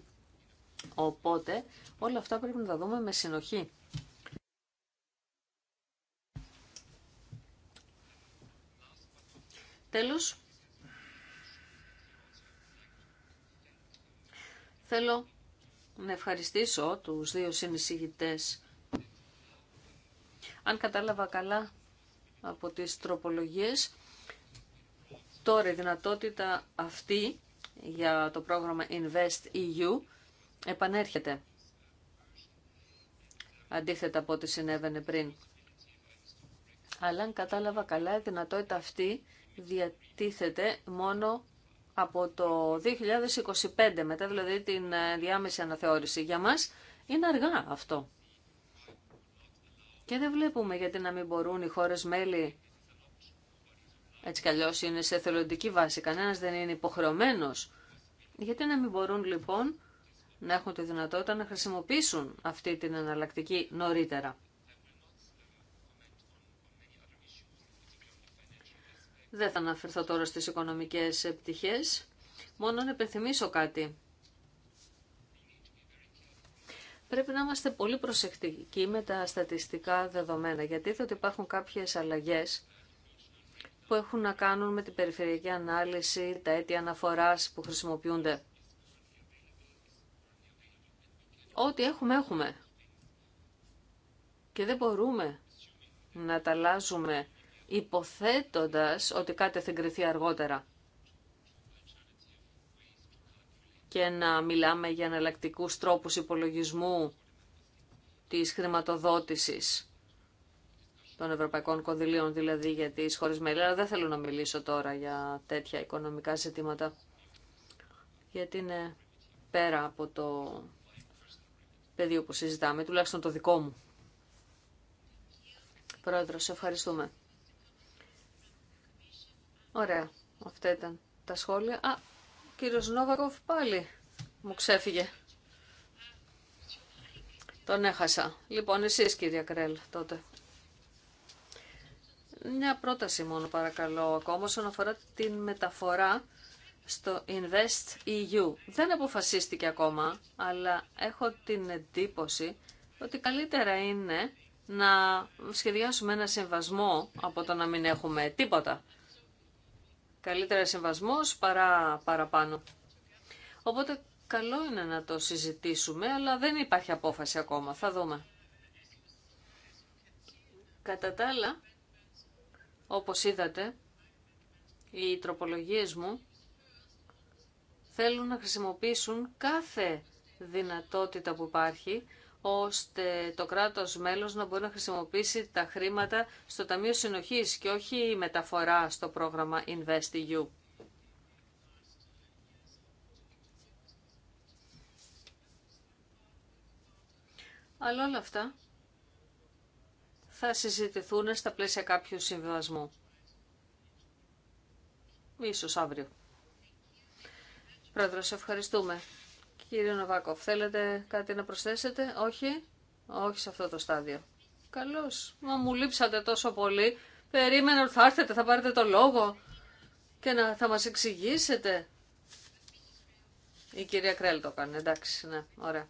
A: Οπότε όλα αυτά πρέπει να τα δούμε με συνοχή. Τέλος, θέλω να ευχαριστήσω τους δύο συνεισηγητές. Αν κατάλαβα καλά από τις τροπολογίες, τώρα η δυνατότητα αυτή για το πρόγραμμα Invest EU επανέρχεται. Αντίθετα από ό,τι συνέβαινε πριν. Αλλά αν κατάλαβα καλά, η δυνατότητα αυτή διατίθεται μόνο από το 2025, μετά δηλαδή την ε, διάμεση αναθεώρηση. Για μας είναι αργά αυτό. Και δεν βλέπουμε γιατί να μην μπορούν οι χώρες μέλη, έτσι κι είναι σε θελοντική βάση, κανένας δεν είναι υποχρεωμένος. Γιατί να μην μπορούν λοιπόν να έχουν τη δυνατότητα να χρησιμοποιήσουν αυτή την εναλλακτική νωρίτερα. Δεν θα αναφερθώ τώρα στις οικονομικές επιτυχίες, μόνο να υπενθυμίσω κάτι. Πρέπει να είμαστε πολύ προσεκτικοί με τα στατιστικά δεδομένα, γιατί ότι υπάρχουν κάποιες αλλαγές που έχουν να κάνουν με την περιφερειακή ανάλυση, τα αίτια αναφοράς που χρησιμοποιούνται. Ό,τι έχουμε, έχουμε. Και δεν μπορούμε να τα αλλάζουμε υποθέτοντας ότι κάτι θα εγκριθεί αργότερα. Και να μιλάμε για εναλλακτικού τρόπους υπολογισμού της χρηματοδότησης των Ευρωπαϊκών Κονδυλίων, δηλαδή για τις χώρες μέλη. Αλλά δεν θέλω να μιλήσω τώρα για τέτοια οικονομικά ζητήματα, γιατί είναι πέρα από το πεδίο που συζητάμε, τουλάχιστον το δικό μου. Πρόεδρο, ευχαριστούμε. Ωραία. Αυτά ήταν τα σχόλια. Α, ο κύριος Νόβαροφ πάλι μου ξέφυγε. Τον έχασα. Λοιπόν, εσείς κυρία Κρέλ τότε. Μια πρόταση μόνο παρακαλώ ακόμα όσον αφορά την μεταφορά στο Invest EU. Δεν αποφασίστηκε ακόμα, αλλά έχω την εντύπωση ότι καλύτερα είναι να σχεδιάσουμε ένα συμβασμό από το να μην έχουμε τίποτα. Καλύτερα συμβασμός παρά παραπάνω. Οπότε καλό είναι να το συζητήσουμε, αλλά δεν υπάρχει απόφαση ακόμα. Θα δούμε. Κατά τα άλλα, όπως είδατε, οι τροπολογίες μου θέλουν να χρησιμοποιήσουν κάθε δυνατότητα που υπάρχει ώστε το κράτος μέλος να μπορεί να χρησιμοποιήσει τα χρήματα στο Ταμείο Συνοχής και όχι η μεταφορά στο πρόγραμμα InvestEU. Αλλά όλα αυτά θα συζητηθούν στα πλαίσια κάποιου συμβιβασμού. Ίσως αύριο. Πρόεδρος, ευχαριστούμε. Κύριε Νοβάκοφ, θέλετε κάτι να προσθέσετε, όχι, όχι σε αυτό το στάδιο. Καλώς, μα μου λείψατε τόσο πολύ, περίμενα ότι θα έρθετε, θα πάρετε το λόγο και να, θα μας εξηγήσετε. Η κυρία Κρέλ το έκανε, εντάξει, ναι, ωραία,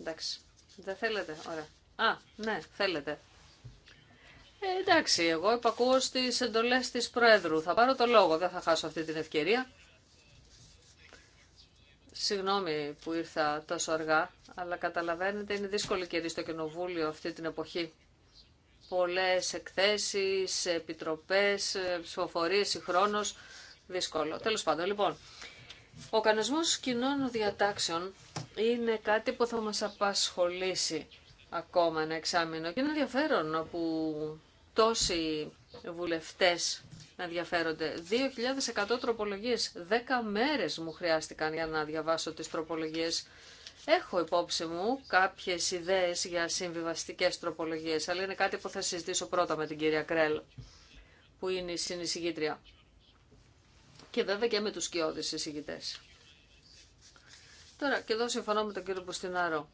A: εντάξει. Δεν θέλετε, ωραία. Α, ναι, θέλετε. Ε, εντάξει, εγώ υπακούω στις εντολές τη Προέδρου. Θα πάρω το λόγο, δεν θα χάσω αυτή την ευκαιρία. Συγγνώμη που ήρθα τόσο αργά, αλλά καταλαβαίνετε είναι δύσκολη και στο Κοινοβούλιο αυτή την εποχή. Πολλές εκθέσεις, επιτροπές, ε, ψηφοφορίες, χρόνος, δύσκολο. Τέλος πάντων, λοιπόν, ο κανονισμός κοινών διατάξεων είναι κάτι που θα μας απασχολήσει ακόμα ένα εξάμεινο. Και είναι ενδιαφέρον που τόσοι βουλευτές να ενδιαφέρονται. 2.100 τροπολογίε. 10 μέρες μου χρειάστηκαν για να διαβάσω τις τροπολογίε. Έχω υπόψη μου κάποιες ιδέες για συμβιβαστικές τροπολογίε, αλλά είναι κάτι που θα συζητήσω πρώτα με την κυρία Κρέλ, που είναι η συνεισηγήτρια. Και βέβαια και με τους σκιώδει συζητητές. Τώρα, και εδώ συμφωνώ με τον κύριο Ποστινάρο.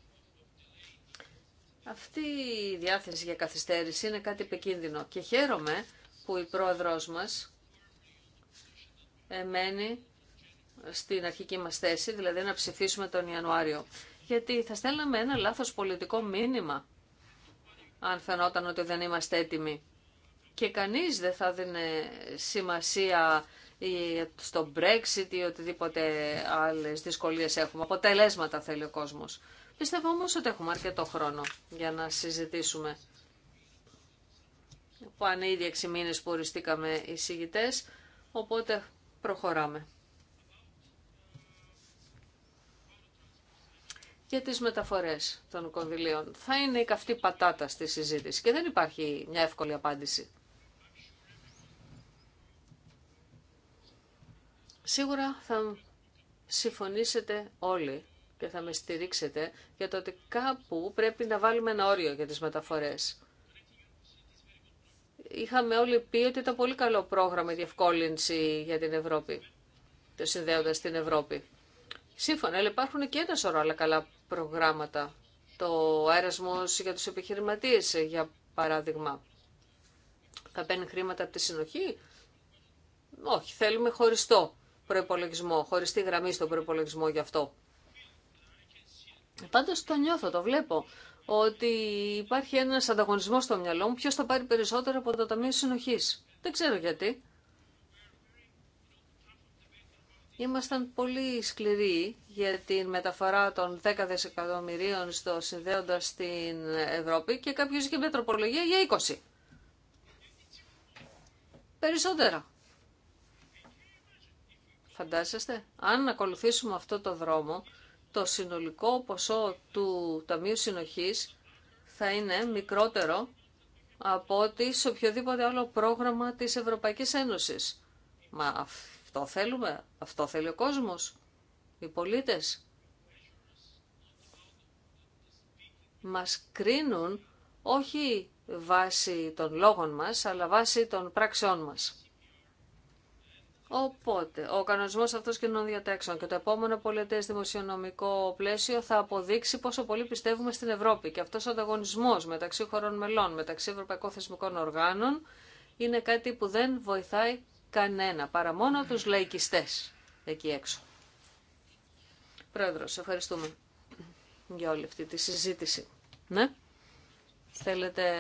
A: Αυτή η διάθεση για καθυστέρηση είναι κάτι επικίνδυνο και χαίρομαι που η πρόεδρος μας μένει στην αρχική μας θέση, δηλαδή να ψηφίσουμε τον Ιανουάριο. Γιατί θα στέλναμε ένα λάθος πολιτικό μήνυμα, αν φαινόταν ότι δεν είμαστε έτοιμοι. Και κανείς δεν θα δίνει σημασία στο Brexit ή οτιδήποτε άλλες δυσκολίες έχουμε. Αποτελέσματα θέλει ο κόσμος. Πιστεύω όμως ότι έχουμε αρκετό χρόνο για να συζητήσουμε. Πάνε ήδη 6 μήνες που οριστήκαμε εισηγητές, οπότε προχωράμε. για τις μεταφορές των κονδυλίων. Θα είναι η καυτή πατάτα στη συζήτηση και δεν υπάρχει μια εύκολη απάντηση. Σίγουρα θα συμφωνήσετε όλοι και θα με στηρίξετε για το ότι κάπου πρέπει να βάλουμε ένα όριο για τις μεταφορές είχαμε όλοι πει ότι ήταν πολύ καλό πρόγραμμα η διευκόλυνση για την Ευρώπη, το συνδέοντα την Ευρώπη. Σύμφωνα, αλλά υπάρχουν και ένα σωρό άλλα καλά προγράμματα. Το άερασμό για τους επιχειρηματίες, για παράδειγμα. Θα παίρνει χρήματα από τη συνοχή. Όχι, θέλουμε χωριστό προπολογισμό, χωριστή γραμμή στον προπολογισμό γι' αυτό. Πάντως το νιώθω, το βλέπω ότι υπάρχει ένας ανταγωνισμός στο μυαλό μου ποιος θα πάρει περισσότερο από το Ταμείο Συνοχής. Δεν ξέρω γιατί. Ήμασταν πολύ σκληροί για τη μεταφορά των 10 δισεκατομμυρίων στο συνδέοντα στην Ευρώπη και κάποιος είχε μια για 20. Περισσότερα. Φαντάζεστε, αν ακολουθήσουμε αυτό το δρόμο, το συνολικό ποσό του Ταμείου Συνοχής θα είναι μικρότερο από ότι σε οποιοδήποτε άλλο πρόγραμμα της Ευρωπαϊκής Ένωσης. Μα αυτό θέλουμε, αυτό θέλει ο κόσμος, οι πολίτες. Μας κρίνουν όχι βάσει των λόγων μας, αλλά βάσει των πράξεών μας. Οπότε, ο κανονισμό αυτό κοινών διατάξεων και το επόμενο πολιτέ δημοσιονομικό πλαίσιο θα αποδείξει πόσο πολύ πιστεύουμε στην Ευρώπη. Και αυτό ο ανταγωνισμό μεταξύ χωρών μελών, μεταξύ ευρωπαϊκών θεσμικών οργάνων, είναι κάτι που δεν βοηθάει κανένα, παρά μόνο του λαϊκιστέ εκεί έξω. Πρόεδρο, ευχαριστούμε για όλη αυτή τη συζήτηση. Ναι. Θέλετε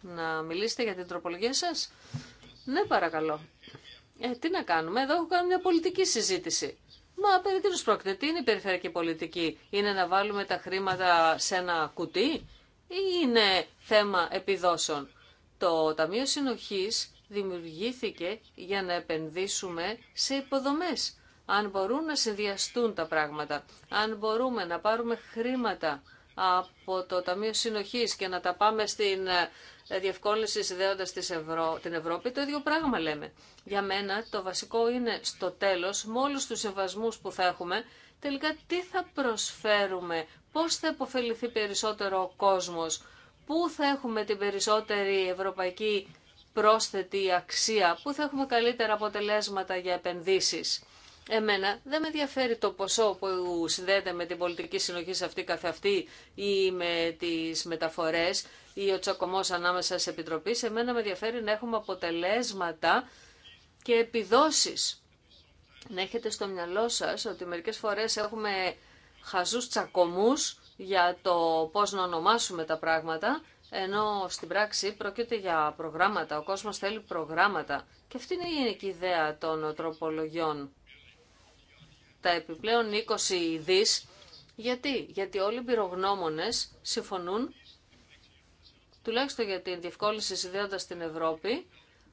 A: να μιλήσετε για την τροπολογία σας. Ναι, παρακαλώ. Ε, τι να κάνουμε, εδώ έχω κάνει μια πολιτική συζήτηση. Μα περί τίνο πρόκειται, τι είναι η περιφερειακή πολιτική, είναι να βάλουμε τα χρήματα σε ένα κουτί ή είναι θέμα επιδόσεων. Το Ταμείο Συνοχής δημιουργήθηκε για να επενδύσουμε σε υποδομές. Αν μπορούν να συνδυαστούν τα πράγματα, αν μπορούμε να πάρουμε χρήματα από το Ταμείο Συνοχής και να τα πάμε στην ε, διευκόλυνση συνδέοντας την Ευρώπη, το ίδιο πράγμα λέμε. Για μένα το βασικό είναι στο τέλος, με όλους τους συμβασμούς που θα έχουμε, τελικά τι θα προσφέρουμε, πώς θα υποφεληθεί περισσότερο ο κόσμος, πού θα έχουμε την περισσότερη ευρωπαϊκή πρόσθετη αξία, πού θα έχουμε καλύτερα αποτελέσματα για επενδύσεις. Εμένα δεν με ενδιαφέρει το ποσό που συνδέεται με την πολιτική συνοχή σε αυτή καθ' αυτή ή με τις μεταφορές ή ο τσακωμός ανάμεσα σε επιτροπή, Εμένα με ενδιαφέρει να έχουμε αποτελέσματα και επιδόσεις. Να έχετε στο μυαλό σας ότι μερικές φορές έχουμε χαζούς τσακωμούς για το πώς να ονομάσουμε τα πράγματα, ενώ στην πράξη πρόκειται για προγράμματα. Ο κόσμος θέλει προγράμματα. Και αυτή είναι η γενική ιδέα των τροπολογιών τα επιπλέον 20 δις. Γιατί, γιατί όλοι οι πυρογνώμονε συμφωνούν, τουλάχιστον για την διευκόλυνση συνδέοντα την Ευρώπη,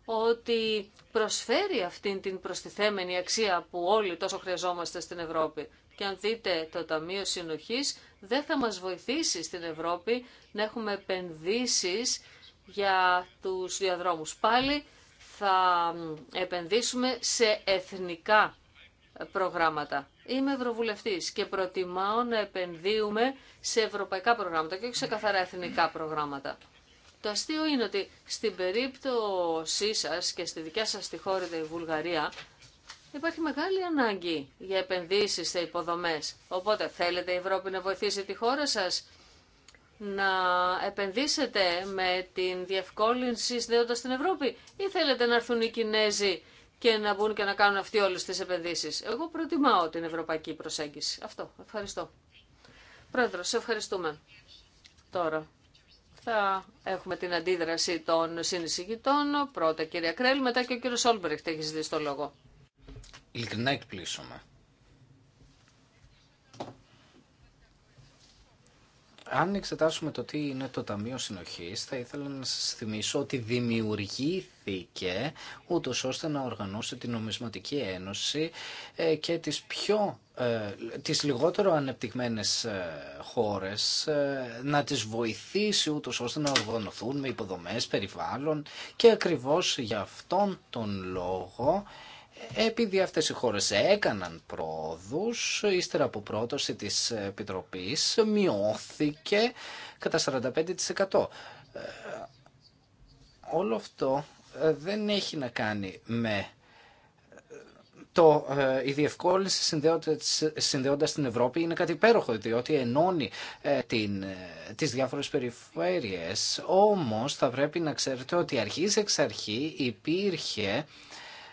A: ότι προσφέρει αυτήν την προστιθέμενη αξία που όλοι τόσο χρειαζόμαστε στην Ευρώπη. Και αν δείτε το Ταμείο Συνοχής, δεν θα μας βοηθήσει στην Ευρώπη να έχουμε επενδύσεις για τους διαδρόμους. Πάλι θα επενδύσουμε σε εθνικά προγράμματα. Είμαι ευρωβουλευτής και προτιμάω να επενδύουμε σε ευρωπαϊκά προγράμματα και όχι σε καθαρά εθνικά προγράμματα. Το αστείο είναι ότι στην περίπτωσή σας και στη δικιά σας τη χώρα, η Βουλγαρία, υπάρχει μεγάλη ανάγκη για επενδύσεις σε υποδομές. Οπότε θέλετε η Ευρώπη να βοηθήσει τη χώρα σα να επενδύσετε με την διευκόλυνση συνδέοντας την Ευρώπη ή θέλετε να έρθουν οι Κινέζοι και να μπουν και να κάνουν αυτοί όλε τι επενδύσει. Εγώ προτιμάω την ευρωπαϊκή προσέγγιση. Αυτό. Ευχαριστώ. Πρόεδρο, σε ευχαριστούμε. Τώρα θα έχουμε την αντίδραση των συνεισηγητών. Πρώτα κυρία Κρέλ, μετά και ο κύριος Όλμπρεχτ έχει ζητήσει το λόγο.
D: Ειλικρινά εκπλήσωμα. Αν εξετάσουμε το τι είναι το Ταμείο Συνοχής, θα ήθελα να σας θυμίσω ότι δημιουργήθηκε ούτως ώστε να οργανώσει την Νομισματική Ένωση ε, και τις πιο ε, τις λιγότερο ανεπτυγμένες ε, χώρες να τις βοηθήσει ούτως ώστε να οργανωθούν με υποδομές περιβάλλον και ακριβώς για αυτόν τον λόγο επειδή αυτές οι χώρες έκαναν πρόοδους, ύστερα από πρόταση της Επιτροπής μειώθηκε κατά 45%. Ε, όλο αυτό ε, δεν έχει να κάνει με ε, το, ε, η διευκόλυνση συνδέοντας την Ευρώπη είναι κάτι υπέροχο, διότι ενώνει ε, την, ε, τις διάφορες περιφέρειες. Όμως θα πρέπει να ξέρετε ότι αρχής εξ αρχή υπήρχε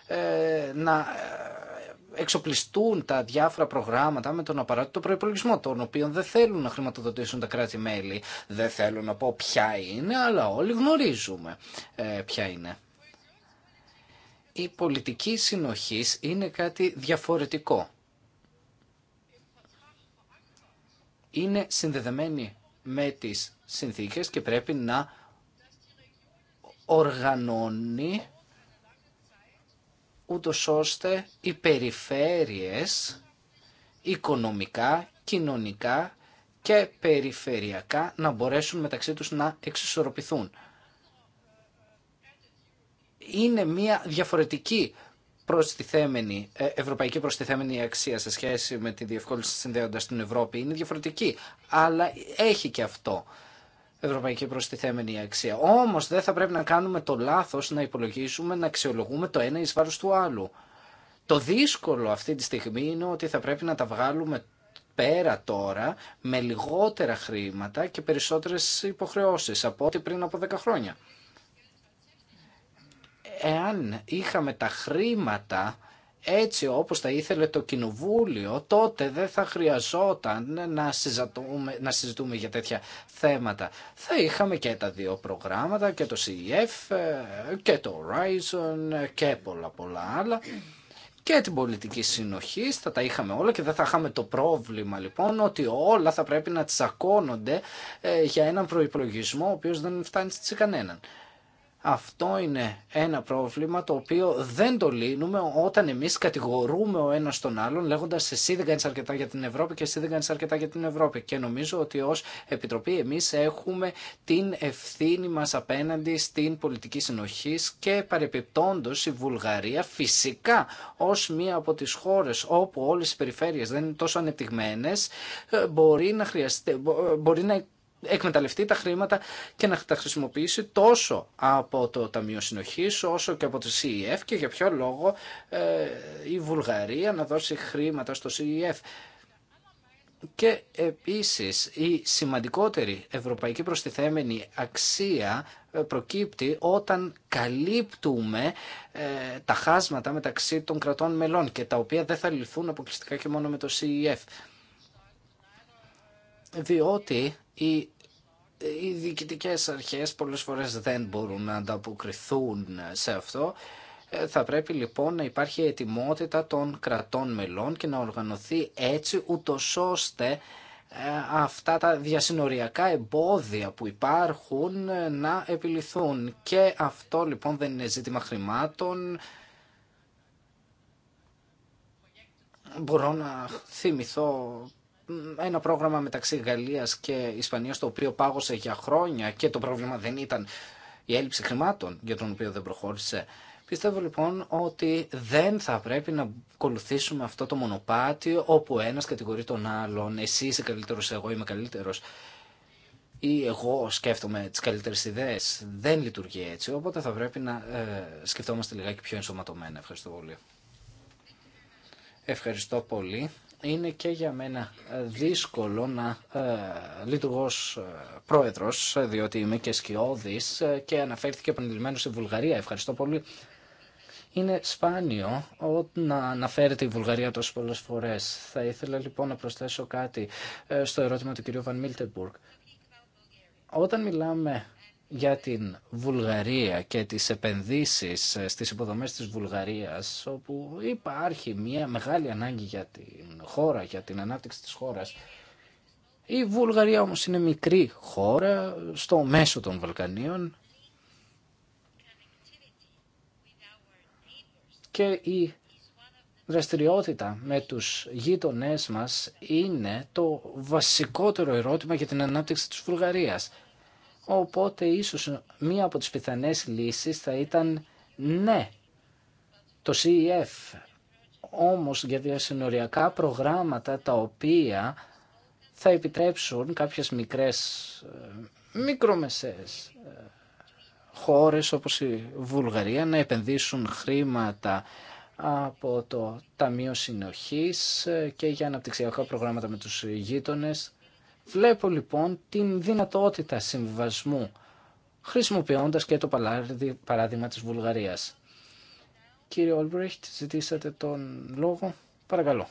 D: ε, να ε, εξοπλιστούν τα διάφορα προγράμματα με τον απαραίτητο προπολογισμό, τον οποίο δεν θέλουν να χρηματοδοτήσουν τα κράτη-μέλη. Δεν θέλω να πω ποια είναι, αλλά όλοι γνωρίζουμε ε, ποια είναι. Η πολιτική συνοχής είναι κάτι διαφορετικό. Είναι συνδεδεμένη με τις συνθήκες και πρέπει να οργανώνει ούτως ώστε οι περιφέρειες οικονομικά, κοινωνικά και περιφερειακά να μπορέσουν μεταξύ τους να εξισορροπηθούν. Είναι μια διαφορετική προστιθέμενη, ε, ευρωπαϊκή προστιθέμενη αξία σε σχέση με τη διευκόλυνση συνδέοντας την Ευρώπη. Είναι διαφορετική, αλλά έχει και αυτό ευρωπαϊκή προστιθέμενη αξία. Όμω δεν θα πρέπει να κάνουμε το λάθος να υπολογίσουμε, να αξιολογούμε το ένα ει βάρο του άλλου. Το δύσκολο αυτή τη στιγμή είναι ότι θα πρέπει να τα βγάλουμε πέρα τώρα με λιγότερα χρήματα και περισσότερες υποχρεώσεις από ό,τι πριν από 10 χρόνια. Εάν είχαμε τα χρήματα έτσι όπως τα ήθελε το Κοινοβούλιο, τότε δεν θα χρειαζόταν να συζητούμε, να συζητούμε για τέτοια θέματα. Θα είχαμε και τα δύο προγράμματα, και το CEF, ε, και το Horizon ε, και πολλά πολλά άλλα και την πολιτική συνοχή, θα τα είχαμε όλα και δεν θα είχαμε το πρόβλημα λοιπόν ότι όλα θα πρέπει να τσακώνονται ε, για έναν προϋπολογισμό ο οποίος δεν φτάνει σε κανέναν. Αυτό είναι ένα πρόβλημα το οποίο δεν το λύνουμε όταν εμεί κατηγορούμε ο ένα τον άλλον λέγοντα εσύ δεν κάνει αρκετά για την Ευρώπη και εσύ δεν κάνει αρκετά για την Ευρώπη. Και νομίζω ότι ω Επιτροπή εμεί έχουμε την ευθύνη μα απέναντι στην πολιτική συνοχή και παρεπιπτόντω η Βουλγαρία φυσικά ω μία από τι χώρε όπου όλε οι περιφέρειες δεν είναι τόσο ανεπτυγμένε ε, μπορεί να, χρειαστεί, ε, μπορεί να εκμεταλλευτεί τα χρήματα και να τα χρησιμοποιήσει τόσο από το Ταμείο Συνοχής όσο και από το CEF και για ποιο λόγο ε, η Βουλγαρία να δώσει χρήματα στο CEF. Και επίσης η σημαντικότερη ευρωπαϊκή προστιθέμενη αξία ε, προκύπτει όταν καλύπτουμε ε, τα χάσματα μεταξύ των κρατών μελών και τα οποία δεν θα λυθούν αποκλειστικά και μόνο με το CEF. Διότι οι, οι διοικητικές αρχές πολλές φορές δεν μπορούν να ανταποκριθούν σε αυτό. Ε, θα πρέπει λοιπόν να υπάρχει ετοιμότητα των κρατών μελών και να οργανωθεί έτσι ούτω ώστε ε, αυτά τα διασυνοριακά εμπόδια που υπάρχουν ε, να επιληθούν. Και αυτό λοιπόν δεν είναι ζήτημα χρημάτων. Μπορώ να θυμηθώ ένα πρόγραμμα μεταξύ Γαλλίας και Ισπανίας το οποίο πάγωσε για χρόνια και το πρόβλημα δεν ήταν η έλλειψη χρημάτων για τον οποίο δεν προχώρησε. Πιστεύω λοιπόν ότι δεν θα πρέπει να ακολουθήσουμε αυτό το μονοπάτι όπου ένας κατηγορεί τον άλλον, εσύ είσαι καλύτερος, εγώ είμαι καλύτερος ή εγώ σκέφτομαι τις καλύτερε ιδέε, Δεν λειτουργεί έτσι, οπότε θα πρέπει να ε, σκεφτόμαστε λιγάκι πιο ενσωματωμένα. Ευχαριστώ πολύ. Ευχαριστώ πολύ είναι και για μένα ε, δύσκολο να ε, λειτουργώ ως ε, πρόεδρος, διότι είμαι και σκιώδης και αναφέρθηκε επανειλημμένο στη Βουλγαρία. Ευχαριστώ πολύ. Είναι σπάνιο να αναφέρεται η Βουλγαρία τόσο πολλές φορές. Θα ήθελα λοιπόν να προσθέσω κάτι στο ερώτημα του κυρίου Βαν Μίλτεμπουργκ. Όταν μιλάμε για την Βουλγαρία και τις επενδύσεις ε, στις υποδομές της Βουλγαρίας όπου υπάρχει μια μεγάλη ανάγκη για την χώρα, για την ανάπτυξη της χώρας. Η Βουλγαρία όμως είναι μικρή χώρα στο μέσο των Βαλκανίων και η δραστηριότητα με τους γείτονές μας είναι το βασικότερο ερώτημα για την ανάπτυξη της Βουλγαρίας. Οπότε ίσως μία από τις πιθανές λύσεις θα ήταν ναι, το CEF. Όμως για διασυνοριακά προγράμματα τα οποία θα επιτρέψουν κάποιες μικρές, ε, μικρομεσαίες ε, χώρες όπως η Βουλγαρία να επενδύσουν χρήματα από το Ταμείο Συνοχής ε, και για αναπτυξιακά προγράμματα με τους γείτονες Βλέπω λοιπόν την δυνατότητα συμβασμού χρησιμοποιώντας και το παράδειγμα της Βουλγαρίας. Κύριε Ολμπρέχτ, ζητήσατε τον λόγο. Παρακαλώ.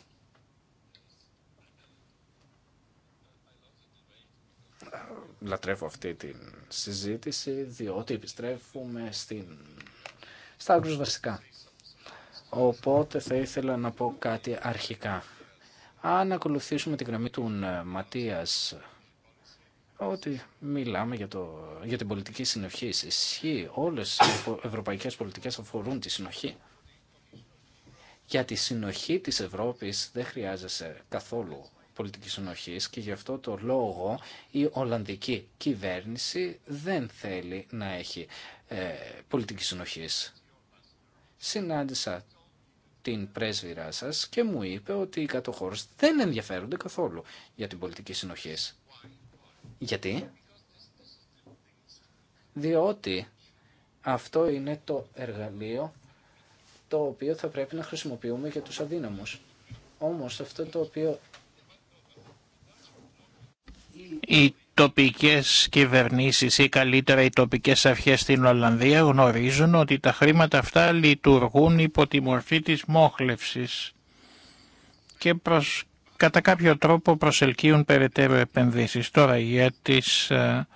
D: Λατρεύω αυτή τη συζήτηση, διότι επιστρέφουμε στην... στα βασικά. Οπότε θα ήθελα να πω κάτι αρχικά. Αν ακολουθήσουμε τη γραμμή του ε, Ματίας ότι μιλάμε για, το, για την πολιτική συνοχή. Ισχύει όλες οι ευρωπαϊκέ πολιτικέ αφορούν τη συνοχή. Για τη συνοχή της Ευρώπη δεν χρειάζεσαι καθόλου πολιτική συνοχή και γι' αυτό το λόγο η Ολλανδική κυβέρνηση δεν θέλει να έχει ε, πολιτική συνοχή. Συνάντησα την πρέσβυρά σα και μου είπε ότι οι κατοχώρε δεν ενδιαφέρονται καθόλου για την πολιτική συνοχή. Γιατί? Διότι αυτό είναι το εργαλείο το οποίο θα πρέπει να χρησιμοποιούμε για τους αδύναμους. Όμως αυτό το οποίο
B: τοπικές κυβερνήσεις ή καλύτερα οι τοπικές αρχές στην Ολλανδία γνωρίζουν ότι τα χρήματα αυτά λειτουργούν υπό τη μορφή της μόχλευσης και προς, κατά κάποιο τρόπο προσελκύουν περαιτέρω επενδύσεις. Τώρα για, τις, ε,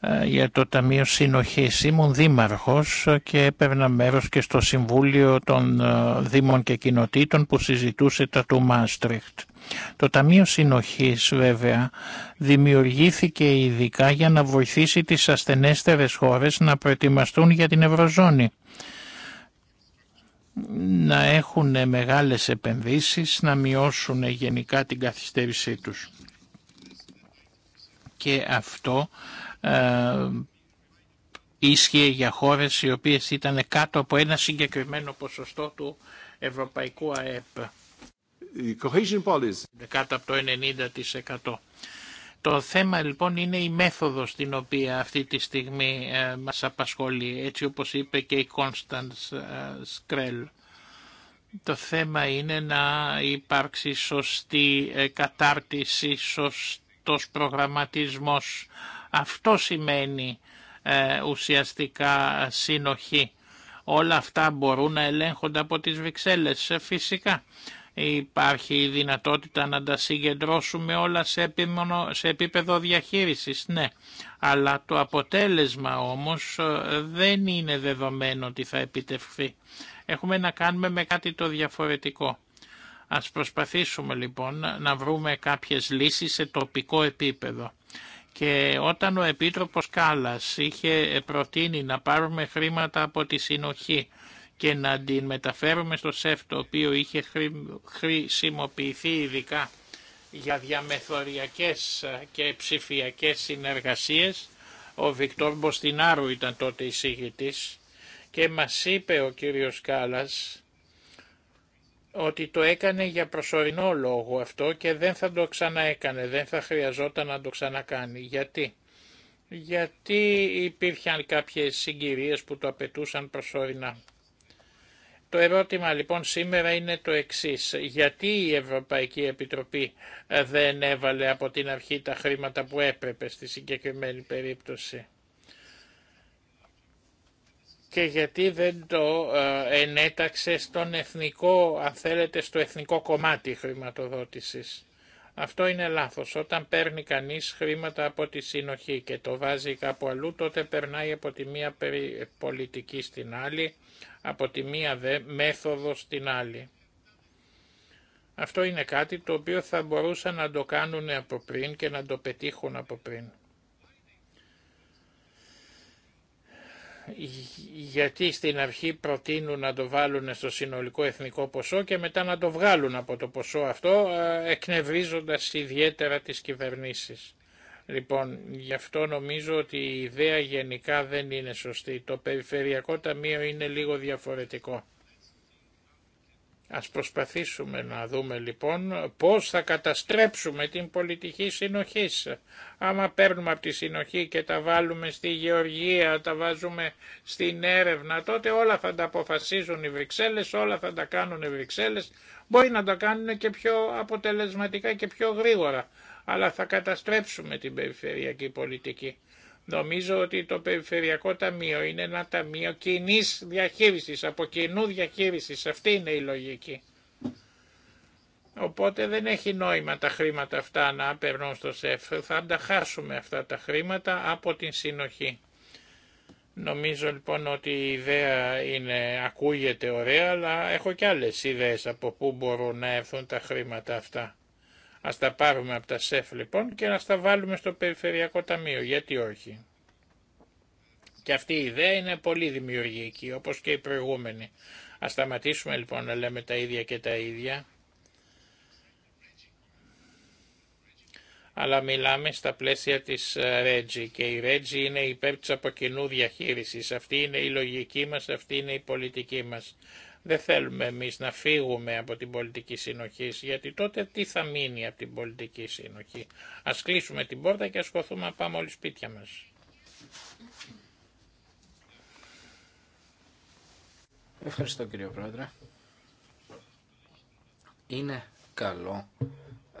B: ε, για το Ταμείο Συνοχής ήμουν δήμαρχος και έπαιρνα μέρος και στο Συμβούλιο των ε, Δήμων και Κοινοτήτων που συζητούσε τα του Μάστριχτ. Το Ταμείο Συνοχής βέβαια δημιουργήθηκε ειδικά για να βοηθήσει τις ασθενέστερες χώρες να προετοιμαστούν για την Ευρωζώνη να έχουν μεγάλες επενδύσεις, να μειώσουν γενικά την καθυστέρησή τους. Και αυτό ε, ίσχυε για χώρες οι οποίες ήταν κάτω από ένα συγκεκριμένο ποσοστό του ευρωπαϊκού ΑΕΠ η cohesion policy. Κάτω από το 90%. Το θέμα λοιπόν είναι η μέθοδος την οποία αυτή τη στιγμή ε, μας απασχολεί, έτσι όπως είπε και η Κόνσταντς ε, Σκρέλ. Το θέμα είναι να υπάρξει σωστή ε, κατάρτιση, σωστός προγραμματισμός. Αυτό σημαίνει ουσιαστικά συνοχή. Όλα αυτά μπορούν να ελέγχονται από τις Βρυξέλλες φυσικά. Υπάρχει η δυνατότητα να τα συγκεντρώσουμε όλα σε, επίμονο, σε επίπεδο διαχείρισης, ναι. Αλλά το αποτέλεσμα όμως ε, δεν είναι δεδομένο ότι θα επιτευχθεί. Έχουμε να κάνουμε με κάτι το διαφορετικό. Ας προσπαθήσουμε λοιπόν να βρούμε κάποιες λύσεις σε τοπικό επίπεδο. Και όταν ο Επίτροπος Κάλλας είχε προτείνει να πάρουμε χρήματα από τη συνοχή και να την μεταφέρουμε στο ΣΕΦ το οποίο είχε χρησιμοποιηθεί ειδικά για διαμεθοριακές και ψηφιακές συνεργασίες. Ο Βικτόρ Μποστινάρου ήταν τότε εισηγητής και μας είπε ο κύριος Κάλλας ότι το έκανε για προσωρινό λόγο αυτό και δεν θα το ξαναέκανε, δεν θα χρειαζόταν να το ξανακάνει. Γιατί? Γιατί υπήρχαν κάποιες συγκυρίες που το απαιτούσαν προσωρινά. Το ερώτημα λοιπόν σήμερα είναι το εξής. Γιατί η Ευρωπαϊκή Επιτροπή ε, δεν έβαλε από την αρχή τα χρήματα που έπρεπε στη συγκεκριμένη περίπτωση και γιατί δεν το ε, ενέταξε στον εθνικό, αν θέλετε, στο εθνικό κομμάτι χρηματοδότησης. Αυτό είναι λάθος. Όταν παίρνει κανείς χρήματα από τη συνοχή και το βάζει κάπου αλλού, τότε περνάει από τη μία πολιτική στην άλλη, από τη μία δε μέθοδο στην άλλη. Αυτό είναι κάτι το οποίο θα μπορούσαν να το κάνουν από πριν και να το πετύχουν από πριν. γιατί στην αρχή προτείνουν να το βάλουν στο συνολικό εθνικό ποσό και μετά να το βγάλουν από το ποσό αυτό ε, εκνευρίζοντας ιδιαίτερα τις κυβερνήσεις. Λοιπόν, γι' αυτό νομίζω ότι η ιδέα γενικά δεν είναι σωστή. Το Περιφερειακό Ταμείο είναι λίγο διαφορετικό. Ας προσπαθήσουμε να δούμε λοιπόν πώς θα καταστρέψουμε την πολιτική συνοχή. Άμα παίρνουμε από τη συνοχή και τα βάλουμε στη γεωργία, τα βάζουμε στην έρευνα, τότε όλα θα τα αποφασίζουν οι Βρυξέλλες, όλα θα τα κάνουν οι Βρυξέλλες. Μπορεί να τα κάνουν και πιο αποτελεσματικά και πιο γρήγορα, αλλά θα καταστρέψουμε την περιφερειακή πολιτική. Νομίζω ότι το Περιφερειακό Ταμείο είναι ένα ταμείο κοινή διαχείρισης, από κοινού διαχείρισης. Αυτή είναι η λογική. Οπότε δεν έχει νόημα τα χρήματα αυτά να περνούν στο ΣΕΦ. Θα τα αυτά τα χρήματα από την συνοχή. Νομίζω λοιπόν ότι η ιδέα είναι, ακούγεται ωραία, αλλά έχω και άλλες ιδέες από πού μπορούν να έρθουν τα χρήματα αυτά. Ας τα πάρουμε από τα ΣΕΦ λοιπόν και να τα βάλουμε στο Περιφερειακό Ταμείο, γιατί όχι. Και αυτή η ιδέα είναι πολύ δημιουργική, όπως και η προηγούμενη. Ας σταματήσουμε λοιπόν να λέμε τα ίδια και τα ίδια. αλλά μιλάμε στα πλαίσια της ε, Ρέτζη και η Ρέτζη είναι υπέρ της αποκοινού διαχείρισης. Αυτή είναι η λογική μας, αυτή είναι η πολιτική μας. Δεν θέλουμε εμείς να φύγουμε από την πολιτική συνοχή, γιατί τότε τι θα μείνει από την πολιτική συνοχή. Ας κλείσουμε την πόρτα και σκοθούμε να πάμε όλοι σπίτια μας.
D: Ευχαριστώ κύριο Πρόεδρε. Είναι καλό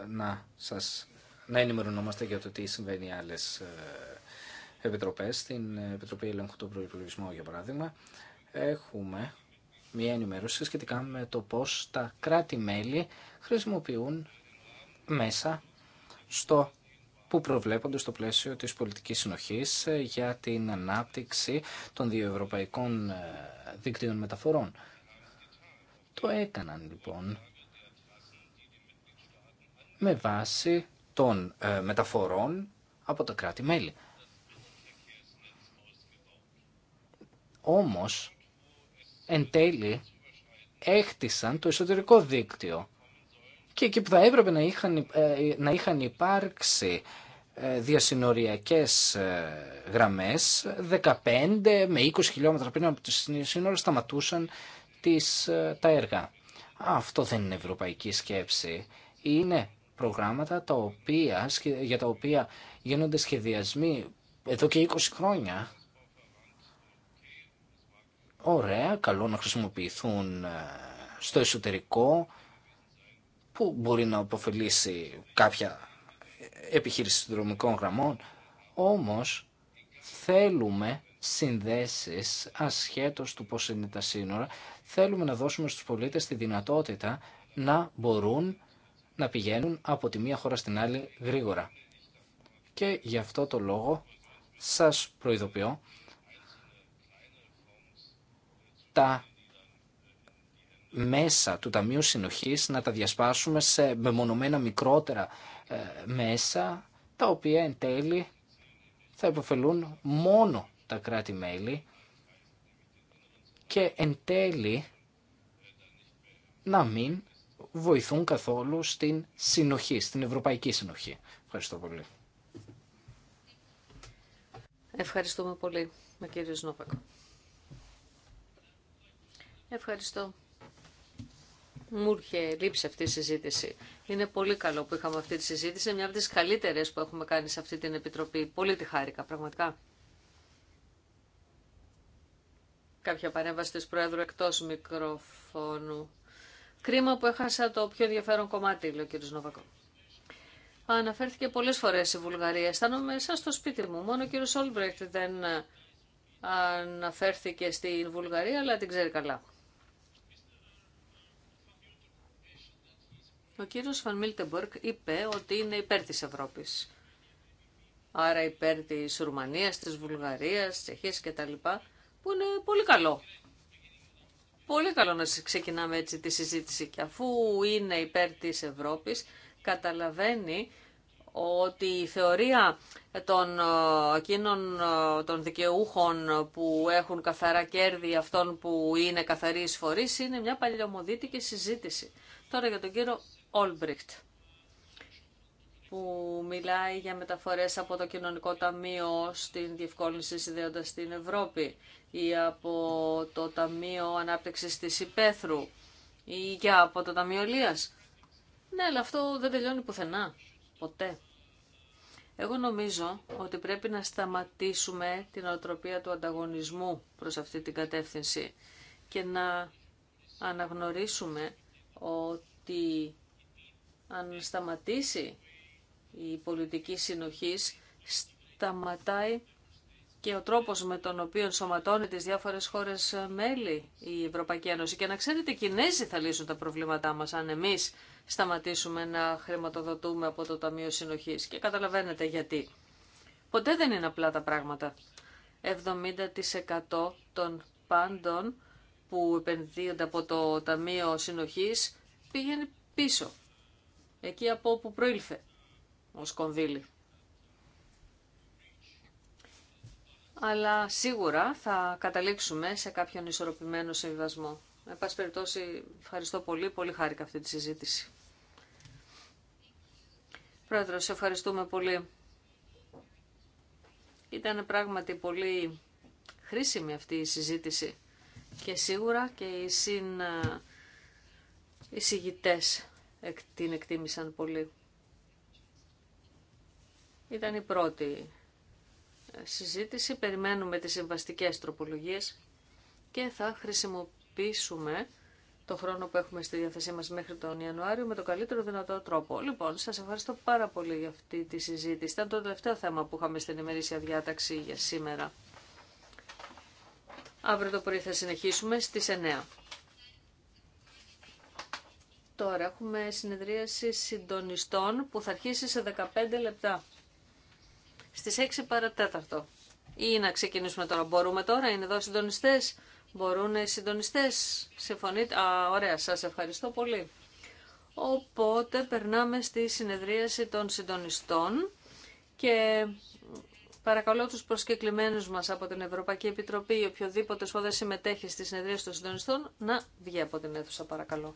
D: να, σας, να ενημερωνόμαστε για το τι συμβαίνει άλλες ε, επιτροπές, στην Επιτροπή Ελέγχου του Προϋπολογισμού για παράδειγμα, έχουμε μία ενημέρωση σχετικά με το πώς τα κράτη-μέλη χρησιμοποιούν μέσα στο που προβλέπονται στο πλαίσιο της πολιτικής συνοχής ε, για την ανάπτυξη των διευρωπαϊκών ε, δικτύων μεταφορών. Το έκαναν λοιπόν με βάση των ε, μεταφορών από τα κράτη-μέλη. Όμως, εν τέλει έχτισαν το εσωτερικό δίκτυο και εκεί που θα έπρεπε να είχαν, ε, να είχαν υπάρξει ε, διασυνοριακές ε, γραμμές 15 με 20 χιλιόμετρα πριν από τις σύνορα σταματούσαν τις, τα έργα. Αυτό δεν είναι ευρωπαϊκή σκέψη. Είναι προγράμματα τα οποία, για τα οποία γίνονται σχεδιασμοί εδώ και 20 χρόνια Ωραία, καλό να χρησιμοποιηθούν ε, στο εσωτερικό που μπορεί να αποφελήσει κάποια επιχείρηση συνδρομικών γραμμών, όμως θέλουμε συνδέσεις ασχέτως του πώς είναι τα σύνορα, θέλουμε να δώσουμε στους πολίτες τη δυνατότητα να μπορούν να πηγαίνουν από τη μία χώρα στην άλλη γρήγορα. Και γι' αυτό το λόγο σας προειδοποιώ τα μέσα του Ταμείου Συνοχής να τα διασπάσουμε σε μεμονωμένα μικρότερα ε, μέσα, τα οποία εν τέλει θα υποφελούν μόνο τα κράτη-μέλη και εν τέλει να μην βοηθούν καθόλου στην συνοχή, στην ευρωπαϊκή συνοχή. Ευχαριστώ πολύ.
A: Ευχαριστούμε πολύ, κύριε κύριο Ευχαριστώ. Μου είχε λείψει αυτή η συζήτηση. Είναι πολύ καλό που είχαμε αυτή τη συζήτηση. Είναι μια από τι καλύτερε που έχουμε κάνει σε αυτή την Επιτροπή. Πολύ τη χάρηκα, πραγματικά. Κάποια παρέμβαση τη Πρόεδρου εκτό μικροφώνου. Κρίμα που έχασα το πιο ενδιαφέρον κομμάτι, λέει ο κ. Νοβακό. Αναφέρθηκε πολλέ φορέ η Βουλγαρία. Αισθάνομαι σαν στο σπίτι μου. Μόνο ο κ. Σόλμπρεχτ δεν αναφέρθηκε στην Βουλγαρία, αλλά την ξέρει καλά. Ο κύριος Φαν Μίλτεμπορκ είπε ότι είναι υπέρ της Ευρώπης. Άρα υπέρ της Ρουμανίας, της Βουλγαρίας, της Τσεχίας κτλ. Που είναι πολύ καλό. Πολύ καλό να ξεκινάμε έτσι τη συζήτηση. Και αφού είναι υπέρ της Ευρώπης, καταλαβαίνει ότι η θεωρία των ε, εκείνων ε, των δικαιούχων που έχουν καθαρά κέρδη αυτών που είναι καθαροί εισφορείς είναι μια παλιωμοδίτικη συζήτηση. Τώρα για τον κύριο που μιλάει για μεταφορές από το Κοινωνικό Ταμείο στην διευκόλυνση συνδέοντας στην Ευρώπη ή από το Ταμείο Ανάπτυξης της Υπέθρου ή και από το Ταμείο Λίας. Ναι, αλλά αυτό δεν τελειώνει πουθενά. Ποτέ. Εγώ νομίζω ότι πρέπει να σταματήσουμε την οτροπία του ανταγωνισμού προς αυτή την κατεύθυνση και να αναγνωρίσουμε ότι αν σταματήσει η πολιτική συνοχής, σταματάει και ο τρόπος με τον οποίο σωματώνει τις διάφορες χώρες μέλη η Ευρωπαϊκή Ένωση. Και να ξέρετε, οι Κινέζοι θα λύσουν τα προβλήματά μας αν εμείς σταματήσουμε να χρηματοδοτούμε από το Ταμείο Συνοχής. Και καταλαβαίνετε γιατί. Ποτέ δεν είναι απλά τα πράγματα. 70% των πάντων που επενδύονται από το Ταμείο Συνοχής πήγαινε πίσω εκεί από όπου προήλθε ο κονδύλι. Αλλά σίγουρα θα καταλήξουμε σε κάποιον ισορροπημένο συμβιβασμό. Με πάση περιπτώσει, ευχαριστώ πολύ. Πολύ χάρηκα αυτή τη συζήτηση. Πρόεδρο, σε ευχαριστούμε πολύ. Ήταν πράγματι πολύ χρήσιμη αυτή η συζήτηση και σίγουρα και οι συν ε, την εκτίμησαν πολύ. Ήταν η πρώτη ε, συζήτηση. Περιμένουμε τις συμβαστικές τροπολογίες και θα χρησιμοποιήσουμε το χρόνο που έχουμε στη διάθεσή μας μέχρι τον Ιανουάριο με το καλύτερο δυνατό τρόπο. Λοιπόν, σας ευχαριστώ πάρα πολύ για αυτή τη συζήτηση. Ήταν το τελευταίο θέμα που είχαμε στην ημερήσια διάταξη για σήμερα. Αύριο το πρωί θα συνεχίσουμε στις 9. Τώρα έχουμε συνεδρίαση συντονιστών που θα αρχίσει σε 15 λεπτά. Στις 6 παρατέταρτο. Ή να ξεκινήσουμε τώρα. Μπορούμε τώρα, είναι εδώ συντονιστές. Μπορούν οι συντονιστές. Συμφωνείτε. Α, ωραία, σας ευχαριστώ πολύ. Οπότε περνάμε στη συνεδρίαση των συντονιστών και παρακαλώ τους προσκεκλημένους μας από την Ευρωπαϊκή Επιτροπή ή οποιοδήποτε σχόλιο συμμετέχει στη συνεδρίαση των συντονιστών να βγει από την αίθουσα παρακαλώ.